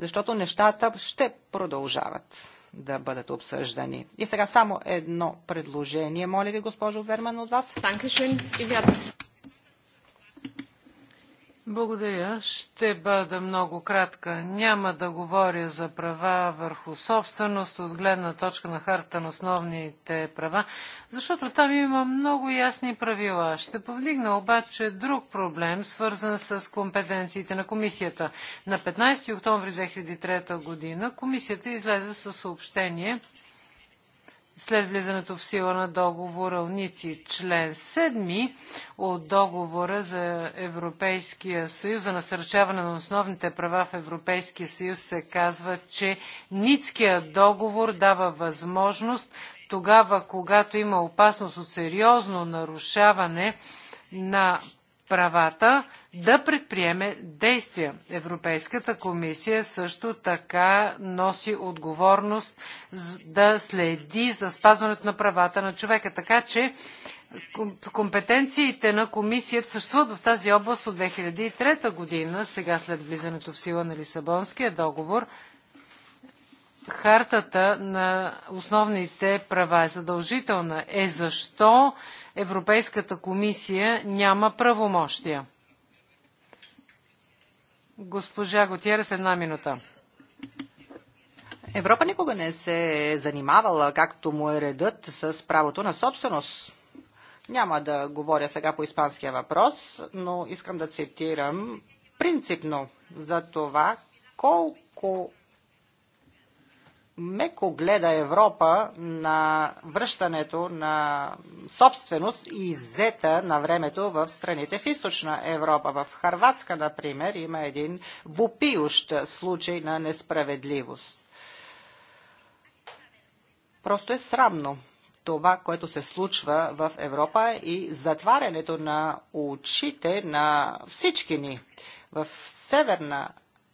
защото нещата ще продължават да бъдат обсъждани. И сега само едно предложение, моля ви, госпожо Верман, от вас. Благодаря. Ще бъда много кратка. Няма да говоря за права върху собственост от гледна точка на харта на основните права, защото там има много ясни правила. Ще повдигна обаче друг проблем, свързан с компетенциите на комисията. На 15 октомври 2003 година комисията излезе със съобщение – след влизането в сила на договора Уници. Член 7 от договора за Европейския съюз за насърчаване на основните права в Европейския съюз се казва, че Ницкия договор дава възможност тогава, когато има опасност от сериозно нарушаване на правата, да предприеме действия. Европейската комисия също така носи отговорност да следи за спазването на правата на човека. Така че компетенциите на комисията съществуват в тази област от 2003 година, сега след влизането в сила на Лисабонския договор. Хартата на основните права е задължителна. Е защо Европейската комисия няма правомощия? Госпожа Готиерес, една минута. Европа никога не се е занимавала, както му е редът, с правото на собственост. Няма да говоря сега по испанския въпрос, но искам да цитирам принципно за това колко меко гледа Европа на връщането на собственост и зета на времето в страните в източна Европа. В Харватска, например, има един вопиющ случай на несправедливост. Просто е срамно това, което се случва в Европа и затварянето на очите на всички ни. В Северна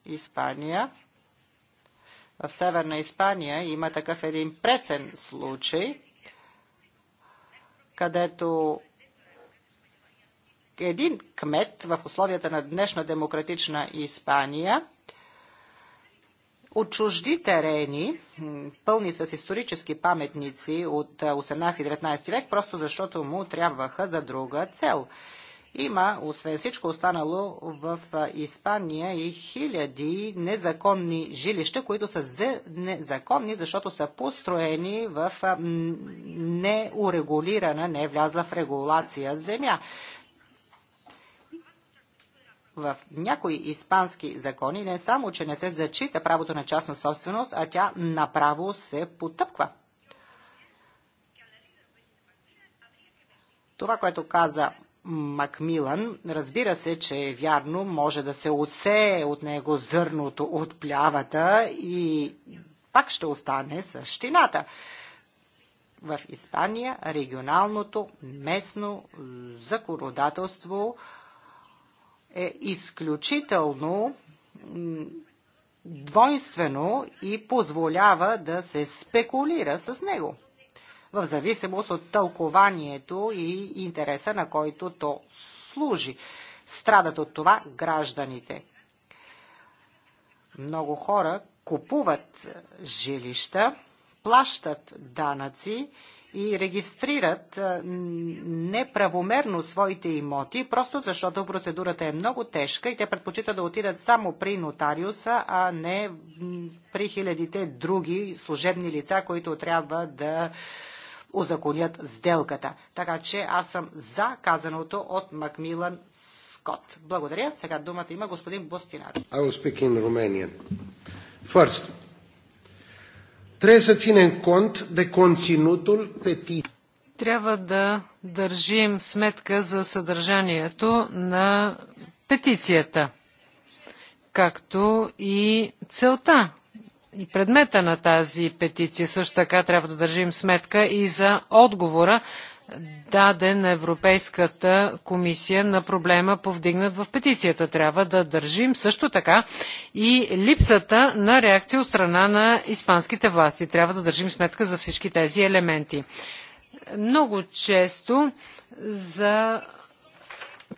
Испания – в Северна Испания има такъв един пресен случай, където един кмет в условията на днешна демократична Испания отчужди терени, пълни с исторически паметници от 18-19 век, просто защото му трябваха за друга цел. Има, освен всичко останало, в Испания и хиляди незаконни жилища, които са незаконни, защото са построени в неурегулирана, не вляза в регулация земя. В някои испански закони не само, че не се зачита правото на частна собственост, а тя направо се потъпква. Това, което каза Макмилан. Разбира се, че е вярно, може да се усее от него зърното от плявата и пак ще остане същината. В Испания регионалното местно законодателство е изключително двойствено и позволява да се спекулира с него в зависимост от тълкованието и интереса, на който то служи. Страдат от това гражданите. Много хора купуват жилища, плащат данъци и регистрират неправомерно своите имоти, просто защото процедурата е много тежка и те предпочитат да отидат само при нотариуса, а не при хилядите други служебни лица, които трябва да узаконят сделката. Така че аз съм за казаното от Макмилан Скот. Благодаря. Сега думата има господин Бостинар. I will speak in Romanian. First, trebuie să ținem cont de conținutul petiției. Трябва да държим сметка за съдържанието на петицията, както и целта и предмета на тази петиция. Също така трябва да държим сметка и за отговора даден на Европейската комисия на проблема повдигнат в петицията. Трябва да държим също така и липсата на реакция от страна на испанските власти. Трябва да държим сметка за всички тези елементи. Много често за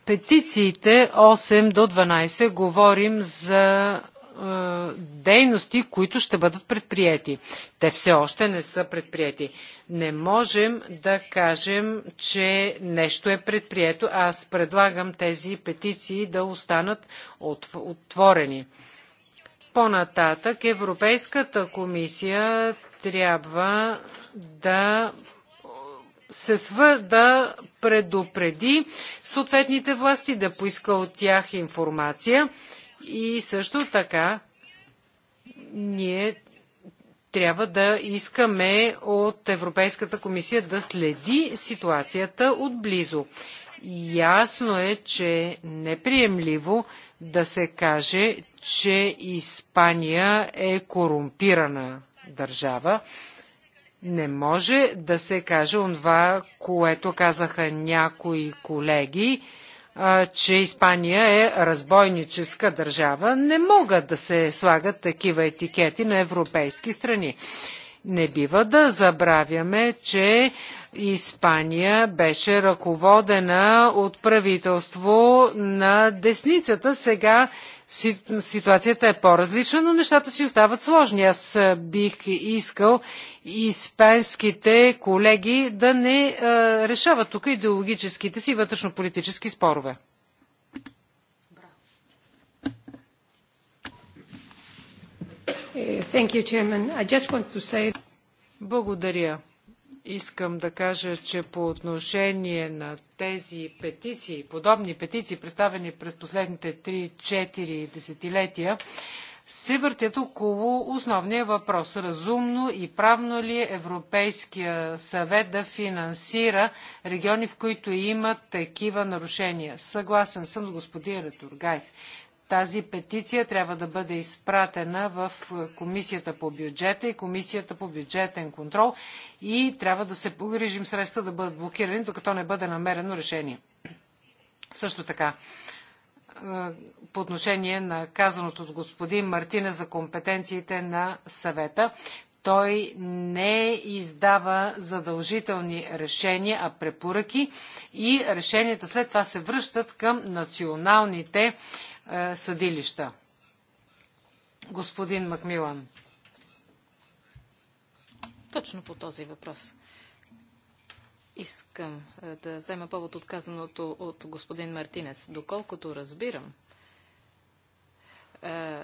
петициите 8 до 12 говорим за е, дейности, които ще бъдат предприяти. Те все още не са предприяти. Не можем да кажем, че нещо е предприето. Аз предлагам тези петиции да останат отворени. По-нататък Европейската комисия трябва да се свър... да предупреди съответните власти, да поиска от тях информация и също така ние трябва да искаме от Европейската комисия да следи ситуацията отблизо. Ясно е, че неприемливо да се каже, че Испания е корумпирана държава. Не може да се каже онова, което казаха някои колеги, че Испания е разбойническа държава. Не могат да се слагат такива етикети на европейски страни. Не бива да забравяме, че Испания беше ръководена от правителство на десницата. Сега ситуацията е по-различна, но нещата си остават сложни. Аз бих искал испанските колеги да не решават тук идеологическите си вътрешно-политически спорове. Благодаря искам да кажа, че по отношение на тези петиции, подобни петиции, представени през последните 3-4 десетилетия, се въртят около основния въпрос. Разумно и правно ли е Европейския съвет да финансира региони, в които имат такива нарушения? Съгласен съм с господин Ретургайс. Тази петиция трябва да бъде изпратена в Комисията по бюджета и Комисията по бюджетен контрол и трябва да се погрижим средства да бъдат блокирани, докато не бъде намерено решение. Също така, по отношение на казаното от господин Мартина за компетенциите на съвета. Той не издава задължителни решения, а препоръки и решенията след това се връщат към националните е, съдилища. Господин Макмилан. Точно по този въпрос. Искам е, да взема повод от казаното от господин Мартинес. Доколкото разбирам, е,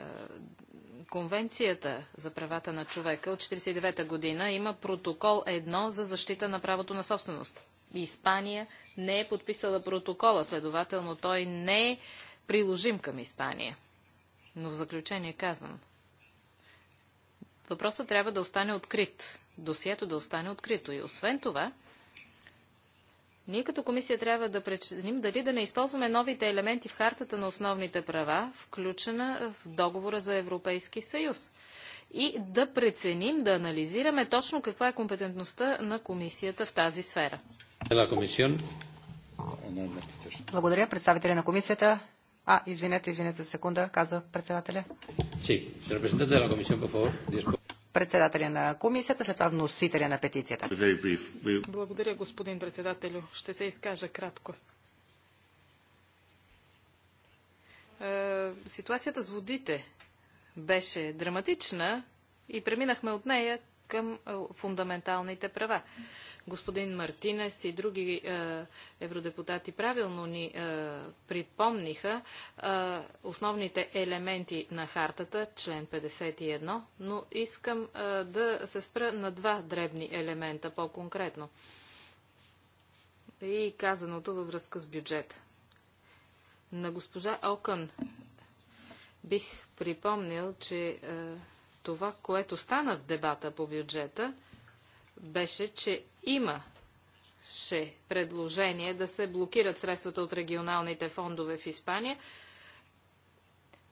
Конвенцията за правата на човека от 1949 година има протокол Едно за защита на правото на собственост. Испания не е подписала протокола, следователно той не е приложим към Испания. Но в заключение казвам, въпросът трябва да остане открит. Досието да остане открито. И освен това, ние като комисия трябва да преценим дали да не използваме новите елементи в хартата на основните права, включена в договора за Европейски съюз. И да преценим, да анализираме точно каква е компетентността на комисията в тази сфера. Благодаря представителя на комисията. А, извинете, извинете, за секунда, каза председателя. Sí, representante de la comisión, por Председателя на комисията, след това вносителя на петицията. Благодаря, господин председателю. Ще се изкажа кратко. Е, ситуацията с водите беше драматична и преминахме от нея към е, фундаменталните права. Господин Мартинес и други е, евродепутати правилно ни е, припомниха е, основните елементи на хартата, член 51, но искам е, да се спра на два дребни елемента по-конкретно и казаното във връзка с бюджет. На госпожа Окън бих припомнил, че е, това, което стана в дебата по бюджета, беше, че имаше предложение да се блокират средствата от регионалните фондове в Испания,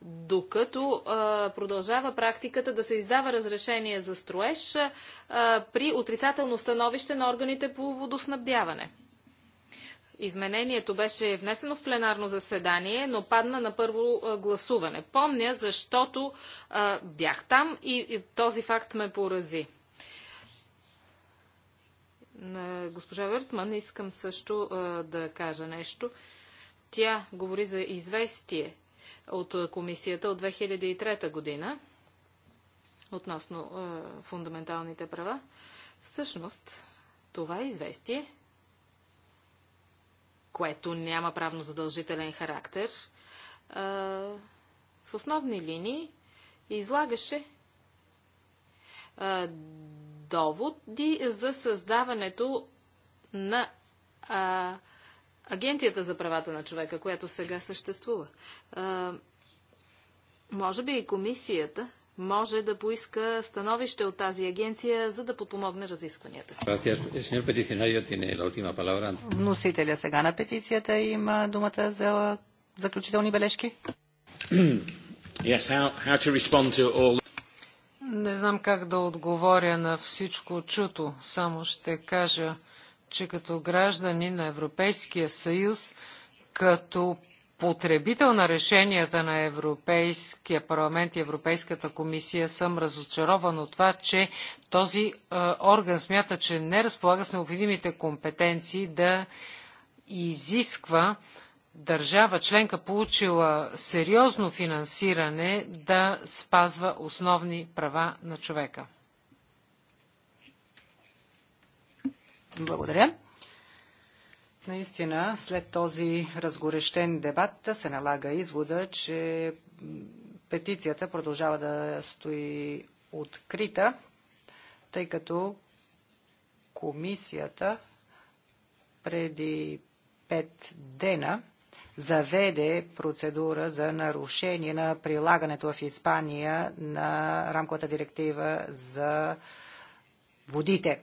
докато а, продължава практиката да се издава разрешение за строеж а, при отрицателно становище на органите по водоснабдяване. Изменението беше внесено в пленарно заседание, но падна на първо гласуване. Помня, защото а, бях там и, и този факт ме порази. На госпожа Въртман искам също а, да кажа нещо. Тя говори за известие от комисията от 2003 година относно а, фундаменталните права. Всъщност, това известие което няма правно задължителен характер, в основни линии излагаше доводи за създаването на Агенцията за правата на човека, която сега съществува. Може би и комисията може да поиска становище от тази агенция, за да подпомогне разискванията си. Вносителя сега на петицията има думата за заключителни бележки. Не знам как да отговоря на всичко чуто. Само ще кажа, че като граждани на Европейския съюз, като потребител на решенията на Европейския парламент и Европейската комисия съм разочарован от това, че този орган смята, че не разполага с необходимите компетенции да изисква държава членка, получила сериозно финансиране, да спазва основни права на човека. Благодаря. Наистина, след този разгорещен дебат се налага извода, че петицията продължава да стои открита, тъй като комисията преди пет дена заведе процедура за нарушение на прилагането в Испания на рамковата директива за водите.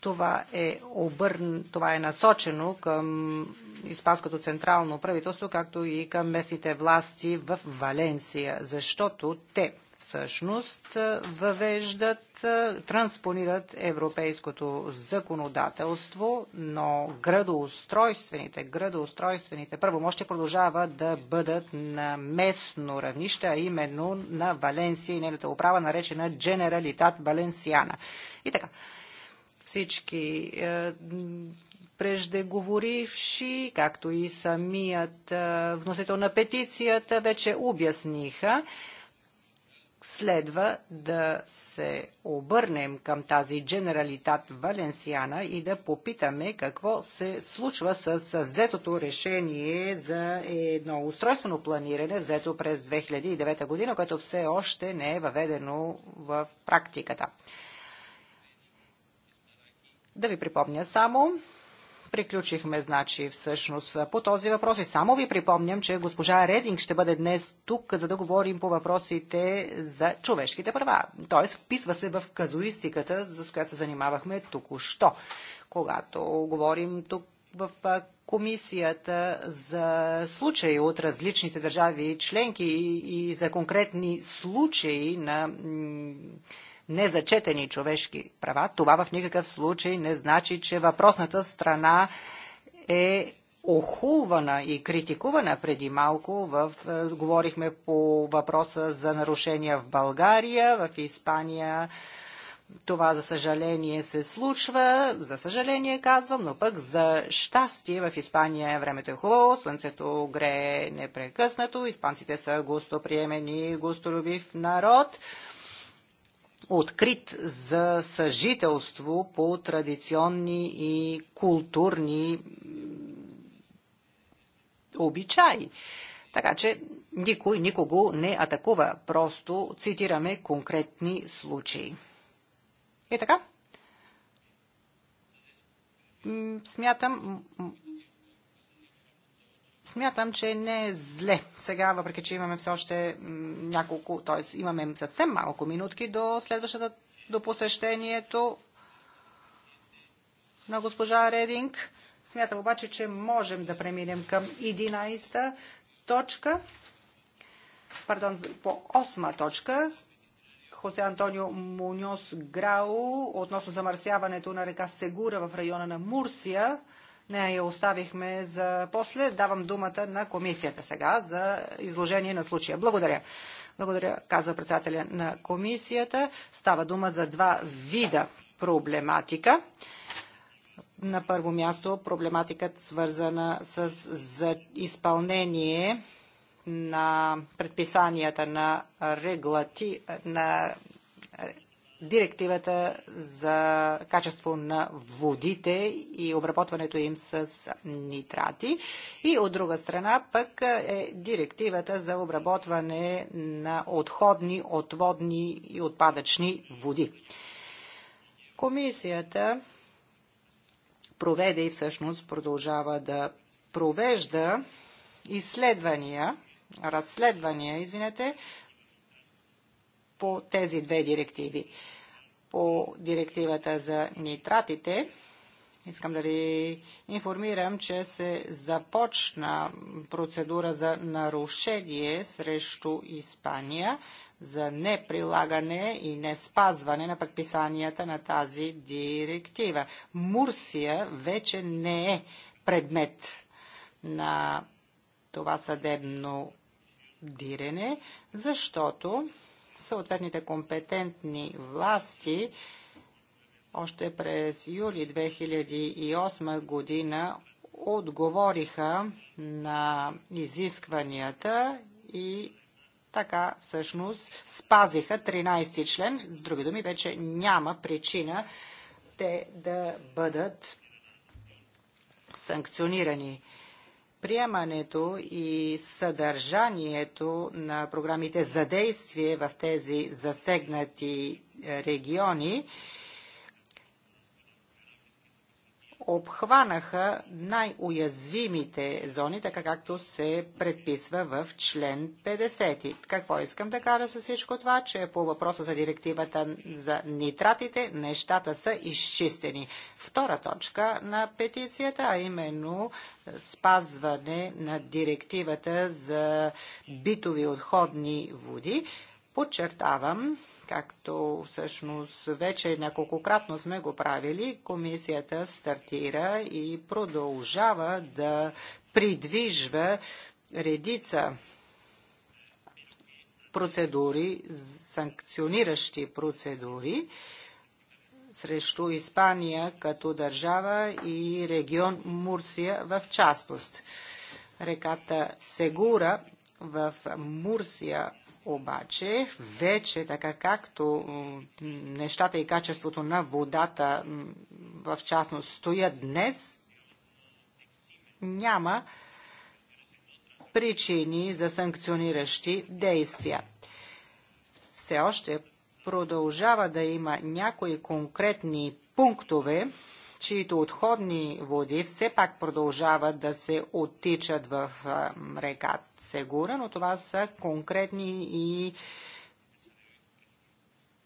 Това е, обърн, това е насочено към Испанското централно правителство, както и към местните власти в Валенсия, защото те всъщност е, въвеждат, е, транспонират европейското законодателство, но градоустройствените, градоустройствените първомощи продължава да бъдат на местно равнище, а именно на Валенсия и нейната управа, наречена Дженералитат Валенсиана. И така, всички е, преждеговоривши, както и самият е, вносител на петицията, вече обясниха. Следва да се обърнем към тази Дженералитат Валенсиана и да попитаме какво се случва с взетото решение за едно устройствено планиране, взето през 2009 година, което все още не е въведено в практиката. Да ви припомня само, Приключихме, значи, всъщност по този въпрос и само ви припомням, че госпожа Рединг ще бъде днес тук, за да говорим по въпросите за човешките права. Тоест, вписва се в казуистиката, с която се занимавахме току-що, когато говорим тук в комисията за случаи от различните държави членки и за конкретни случаи на незачетени човешки права, това в никакъв случай не значи, че въпросната страна е охулвана и критикувана преди малко. В, е, говорихме по въпроса за нарушения в България, в Испания. Това, за съжаление, се случва. За съжаление, казвам, но пък за щастие в Испания времето е хубаво, слънцето грее непрекъснато, испанците са гостоприемени, гостолюбив народ открит за съжителство по традиционни и културни обичаи. Така че никой никого не атакува, просто цитираме конкретни случаи. Е така? Смятам, смятам, че не е зле. Сега, въпреки че имаме все още няколко, т.е. имаме съвсем малко минутки до следващата, до посещението на госпожа Рединг. Смятам обаче, че можем да преминем към 11-та точка. Пардон, по 8 та точка. Хосе Антонио Муньос Грау относно замърсяването на река Сегура в района на Мурсия. Не я оставихме за после. Давам думата на комисията сега за изложение на случая. Благодаря. Благодаря, казва председателя на комисията. Става дума за два вида проблематика. На първо място проблематикът свързана с за изпълнение на предписанията на, реглати, на директивата за качество на водите и обработването им с нитрати. И от друга страна пък е директивата за обработване на отходни, отводни и отпадъчни води. Комисията проведе и всъщност продължава да провежда изследвания, разследвания, извинете, по тези две директиви. По директивата за нитратите, Искам да ви информирам, че се започна процедура за нарушение срещу Испания за неприлагане и не спазване на предписанията на тази директива. Мурсия вече не е предмет на това съдебно дирене, защото съответните компетентни власти още през юли 2008 година отговориха на изискванията и така всъщност спазиха 13 член. С други думи, вече няма причина те да бъдат санкционирани приемането и съдържанието на програмите за действие в тези засегнати региони обхванаха най-уязвимите зони, така както се предписва в член 50. Какво искам да кажа с всичко това? Че по въпроса за директивата за нитратите нещата са изчистени. Втора точка на петицията, а именно спазване на директивата за битови отходни води. Подчертавам, Както всъщност вече няколкократно сме го правили, комисията стартира и продължава да придвижва редица процедури, санкциониращи процедури срещу Испания като държава и регион Мурсия в частност. Реката Сегура в Мурсия обаче вече, така както нещата и качеството на водата в частност стоят днес, няма причини за санкциониращи действия. Все още продължава да има някои конкретни пунктове, чието отходни води все пак продължават да се оттичат в река Сегура, но това са конкретни и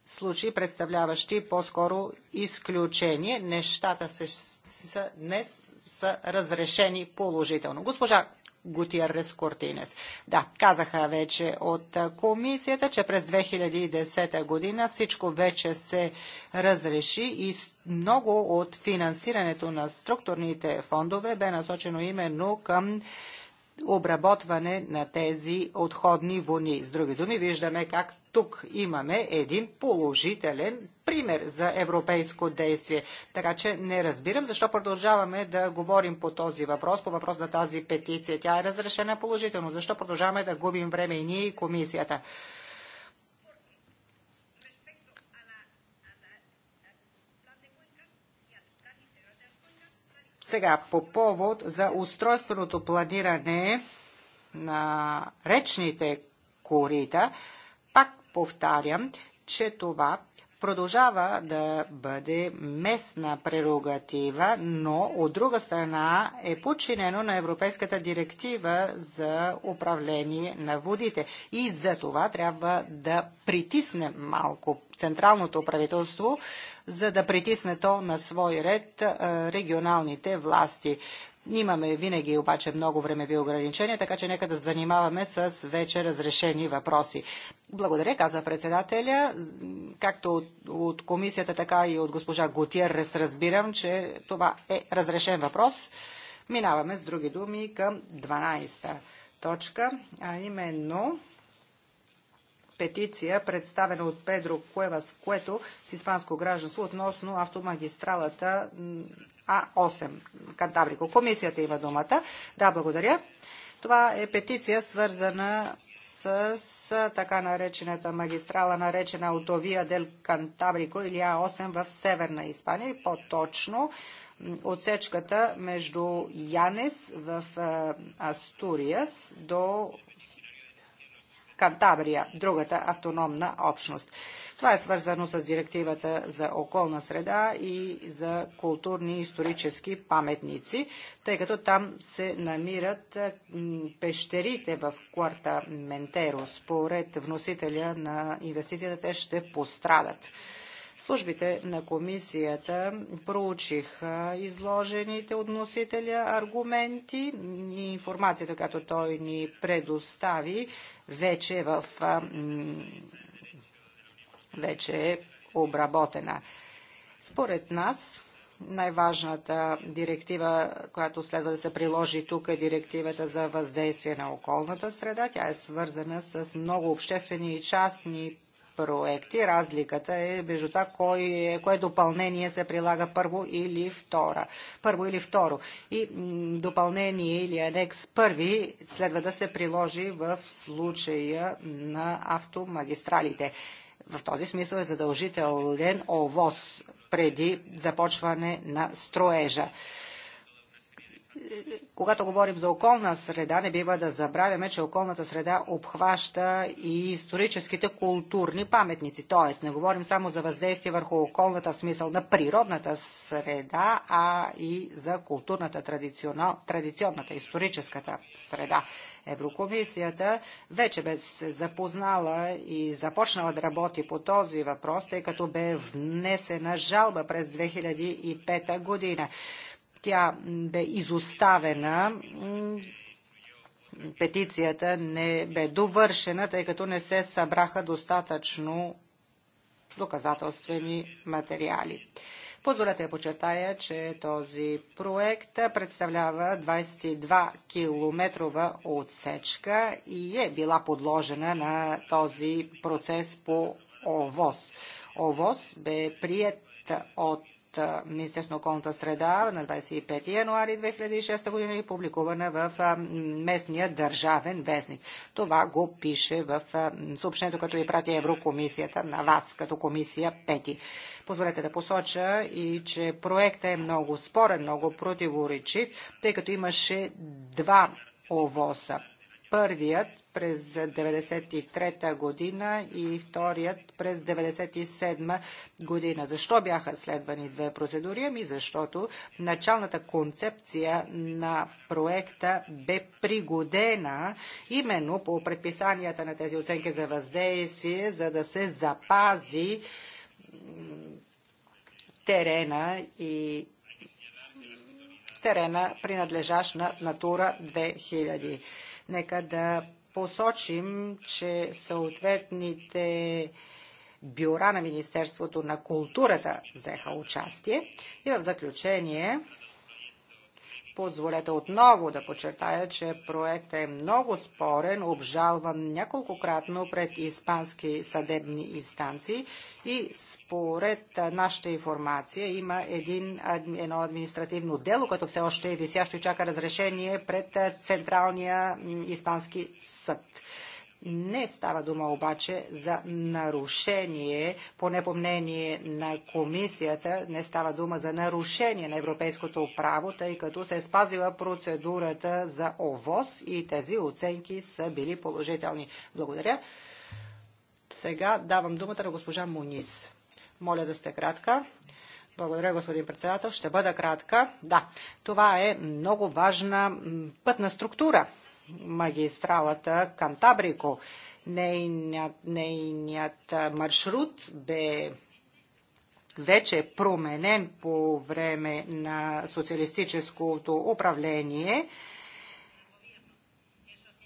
случаи, представляващи по-скоро изключение. Нещата се, са, днес са разрешени положително. Госпожа Гутиерес Кортинес. Да, казаха вече от комисията, че през 2010 година всичко вече се разреши и много от финансирането на структурните фондове бе насочено именно към обработване на тези отходни вони. С други думи, виждаме как тук имаме един положителен пример за европейско действие. Така че не разбирам защо продължаваме да говорим по този въпрос, по въпрос на тази петиция. Тя е разрешена положително. Защо продължаваме да губим време и ние и комисията? Сега, по повод за устройственото планиране на речните корита, пак повтарям, че това продължава да бъде местна прерогатива, но от друга страна е подчинено на Европейската директива за управление на водите. И за това трябва да притисне малко централното правителство, за да притисне то на свой ред регионалните власти. Имаме винаги обаче много времеви ограничения, така че нека да занимаваме с вече разрешени въпроси. Благодаря, каза председателя. Както от, от комисията, така и от госпожа Готиерес разбирам, че това е разрешен въпрос. Минаваме с други думи към 12-та точка, а именно петиция, представена от Педро Куевас Куето с испанско гражданство относно автомагистралата А8 Кантабрико. Комисията има думата. Да, благодаря. Това е петиция, свързана с така наречената магистрала, наречена Аутовия дел Кантабрико или А8 в Северна Испания и по-точно отсечката между Янес в Астуриас до Кантабрия, другата автономна общност. Това е свързано с директивата за околна среда и за културни и исторически паметници, тъй като там се намират пещерите в Куарта Ментеро. Според вносителя на инвестицията те ще пострадат. Службите на комисията проучиха изложените от носителя аргументи и информацията, която той ни предостави, вече е в вече е обработена. Според нас, най-важната директива, която следва да се приложи тук е директивата за въздействие на околната среда. Тя е свързана с много обществени и частни проекти. Разликата е между това, кое, кое допълнение се прилага първо или втора. Първо или второ. И допълнение или анекс първи следва да се приложи в случая на автомагистралите. В този смисъл е задължителен ОВОС преди започване на строежа когато говорим за околна среда, не бива да забравяме, че околната среда обхваща и историческите културни паметници. Тоест, не говорим само за въздействие върху околната смисъл на природната среда, а и за културната, традиционната, историческата среда. Еврокомисията вече бе се запознала и започнала да работи по този въпрос, тъй като бе внесена жалба през 2005 година тя бе изоставена петицията не бе довършена, тъй като не се събраха достатъчно доказателствени материали. Позволете да почертая, че този проект представлява 22 километрова отсечка и е била подложена на този процес по ОВОз. ОВОз бе прият от от на околната среда на 25 януари 2006 година и публикувана в местния държавен вестник. Това го пише в съобщението, като и прати Еврокомисията на вас, като комисия Пети. Позволете да посоча и, че проектът е много спорен, много противоречив, тъй като имаше два овоса първият през 1993 година и вторият през 1997 година. Защо бяха следвани две процедури? Ами защото началната концепция на проекта бе пригодена именно по предписанията на тези оценки за въздействие, за да се запази терена и терена принадлежащ на Натура 2000. Нека да посочим, че съответните бюра на Министерството на културата взеха участие. И в заключение Позволете отново да подчертая, че проектът е много спорен, обжалван няколкократно пред испански съдебни инстанции и според нашата информация има един, едно административно дело, което все още е висящо и чака разрешение пред Централния испански съд. Не става дума обаче за нарушение, поне по мнение на комисията, не става дума за нарушение на европейското право, тъй като се е спазила процедурата за ОВОз и тези оценки са били положителни. Благодаря. Сега давам думата на госпожа Мунис. Моля да сте кратка. Благодаря, господин председател. Ще бъда кратка. Да, това е много важна пътна структура магистралата Кантабрико. Нейният, нейният маршрут бе вече променен по време на социалистическото управление –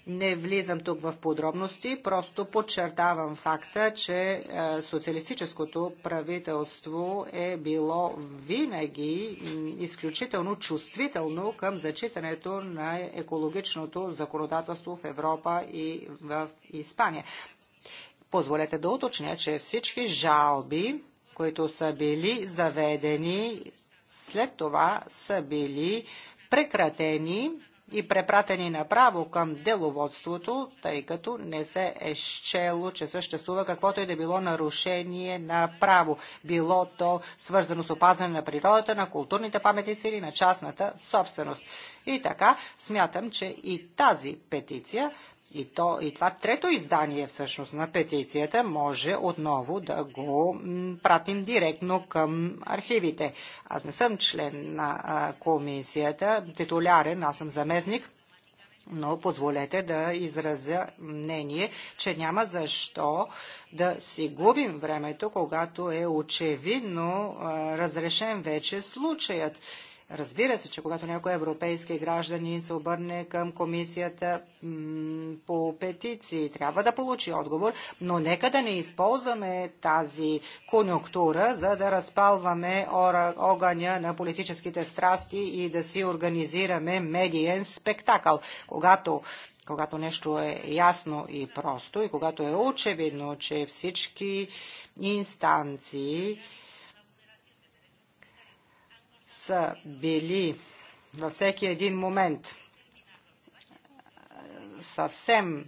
не влизам тук в подробности, просто подчертавам факта, че е, социалистическото правителство е било винаги изключително чувствително към зачитането на екологичното законодателство в Европа и в Испания. Позволете да уточня, че всички жалби, които са били заведени, след това са били прекратени и препратени направо към деловодството, тъй като не се е щело, че съществува каквото и да било нарушение на право, било то свързано с опазване на природата, на културните паметници или на частната собственост. И така, смятам, че и тази петиция и, то, и това трето издание всъщност на петицията може отново да го пратим директно към архивите. Аз не съм член на комисията, титулярен, аз съм заместник, но позволете да изразя мнение, че няма защо да си губим времето, когато е очевидно разрешен вече случаят. Разбира се, че когато някой европейски гражданин се обърне към комисията по петиции, трябва да получи отговор, но нека да не използваме тази конюнктура, за да разпалваме огъня на политическите страсти и да си организираме медиен спектакъл. Когато когато нещо е ясно и просто и когато е очевидно, че всички инстанции са били във всеки един момент съвсем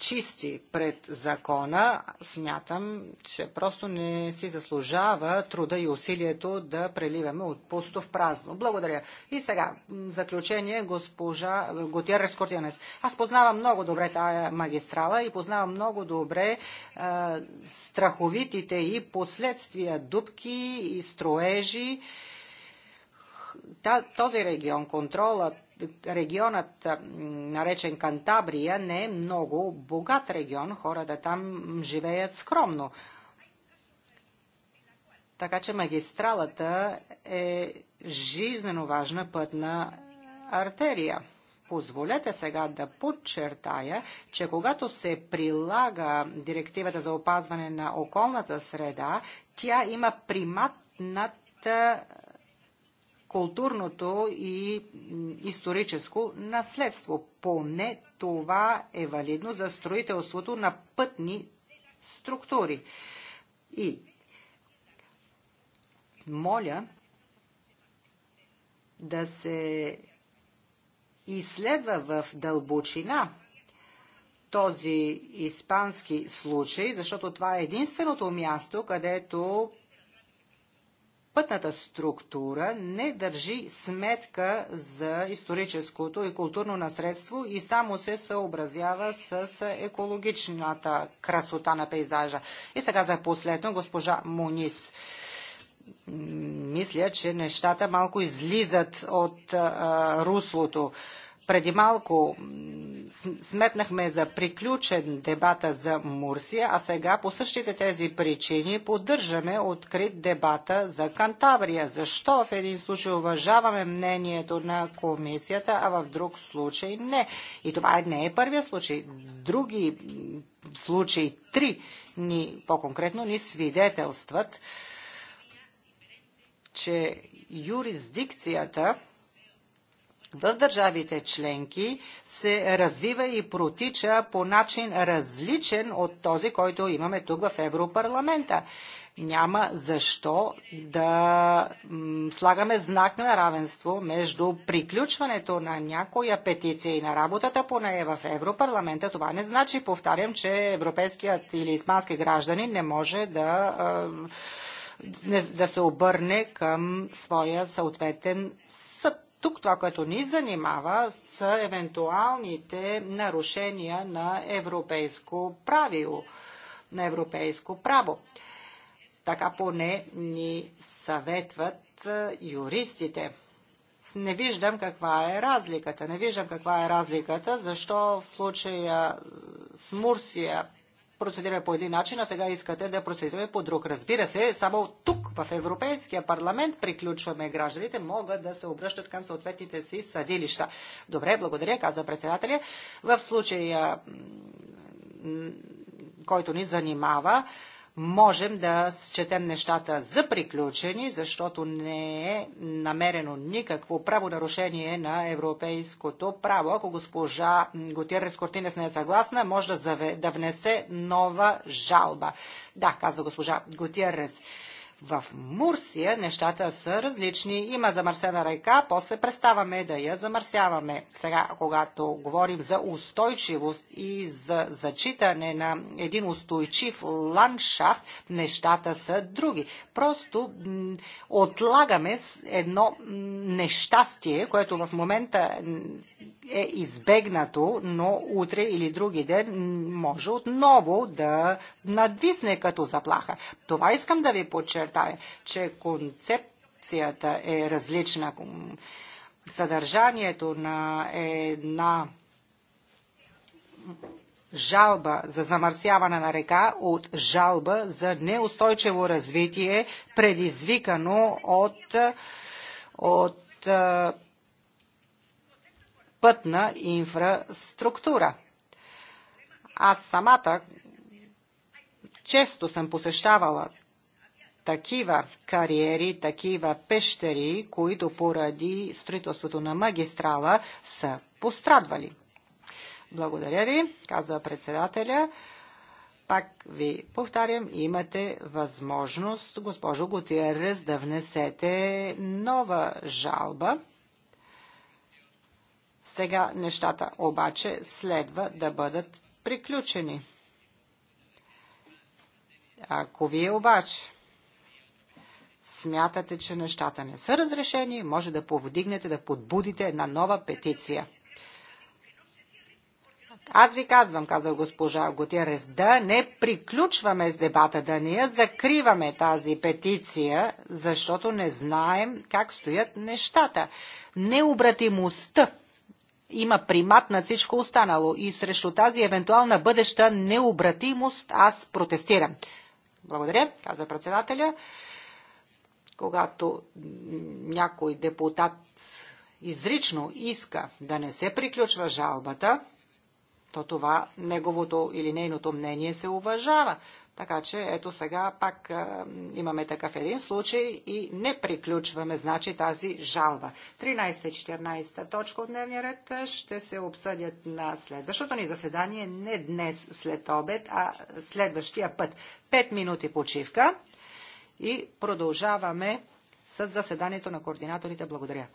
чисти пред закона, смятам, че просто не си заслужава труда и усилието да преливаме от пусто в празно. Благодаря. И сега, заключение, госпожа Готиерес Кортинес. Аз познавам много добре тая магистрала и познавам много добре а, страховитите и последствия дубки и строежи. Та, този регион, контролът регионът, наречен Кантабрия, не е много богат регион. Хората там живеят скромно. Така че магистралата е жизненно важна пътна артерия. Позволете сега да подчертая, че когато се прилага директивата за опазване на околната среда, тя има примат над културното и историческо наследство. Поне това е валидно за строителството на пътни структури. И моля да се изследва в дълбочина този испански случай, защото това е единственото място, където пътната структура не държи сметка за историческото и културно наследство и само се съобразява с екологичната красота на пейзажа. И сега за последно госпожа Мунис. Мисля, че нещата малко излизат от а, руслото. Преди малко сметнахме за приключен дебата за Мурсия, а сега по същите тези причини поддържаме открит дебата за Кантабрия. Защо в един случай уважаваме мнението на комисията, а в друг случай не? И това не е първия случай. Други случаи, три ни, по-конкретно, ни свидетелстват, че юрисдикцията в държавите членки се развива и протича по начин различен от този, който имаме тук в Европарламента. Няма защо да слагаме знак на равенство между приключването на някоя петиция и на работата по нея в Европарламента. Това не значи, повтарям, че европейският или испански граждани не може да да се обърне към своя съответен тук това, което ни занимава, са евентуалните нарушения на европейско правило, на европейско право. Така поне ни съветват е, юристите. Не виждам каква е разликата. Не виждам каква е разликата, защо в случая е, с Мурсия процедираме по един начин, а сега искате да процедираме по друг. Разбира се, само тук, в Европейския парламент, приключваме гражданите, могат да се обръщат към съответните си съдилища. Добре, благодаря, каза председателя. В случая, който ни занимава, можем да счетем нещата за приключени, защото не е намерено никакво правонарушение на европейското право. Ако госпожа Готиерес Кортинес не е съгласна, може да, заве, да внесе нова жалба. Да, казва госпожа Готиерес. В Мурсия нещата са различни. Има замърсена река, после преставаме да я замърсяваме. Сега, когато говорим за устойчивост и за зачитане на един устойчив ландшафт, нещата са други. Просто отлагаме едно нещастие, което в момента е избегнато, но утре или други ден може отново да надвисне като заплаха. Това искам да ви подчертая подчертая, че концепцията е различна. Съдържанието на една жалба за замърсяване на река от жалба за неустойчиво развитие, предизвикано от, от е, пътна инфраструктура. Аз самата често съм посещавала такива кариери, такива пещери, които поради строителството на магистрала са пострадвали. Благодаря ви, казва председателя. Пак ви повтарям, имате възможност, госпожо Готиерес, да внесете нова жалба. Сега нещата обаче следва да бъдат приключени. Ако вие обаче смятате, че нещата не са разрешени, може да повдигнете, да подбудите една нова петиция. Аз ви казвам, каза госпожа Готирес, да не приключваме с дебата, да не я закриваме тази петиция, защото не знаем как стоят нещата. Необратимостта има примат на всичко останало и срещу тази евентуална бъдеща необратимост аз протестирам. Благодаря, каза председателя когато някой депутат изрично иска да не се приключва жалбата, то това неговото или нейното мнение се уважава. Така че ето сега пак а, имаме такъв един случай и не приключваме, значи, тази жалба. 13-14 точка от дневния ред ще се обсъдят на следващото ни заседание, не днес след обед, а следващия път. Пет минути почивка и продължаваме с заседанието на координаторите. Благодаря.